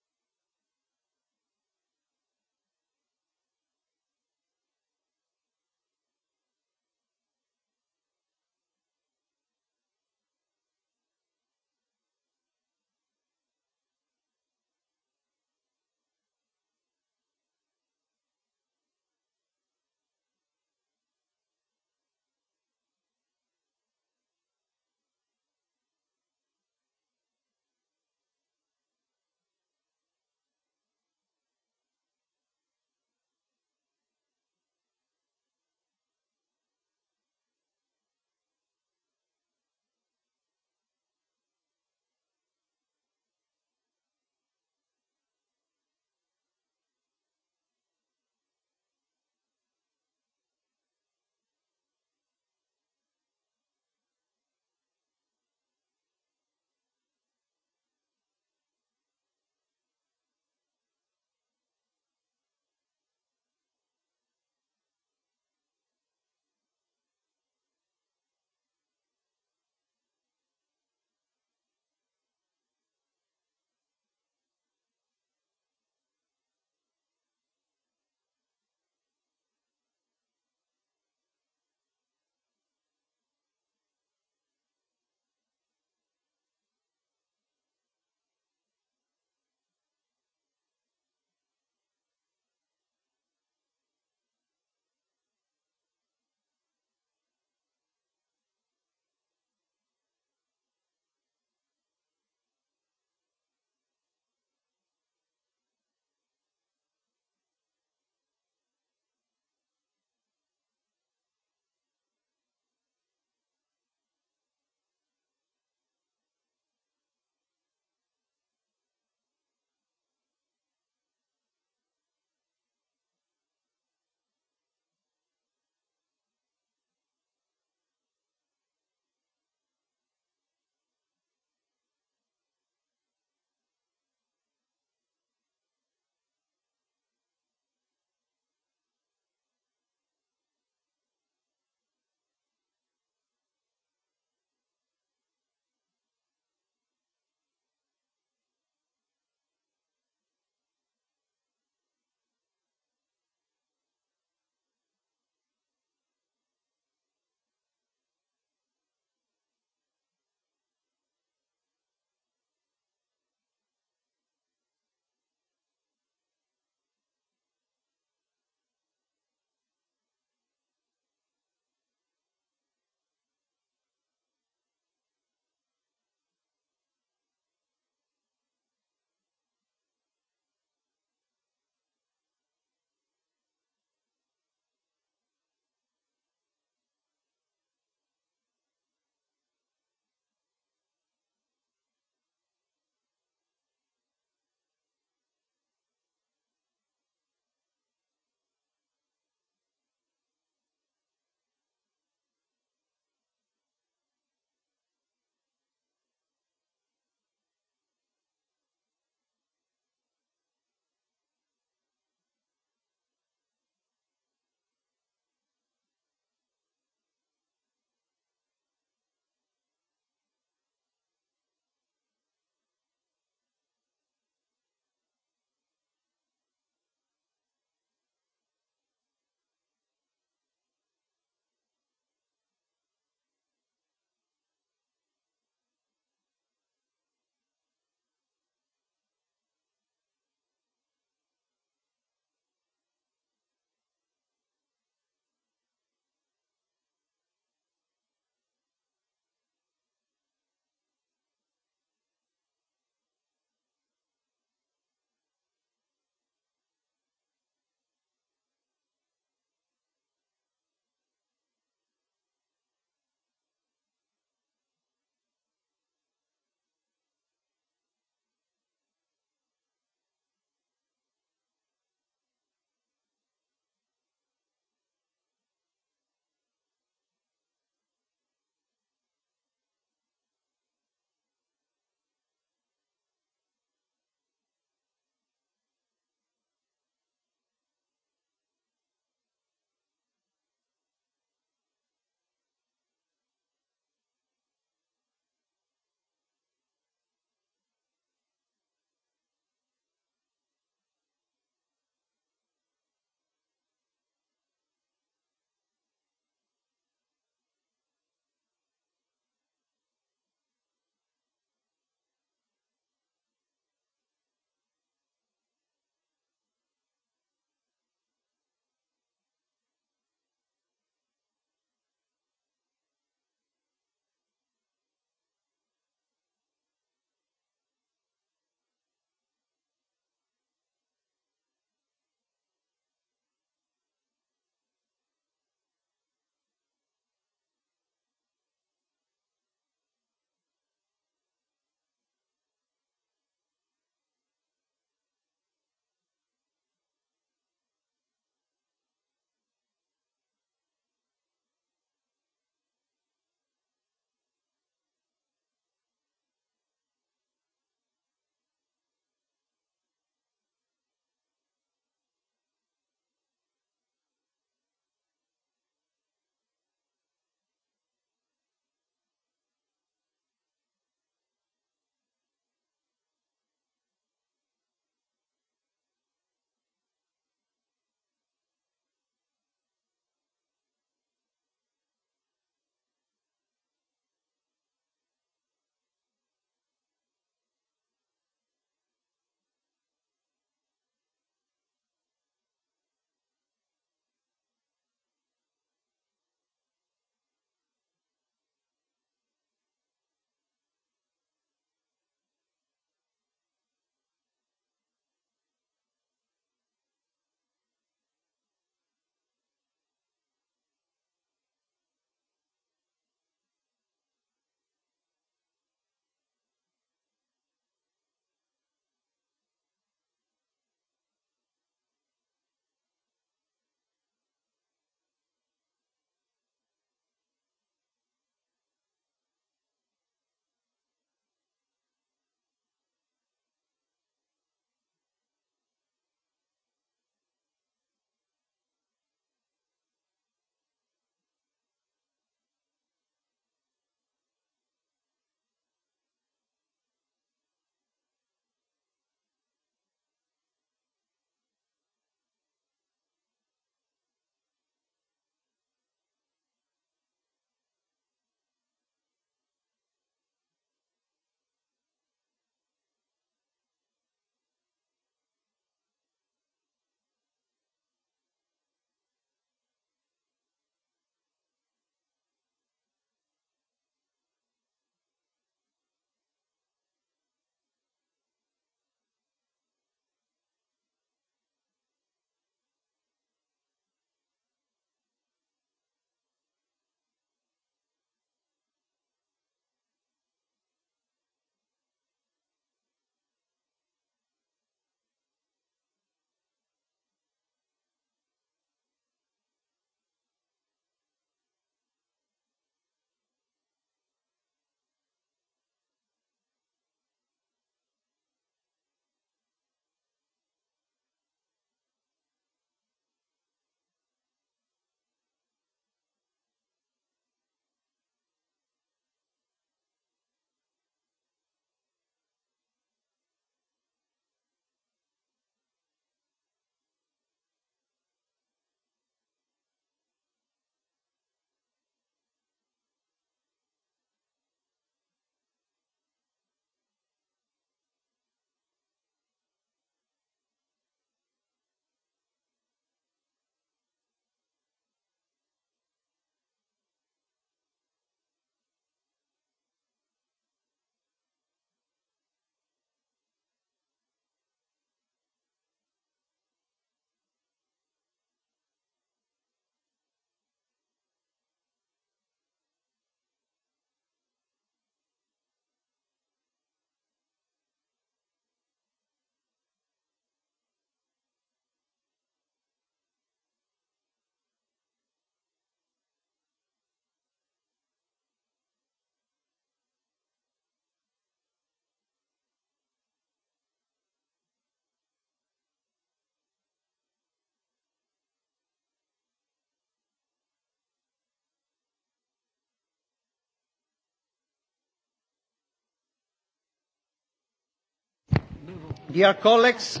Dear colleagues,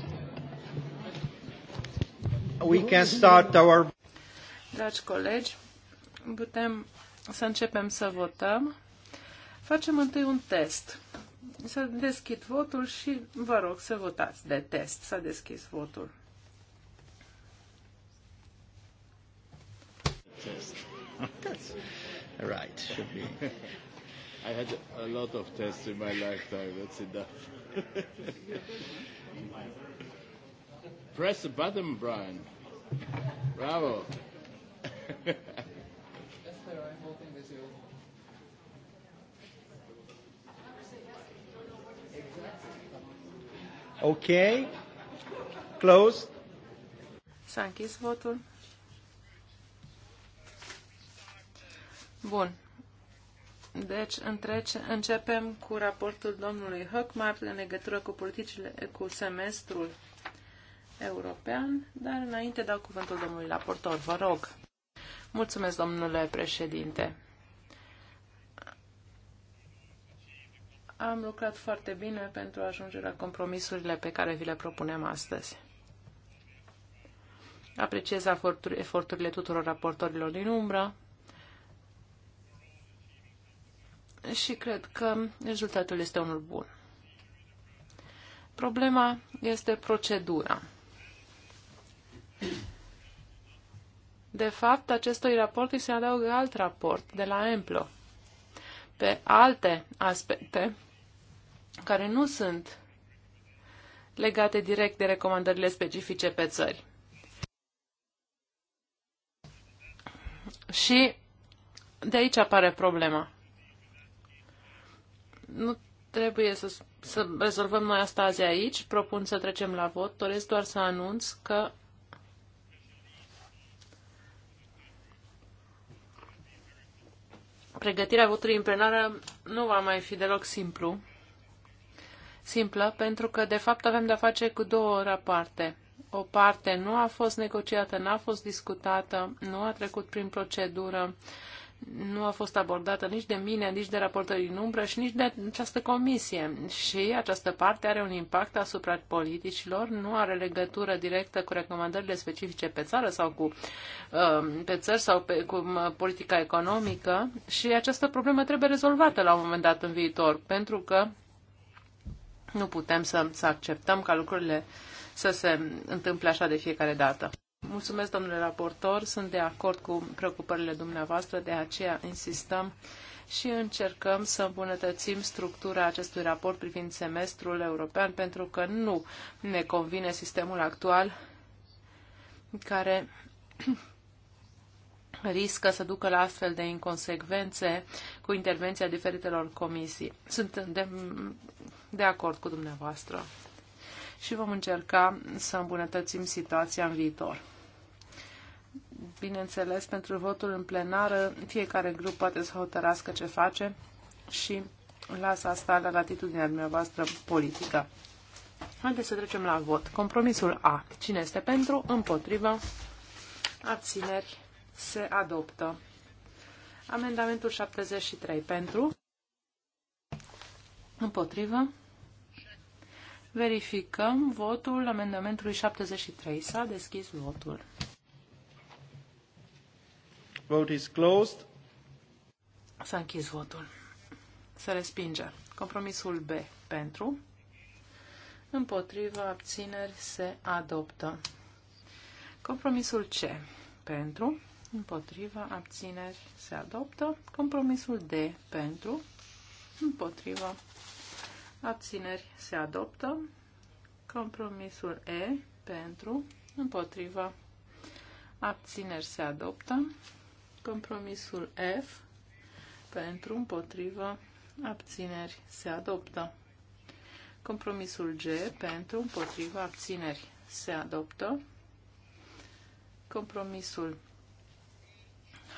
we can start our... Dragi colegi, putem să începem să votăm. Facem întâi un test. Să deschid votul și vă rog să votați de test. S-a deschis votul. Test. right, should be. I had a lot of tests in my lifetime. That's enough. Press the button, Brian. Bravo. Esther, I'm holding this you. Okay. Close. S-a închis votul. Bun. Deci întrece, începem cu raportul domnului Höckmark în legătură cu politicile, cu semestrul european, dar înainte dau cuvântul domnului raportor, vă rog. Mulțumesc, domnule președinte. Am lucrat foarte bine pentru a ajunge la compromisurile pe care vi le propunem astăzi. Apreciez eforturile tuturor raportorilor din umbră, și cred că rezultatul este unul bun. Problema este procedura. De fapt, acestui raport îi se adaugă alt raport de la EMPLO pe alte aspecte care nu sunt legate direct de recomandările specifice pe țări. Și de aici apare problema nu trebuie să, să rezolvăm noi asta azi aici. Propun să trecem la vot. Doresc doar să anunț că pregătirea votului în plenară nu va mai fi deloc simplu. Simplă, pentru că de fapt avem de-a face cu două aparte. O parte nu a fost negociată, n-a fost discutată, nu a trecut prin procedură uh, nu a fost abordată nici de mine, nici de raportării în umbră și nici de această comisie. Și această parte are un impact asupra politicilor, nu are legătură directă cu recomandările specifice pe țară sau cu um, pe țări sau pe, cu um, politica economică și această problemă trebuie rezolvată la un moment dat în viitor, pentru că nu putem să, să acceptăm ca lucrurile să se întâmple așa de fiecare dată. Mulțumesc, domnule raportor. Sunt de acord cu preocupările dumneavoastră, de aceea insistăm și încercăm să îmbunătățim structura acestui raport privind semestrul european, pentru că nu ne convine sistemul actual care riscă să ducă la astfel de inconsecvențe cu intervenția diferitelor comisii. Sunt de, de acord cu dumneavoastră și vom încerca să îmbunătățim situația în viitor. Bineînțeles, pentru votul în plenară, fiecare grup poate să hotărască ce face și las asta la latitudinea dumneavoastră politică. Haideți să trecem la vot. Compromisul A. Cine este pentru? Împotrivă? Abțineri? Se adoptă. Amendamentul 73. Pentru? Împotrivă? Verificăm votul amendamentului 73. S-a deschis votul. Vote is closed. S-a închis votul. Se respinge. Compromisul B pentru. Împotriva abțineri se adoptă. Compromisul C pentru. Împotriva abțineri se adoptă. Compromisul D pentru. Împotriva abțineri se adoptă. Compromisul E pentru. Împotriva abțineri se adoptă. Compromisul F pentru împotrivă abțineri se adoptă. Compromisul G pentru împotrivă abțineri se adoptă. Compromisul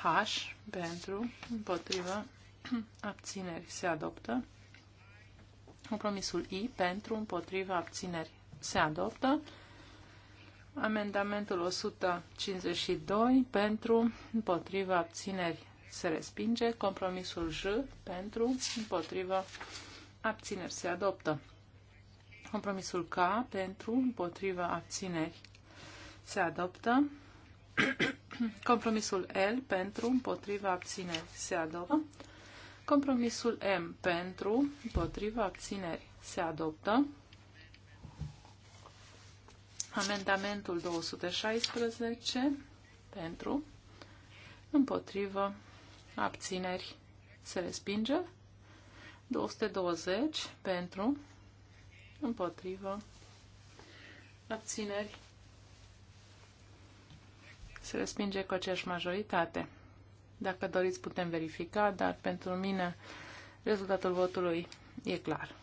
H pentru împotrivă abțineri se adoptă. Compromisul I pentru împotrivă abțineri se adoptă. Amendamentul 152 pentru, împotriva, abțineri se respinge. Compromisul J pentru, împotriva, abțineri se adoptă. Compromisul K pentru, împotriva, abțineri se adoptă. Compromisul L pentru, împotriva, abțineri se adoptă. Compromisul M pentru, împotriva, abțineri se adoptă. Amendamentul 216 pentru, împotrivă, abțineri, se respinge. 220 pentru, împotrivă, abțineri, se respinge cu aceeași majoritate. Dacă doriți, putem verifica, dar pentru mine rezultatul votului e clar.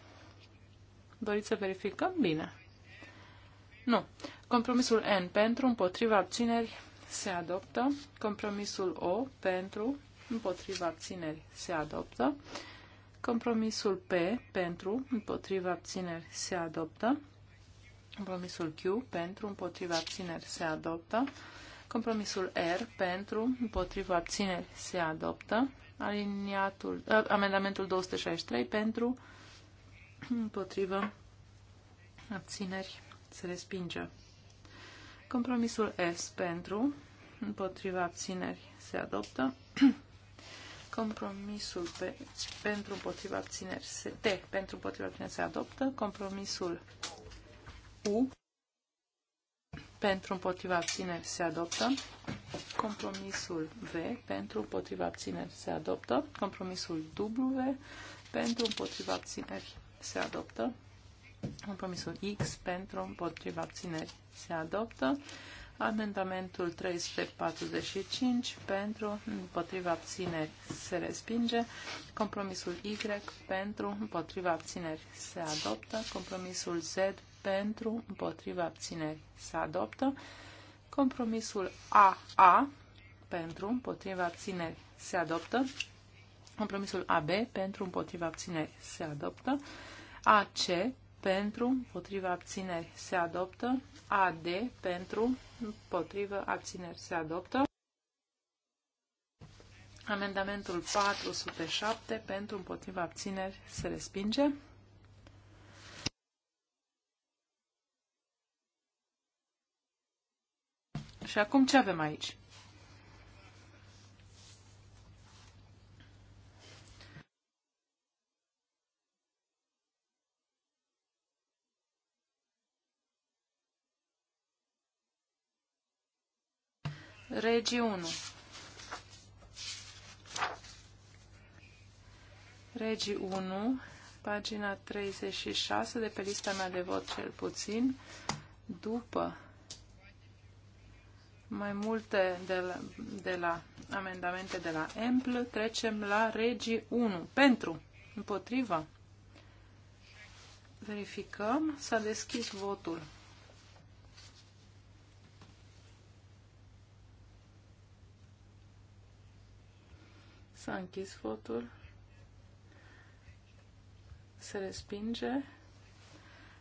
Doriți să verificăm? Bine. Nu. Compromisul N pentru, împotriva abțineri se adoptă. Compromisul O pentru, împotriva abțineri se adoptă. Compromisul P pentru, împotriva abțineri se adoptă. Compromisul Q pentru, împotriva abțineri se adoptă. Compromisul R pentru, împotriva abțineri se adoptă. Aliniatul, uh, amendamentul 263 pentru, împotriva abțineri se respinge. Compromisul S pentru, împotriva abțineri se adoptă. Compromisul P pentru împotriva abțineri se, T pentru împotriva abțineri se adoptă. Compromisul U pentru împotriva abțineri se adoptă. Compromisul V pentru împotriva abțineri se adoptă. Compromisul W pentru împotriva abțineri se adoptă. Compromisul X pentru împotriva abțineri se adoptă. Amendamentul 345 pentru împotriva abțineri se respinge. Compromisul Y pentru împotriva abțineri se adoptă. Compromisul Z pentru împotriva abțineri se adoptă. Compromisul AA pentru împotriva abțineri se adoptă. Compromisul AB pentru împotriva abțineri se adoptă. AC pentru, împotriva abțineri se adoptă. AD pentru, împotriva abțineri se adoptă. Amendamentul 407 pentru, împotriva abțineri se respinge. Și acum ce avem aici? Regii 1. Regii 1, pagina 36 de pe lista mea de vot cel puțin, după mai multe de la, de la amendamente de la EMPL, trecem la Regi 1. Pentru, împotriva, verificăm, s-a deschis votul. S-a închis votul. Se respinge.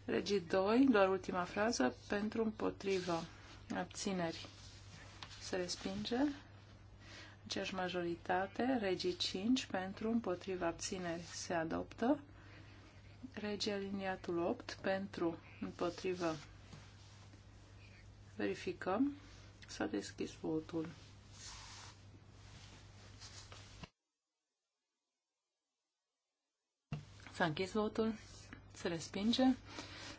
Regii 2, doar ultima frază, pentru împotriva. Abțineri. Se respinge. Aceeași majoritate. Regii 5, pentru împotriva abțineri. Se adoptă. regi aliniatul 8, pentru împotriva. Verificăm. S-a deschis votul. S-a închis votul. Se respinge.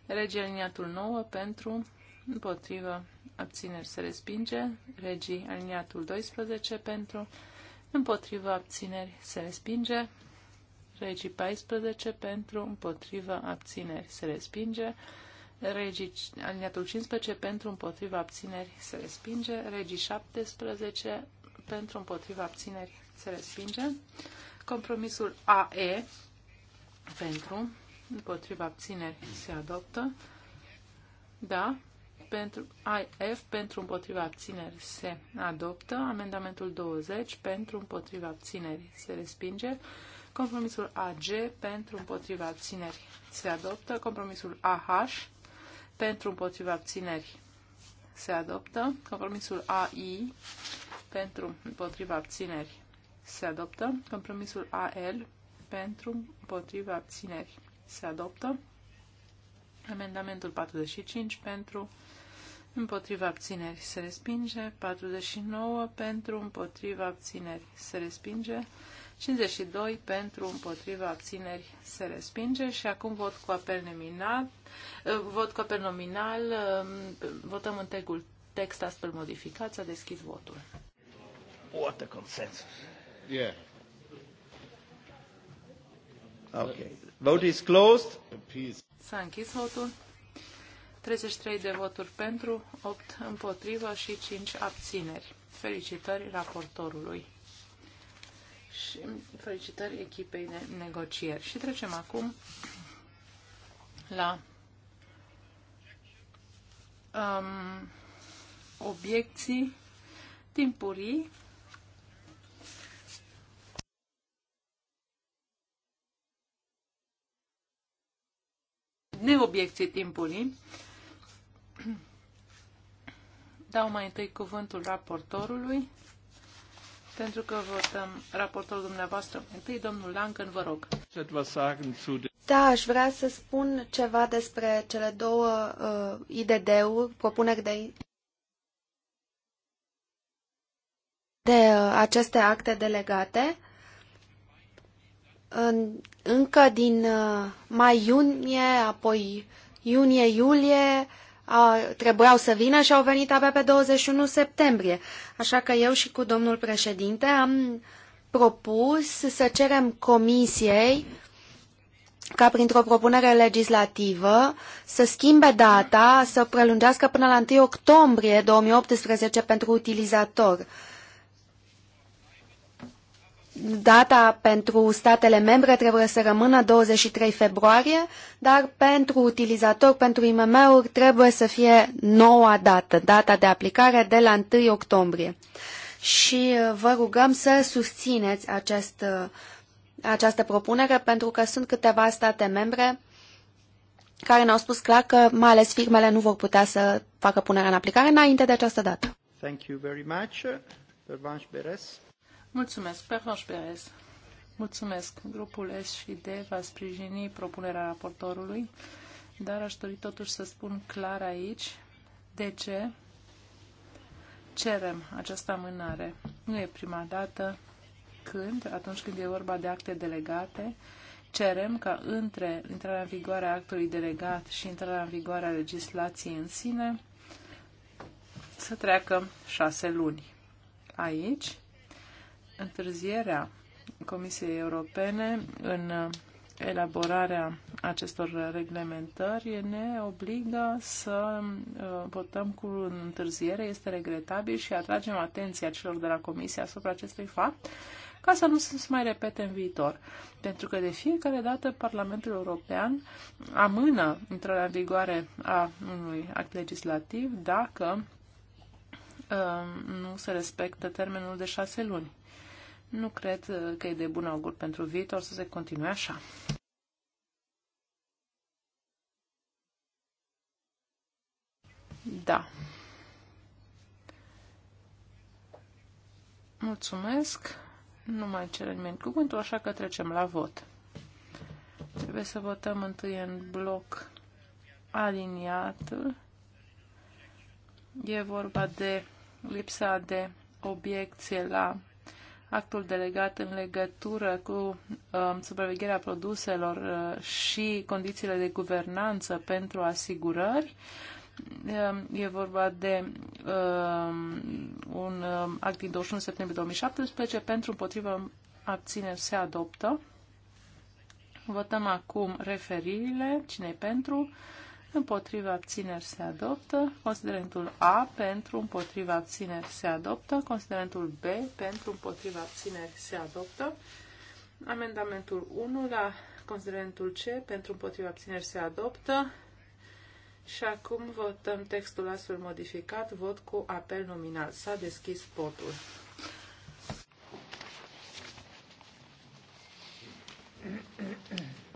Regi aliniatul 9 pentru, împotrivă, abțineri se respinge. Regii aliniatul 12 pentru, împotrivă, abțineri se respinge. Regii 14 pentru, împotrivă, abțineri se respinge. Regii aliniatul 15 pentru, împotrivă, abțineri se respinge. Regii 17 pentru, împotrivă, abțineri se respinge. Compromisul AE pentru, împotriva abțineri se adoptă. Da, pentru IF, pentru împotriva abțineri se adoptă. Amendamentul 20, pentru împotriva abțineri se respinge. Compromisul AG, pentru împotriva abțineri se adoptă. Compromisul AH, pentru împotriva abțineri se adoptă. Compromisul AI, pentru împotriva abțineri se adoptă. Compromisul AL, pentru, împotriva, abțineri se adoptă. Amendamentul 45 pentru, împotriva, abțineri se respinge. 49 pentru, împotriva, abțineri se respinge. 52 pentru, împotriva, abțineri se respinge. Și acum vot cu apel nominal. Vot cu apel nominal. Votăm întregul text astfel modificat. să deschid votul. What a consensus! Yeah. Okay. Vote is closed. S-a închis votul. 33 de voturi pentru, 8 împotrivă și 5 abțineri. Felicitări raportorului și felicitări echipei de negocieri. Și trecem acum la um, obiecții timpurii neobiecții timpului. Dau mai întâi cuvântul raportorului, pentru că votăm raportorul dumneavoastră. Întâi, domnul Lancan, vă rog. Da, aș vrea să spun ceva despre cele două uh, IDD-uri, propuneri de, de uh, aceste acte delegate încă din uh, mai iunie, apoi iunie-iulie, trebuiau să vină și au venit abia pe 21 septembrie. Așa că eu și cu domnul președinte am propus să cerem comisiei ca printr-o propunere legislativă să schimbe data, să prelungească până la 1 octombrie 2018 pentru utilizator. Data pentru statele membre trebuie să rămână 23 februarie, dar pentru utilizator, pentru IMM-uri, trebuie să fie noua dată, data de aplicare de la 1 octombrie. Și uh, vă rugăm să susțineți acest, uh, această propunere, pentru că sunt câteva state membre care ne-au spus clar că mai ales firmele nu vor putea să facă punerea în aplicare înainte de această dată. Thank you very much. Uh, Pervanș Beres. Mulțumesc, Pervanș Perez. Mulțumesc. Grupul S și D va sprijini propunerea raportorului, dar aș dori totuși să spun clar aici de ce cerem această amânare. Nu e prima dată când, atunci când e vorba de acte delegate, cerem ca între intrarea în vigoare a actului delegat și intrarea în vigoare a legislației în sine să treacă șase luni. Aici întârzierea Comisiei Europene în uh, elaborarea acestor reglementări ne obligă să uh, votăm cu întârziere. Este regretabil și atragem atenția celor de la Comisie asupra acestui fapt ca să nu se mai repete în viitor. Pentru că de fiecare dată Parlamentul European amână intrarea în vigoare a unui act legislativ dacă uh, nu se respectă termenul de șase luni. Nu cred uh, că e de bun augur pentru viitor să se continue așa. Da. Mulțumesc. Nu mai cere nimeni cuvântul, așa că trecem la vot. Trebuie să votăm întâi în bloc aliniat. E vorba de lipsa de obiecție la actul delegat în legătură cu um, supravegherea produselor uh, și condițiile de guvernanță pentru asigurări. Um, e vorba de um, un um, act din 21 septembrie 2017 pentru împotriva abțineri se adoptă. Votăm acum referirile. cine pentru? împotriva abțineri se adoptă, considerentul A pentru împotriva abțineri se adoptă, considerentul B pentru împotriva abțineri se adoptă, amendamentul 1 la considerentul C pentru împotriva abțineri se adoptă și acum votăm textul astfel modificat, vot cu apel nominal. S-a deschis votul.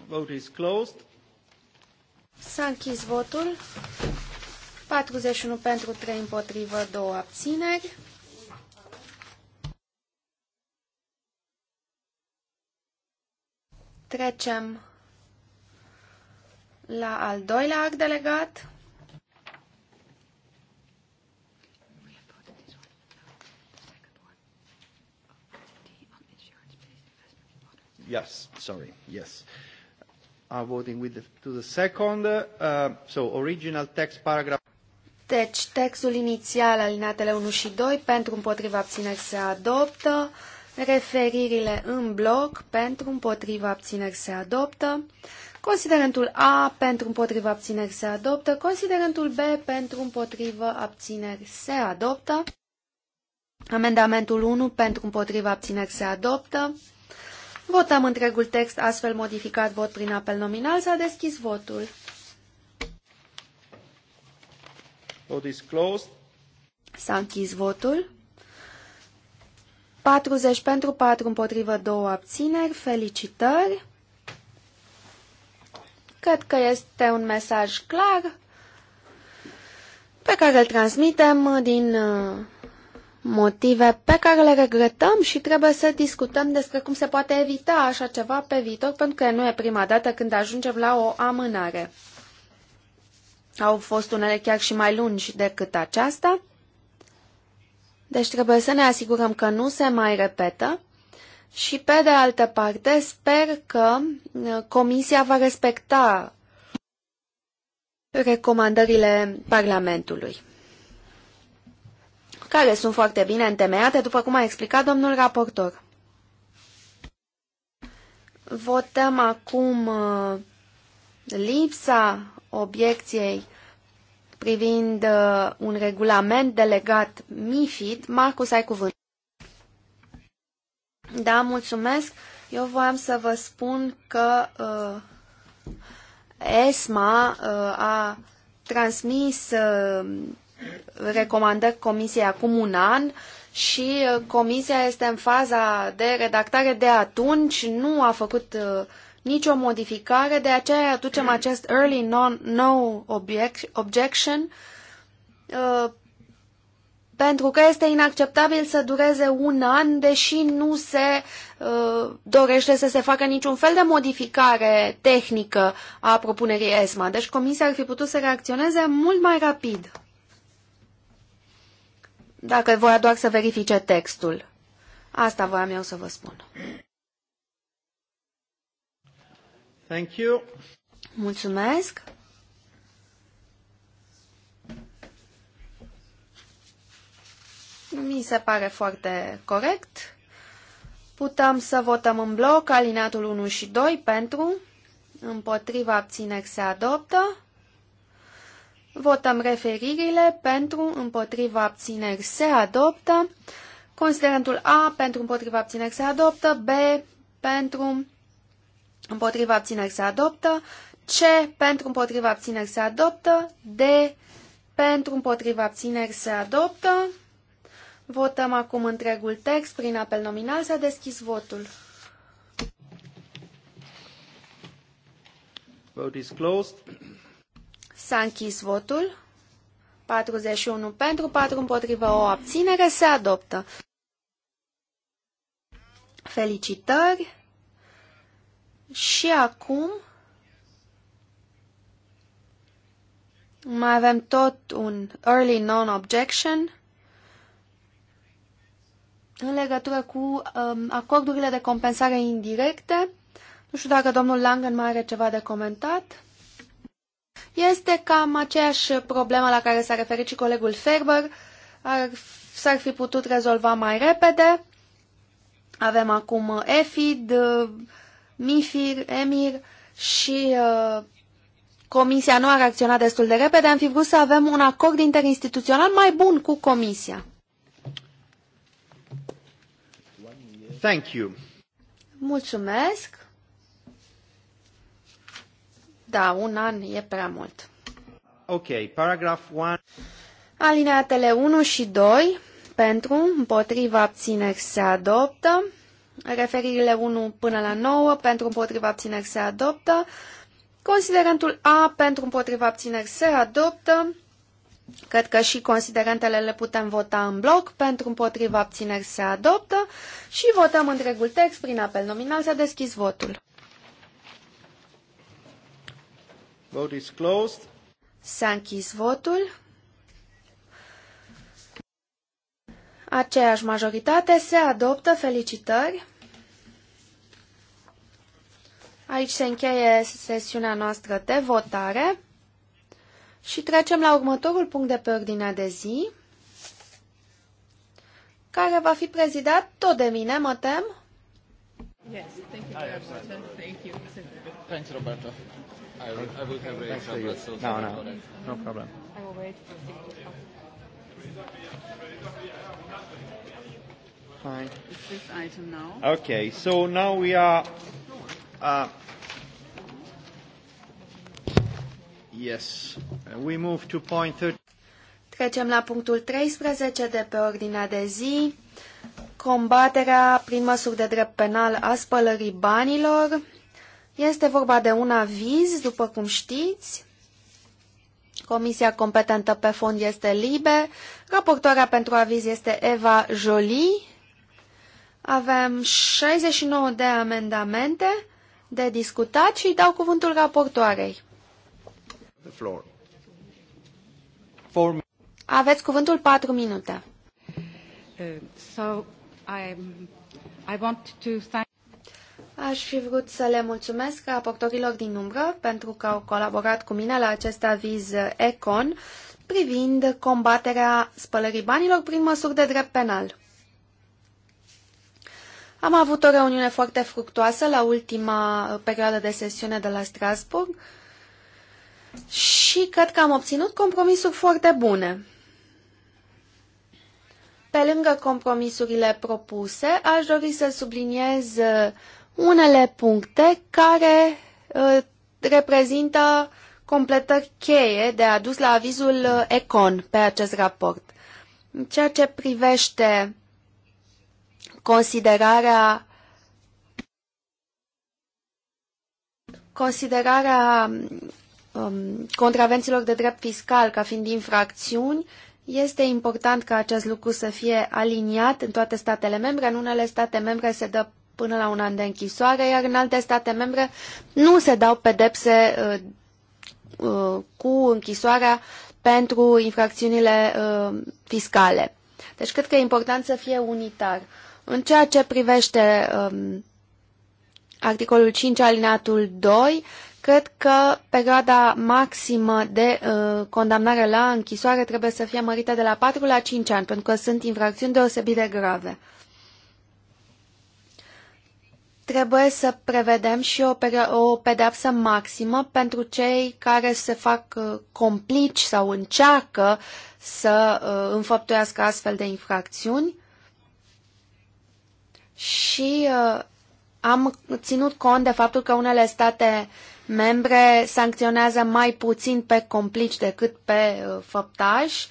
Vote is closed. S-a închis votul. 41 pentru, 3 împotrivă, 2 abțineri. Trecem la al doilea act delegat. Yes, sorry, yes are voting with the, to the second. Uh, so original text paragraph. Deci textul inițial alinatele 1 și 2 pentru împotriva abțineri se adoptă. Referirile în bloc pentru împotriva abțineri se adoptă. Considerentul A pentru împotriva abțineri se adoptă. Considerentul B pentru împotriva abțineri se adoptă. Amendamentul 1 pentru împotriva abțineri se adoptă. Votăm întregul text astfel modificat vot prin apel nominal. S-a deschis votul. Vote is closed. S-a închis votul. 40 pentru 4 împotrivă 2 abțineri. Felicitări. Cred că este un mesaj clar pe care îl transmitem din uh, motive pe care le regretăm și trebuie să discutăm despre cum se poate evita așa ceva pe viitor, pentru că nu e prima dată când ajungem la o amânare. Au fost unele chiar și mai lungi decât aceasta. Deci trebuie să ne asigurăm că nu se mai repetă și, pe de altă parte, sper că uh, Comisia va respecta recomandările Parlamentului care sunt foarte bine întemeiate, după cum a explicat domnul raportor. Votăm acum uh, lipsa obiecției privind uh, un regulament delegat MIFID. Marcus, ai cuvânt. Da, mulțumesc. Eu voiam să vă spun că uh, ESMA uh, a transmis uh, recomandări comisiei acum un an și uh, comisia este în faza de redactare de atunci, nu a făcut uh, nicio modificare, de aceea aducem acest early non, no objection uh, pentru că este inacceptabil să dureze un an, deși nu se uh, dorește să se facă niciun fel de modificare tehnică a propunerii ESMA. Deci Comisia ar fi putut să reacționeze mult mai rapid dacă voia doar să verifice textul. Asta voiam eu să vă spun. Thank you. Mulțumesc. Mi se pare foarte corect. Putem să votăm în bloc alineatul 1 și 2 pentru, împotriva abțineri se adoptă, Votăm referirile pentru împotriva abțineri se adoptă. Considerentul A pentru împotriva abțineri se adoptă. B pentru împotriva abțineri se adoptă. C pentru împotriva abțineri se adoptă. D pentru împotriva abțineri se adoptă. Votăm acum întregul text prin apel nominal. S-a deschis votul. Vote is closed. S-a închis votul. 41 pentru, 4 împotrivă, o abținere, se adoptă. Felicitări! Și acum mai avem tot un early non-objection în legătură cu um, acordurile de compensare indirecte. Nu știu dacă domnul Langen mai are ceva de comentat. Este cam aceeași problemă la care s-a referit și colegul Ferber. s-ar fi putut rezolva mai repede. Avem acum EFID, MIFIR, EMIR și uh, Comisia nu a reacționat destul de repede. Am fi vrut să avem un acord interinstituțional mai bun cu Comisia. Thank you. Mulțumesc. Da, un an e prea mult. Ok, paragraf 1. Alineatele 1 și 2 pentru, împotriva abțineri se adoptă. Referirile 1 până la 9 pentru, împotriva abțineri se adoptă. Considerentul A pentru, împotriva abțineri se adoptă. Cred că și considerentele le putem vota în bloc, pentru împotriva abțineri se adoptă și votăm întregul text prin apel nominal. S-a deschis votul. Vote is closed. S-a închis votul. Aceeași majoritate se adoptă. Felicitări! Aici se încheie sesiunea noastră de votare și trecem la următorul punct de pe ordinea de zi, care va fi prezidat tot de mine, mă tem. Yes, thank you Thank you. Thanks, Roberto. I will, I will have Thanks No, no, no problem. I will wait for Fine. It's this item now. Okay, so now we are. Uh, yes, we move to point 30. Trecem la punctul 13 de pe ordinea de zi, combaterea prin măsuri de drept penal a spălării banilor. Este vorba de un aviz, după cum știți. Comisia competentă pe fond este LIBE. Raportoarea pentru aviz este Eva Jolie. Avem 69 de amendamente de discutat și dau cuvântul raportoarei. The floor. Four... Aveți cuvântul 4 minute. Uh, so I, I want to thank... Aș fi vrut să le mulțumesc raportorilor din umbră pentru că au colaborat cu mine la acest aviz ECON privind combaterea spălării banilor prin măsuri de drept penal. Am avut o reuniune foarte fructoasă la ultima perioadă de sesiune de la Strasburg și cred că am obținut compromisuri foarte bune. Pe lângă compromisurile propuse, aș dori să subliniez unele puncte care uh, reprezintă completări cheie de adus la avizul ă, ECON pe acest raport. În ceea ce privește considerarea considerarea um, contravențiilor de drept fiscal ca fiind infracțiuni, este important ca acest lucru să fie aliniat în toate statele membre. În unele state membre se dă până la un an de închisoare, iar în alte state membre nu se dau pedepse uh, uh, cu închisoarea pentru infracțiunile uh, fiscale. Deci cred că e important să fie unitar. În ceea ce privește um, articolul 5 alineatul 2, cred că perioada maximă de uh, condamnare la închisoare trebuie să fie mărită de la 4 la 5 ani, pentru că sunt infracțiuni deosebit de grave. Trebuie să prevedem și o, o pedeapsă maximă pentru cei care se fac uh, complici sau încearcă să uh, înfăptuiască astfel de infracțiuni și uh, am ținut cont de faptul că unele state membre sancționează mai puțin pe complici decât pe făptași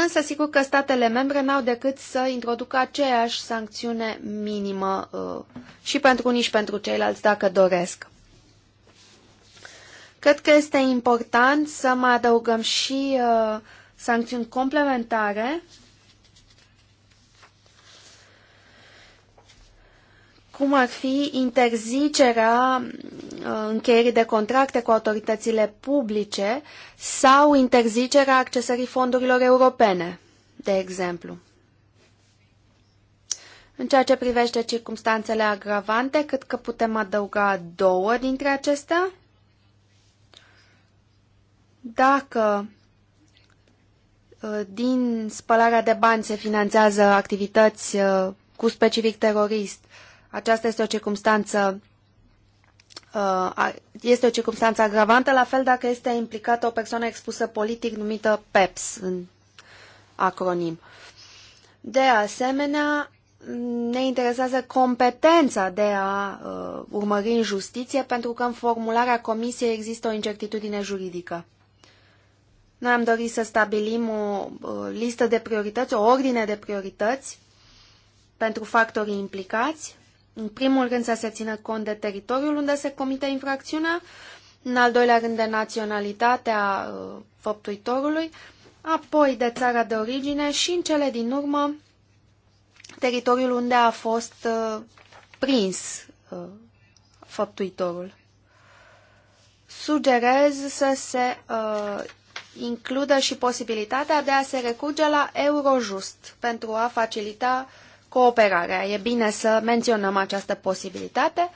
Însă, sigur că statele membre n-au decât să introducă aceeași sancțiune minimă uh, și pentru unii și pentru ceilalți, dacă doresc. Cred că este important să mai adăugăm și uh, sancțiuni complementare cum ar fi interzicerea uh, încheierii de contracte cu autoritățile publice sau interzicerea accesării fondurilor europene, de exemplu. În ceea ce privește circumstanțele agravante, cât că putem adăuga două dintre acestea? Dacă uh, din spălarea de bani se finanțează activități uh, cu specific terorist, aceasta este o circunstanță uh, este o circunstanță agravantă, la fel dacă este implicată o persoană expusă politic numită PEPS în acronim. De asemenea, ne interesează competența de a uh, urmări în justiție, pentru că în formularea comisiei există o incertitudine juridică. Noi am dorit să stabilim o uh, listă de priorități, o ordine de priorități pentru factorii implicați în primul rând să se țină cont de teritoriul unde se comite infracțiunea, în al doilea rând de naționalitatea uh, făptuitorului, apoi de țara de origine și în cele din urmă teritoriul unde a fost uh, prins uh, făptuitorul. Sugerez să se uh, includă și posibilitatea de a se recurge la Eurojust pentru a facilita uh, cooperarea. E bine să menționăm această posibilitate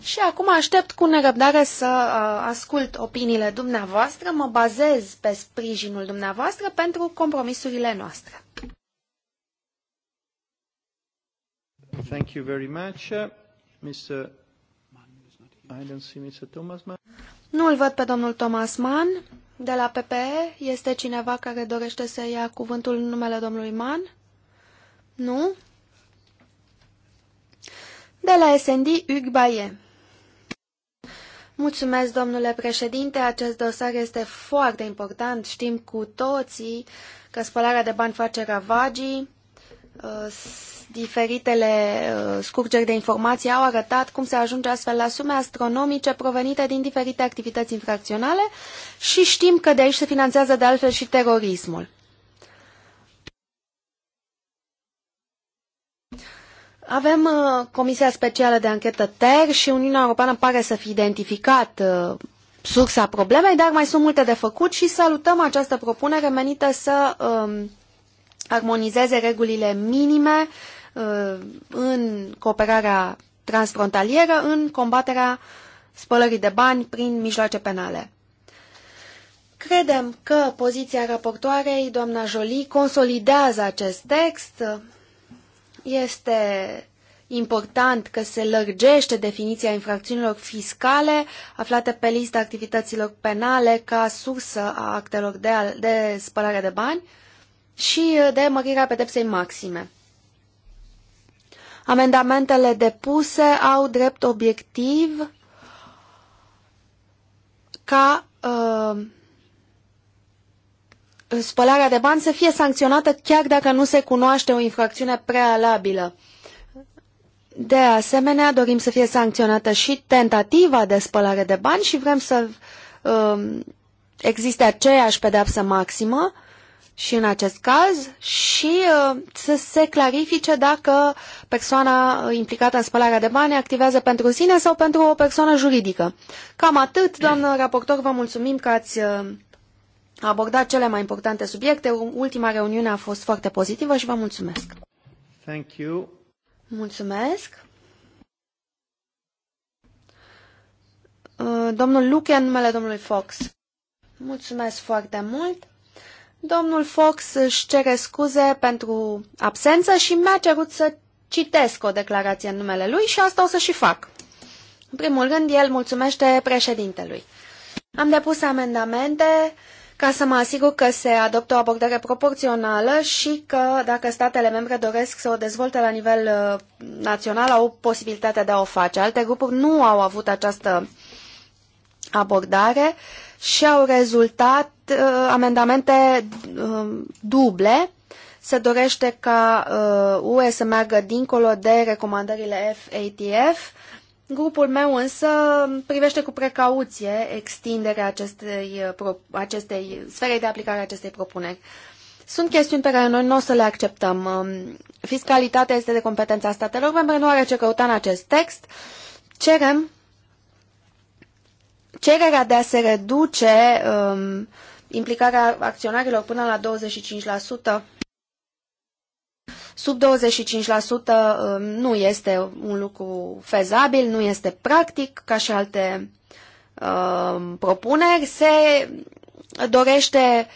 și acum aștept cu nerăbdare să uh, ascult opiniile dumneavoastră, mă bazez pe sprijinul dumneavoastră pentru compromisurile noastre. Thank you very much. Mr. I don't see Mr. Thomas Mann. Nu îl văd pe domnul Thomas Mann. De la PPE este cineva care dorește să ia cuvântul în numele domnului Mann? Nu? De la SND, Hugues Baie. Mulțumesc, domnule președinte. Acest dosar este foarte important. Știm cu toții că spălarea de bani face ravagii. Diferitele uh, scurgeri de informații au arătat cum se ajunge astfel la sume astronomice provenite din diferite activități infracționale și știm că de aici se finanțează de altfel și terorismul. Avem uh, Comisia Specială de Anchetă TER și Uniunea Europeană pare să fi identificat uh, sursa problemei, dar mai sunt multe de făcut și salutăm această propunere menită să uh, armonizeze regulile minime uh, în cooperarea transfrontalieră în combaterea spălării de bani prin mijloace penale. Credem că poziția raportoarei, doamna Jolie, consolidează acest text, este important că se lărgește definiția infracțiunilor fiscale aflate pe lista activităților penale ca sursă a actelor de, de spălare de bani și de mărirea pedepsei maxime. Amendamentele depuse au drept obiectiv ca uh, spălarea de bani să fie sancționată chiar dacă nu se cunoaște o infracțiune prealabilă. De asemenea, dorim să fie sancționată și tentativa de spălare de bani și vrem să um, existe aceeași pedeapsă maximă și în acest caz și uh, să se clarifice dacă persoana implicată în spălarea de bani activează pentru sine sau pentru o persoană juridică. Cam atât, doamnă raportor, vă mulțumim că ați uh, a abordat cele mai importante subiecte. Ultima reuniune a fost foarte pozitivă și vă mulțumesc. Thank you. Mulțumesc. Uh, domnul Luke, în numele domnului Fox. Mulțumesc foarte mult. Domnul Fox își cere scuze pentru absență și mi-a cerut să citesc o declarație în numele lui și asta o să și fac. În primul rând, el mulțumește președintelui. Am depus amendamente uh, ca să mă asigur că se adoptă o abordare proporțională și că dacă statele membre doresc să o dezvolte la nivel uh, național, au posibilitatea de a o face. Alte grupuri nu au avut această abordare și au rezultat uh, amendamente uh, duble. Se dorește ca uh, UE să meargă dincolo de recomandările FATF Grupul meu însă privește cu precauție extinderea acestei, uh, acestei sfere de aplicare a acestei propuneri. Sunt chestiuni pe care noi nu o să le acceptăm. Um, fiscalitatea este de competența statelor membre, nu are ce căuta în acest text. Cerem cererea de a se reduce um, implicarea acționarilor până la 25% Sub 25% um, nu este un lucru fezabil, nu este practic, ca și alte uh, propuneri. Se dorește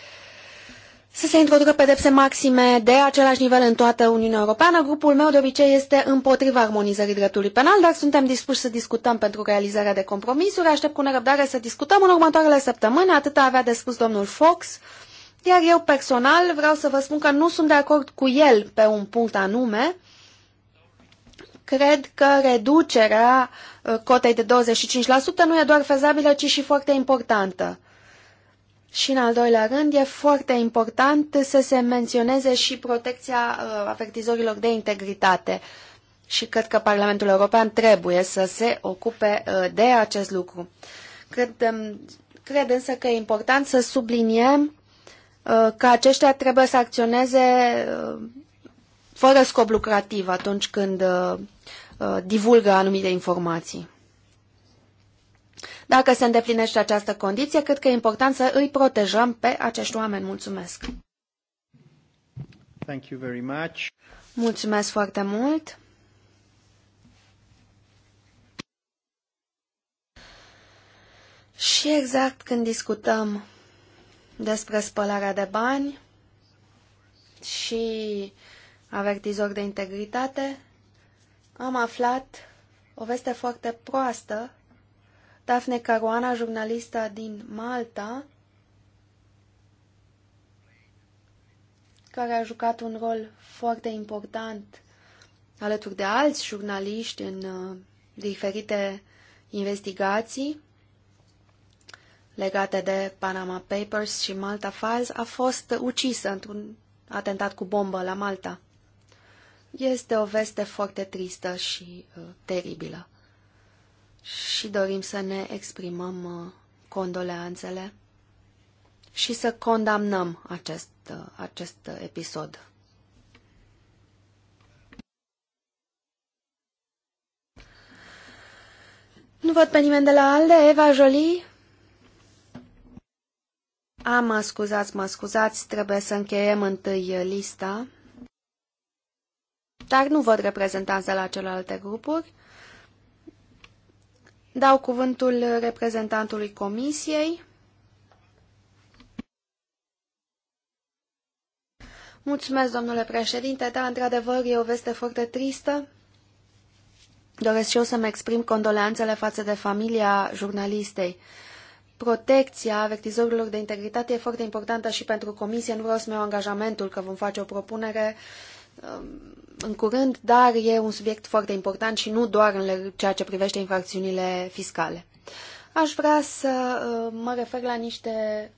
să se introducă pedepse maxime de același nivel în toată Uniunea Europeană. Grupul meu de obicei este împotriva armonizării dreptului penal, dar suntem dispuși să discutăm pentru realizarea de compromisuri. Aștept cu nerăbdare să discutăm în următoarele săptămâni. Atât avea de spus domnul Fox. Uh, iar eu personal vreau să vă spun că nu sunt de acord cu el pe un punct anume. Cred că reducerea uh, cotei de 25% nu e doar fezabilă, ci și foarte importantă. Și în al doilea rând, e foarte important să se menționeze și protecția uh, avertizorilor de integritate. Și cred că Parlamentul European trebuie să se ocupe uh, de acest lucru. Cred, um, cred însă că e important să subliniem Uh, că aceștia trebuie să acționeze uh, fără scop lucrativ atunci când uh, divulgă anumite informații. Dacă se îndeplinește această condiție, cred că e important să îi protejăm pe acești oameni. Mulțumesc! Thank you very much. Mulțumesc foarte mult! Și exact când discutăm despre spălarea de bani și avertizori de integritate, am aflat o veste foarte proastă. Daphne Caruana, jurnalista din Malta, care a jucat un rol foarte important alături de alți jurnaliști în uh, diferite investigații, legate de Panama Papers și Malta Files a fost ucisă într-un atentat cu bombă la Malta. Este o veste foarte tristă și uh, teribilă. Și dorim să ne exprimăm uh, condoleanțele și să condamnăm acest, uh, acest episod. Nu văd pe nimeni de la ALDE, Eva Jolie? A, ah, mă scuzați, mă scuzați, trebuie să încheiem întâi lista. Dar nu văd reprezentanți de la celelalte grupuri. Dau cuvântul reprezentantului comisiei. Mulțumesc, domnule președinte. Da, într-adevăr, e o veste foarte tristă. Doresc și eu să-mi exprim condoleanțele față de familia jurnalistei protecția avertizorilor de integritate e foarte importantă și pentru comisie. Nu vreau să-mi iau angajamentul că vom face o propunere um, în curând, dar e un subiect foarte important și nu doar în ceea ce privește infracțiunile fiscale. Aș vrea să uh, mă refer la niște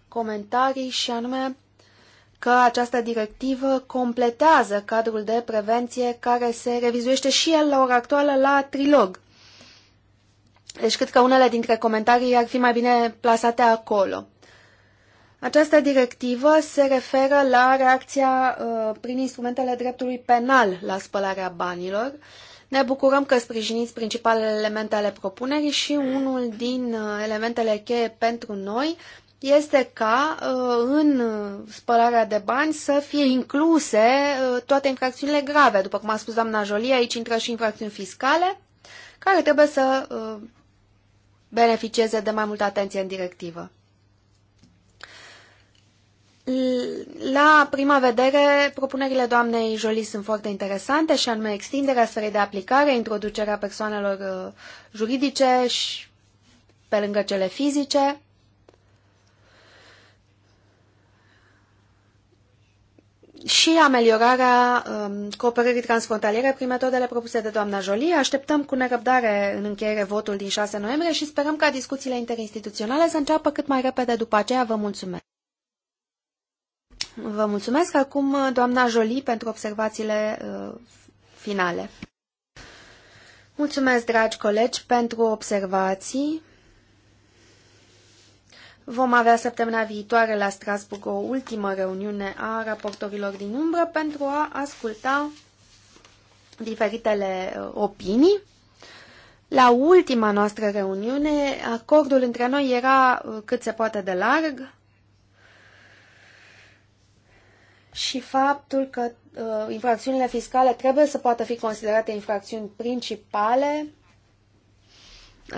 comentarii și anume că această directivă completează cadrul de prevenție care se revizuiește și el la ora actuală la trilog. Deci cred că unele dintre comentarii ar fi mai bine plasate acolo. Această directivă se referă la reacția uh, prin instrumentele dreptului penal la spălarea banilor. Ne bucurăm că sprijiniți principalele elemente ale propunerii și unul din uh, elementele cheie pentru noi este ca uh, în spălarea de bani să fie incluse uh, toate infracțiunile grave. După cum a spus doamna Jolie, aici intră și infracțiuni fiscale care trebuie să uh, beneficieze de mai multă atenție în directivă. La prima vedere, propunerile doamnei Jolie sunt foarte interesante și anume extinderea sferei de aplicare, introducerea persoanelor uh, juridice și pe lângă cele fizice, și ameliorarea um, cooperării transfrontaliere prin metodele propuse de doamna Jolie. Așteptăm cu nerăbdare în încheiere votul din 6 noiembrie și sperăm ca discuțiile interinstituționale să înceapă cât mai repede după aceea. Vă mulțumesc! Vă mulțumesc acum, doamna Jolie, pentru observațiile uh, finale. Mulțumesc, dragi colegi, pentru observații. Vom avea săptămâna viitoare la Strasburg o ultimă reuniune a raportorilor din umbră pentru a asculta diferitele uh, opinii. La ultima noastră reuniune, acordul între noi era uh, cât se poate de larg și faptul că uh, infracțiunile fiscale trebuie să poată fi considerate infracțiuni principale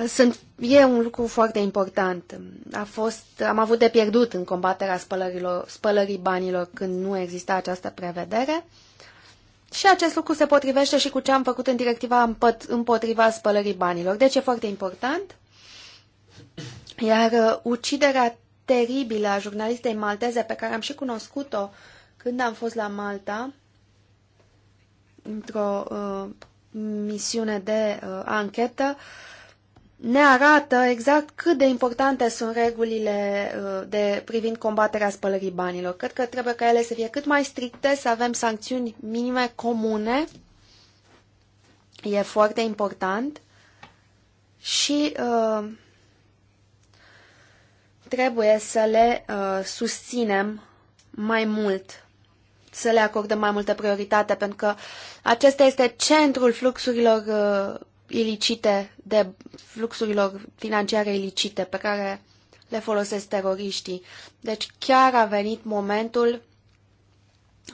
sunt, e un lucru foarte important. A fost, am avut de pierdut în combaterea spălărilor, spălării banilor când nu exista această prevedere. Și acest lucru se potrivește și cu ce am făcut în directiva împotriva spălării banilor. Deci e foarte important. Iar uh, uciderea teribilă a jurnalistei malteze pe care am și cunoscut-o când am fost la Malta, într-o uh, misiune de uh, anchetă, uh, ne arată exact cât de importante sunt regulile uh, de, privind combaterea spălării banilor. Cred că trebuie ca ele să fie cât mai stricte, să avem sancțiuni minime comune. E foarte important. Și uh, trebuie să le uh, susținem mai mult, să le acordăm mai multă prioritate, pentru că acesta este centrul fluxurilor uh, ilicite, de fluxurilor financiare ilicite pe care le folosesc teroriștii. Deci chiar a venit momentul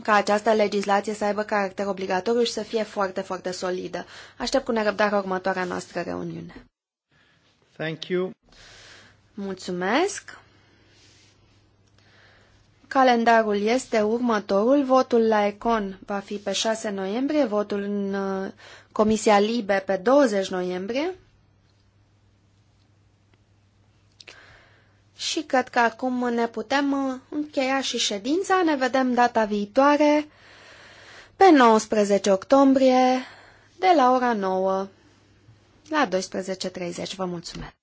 ca această legislație să aibă caracter obligatoriu și să fie foarte, foarte solidă. Aștept cu nerăbdare următoarea noastră reuniune. Thank you. Mulțumesc. Calendarul este următorul. Votul la Econ va fi pe 6 noiembrie, votul în Comisia Libe pe 20 noiembrie și cred că acum ne putem uh, încheia și ședința. Ne vedem data viitoare pe 19 octombrie de la ora 9 la 12.30. Vă mulțumesc!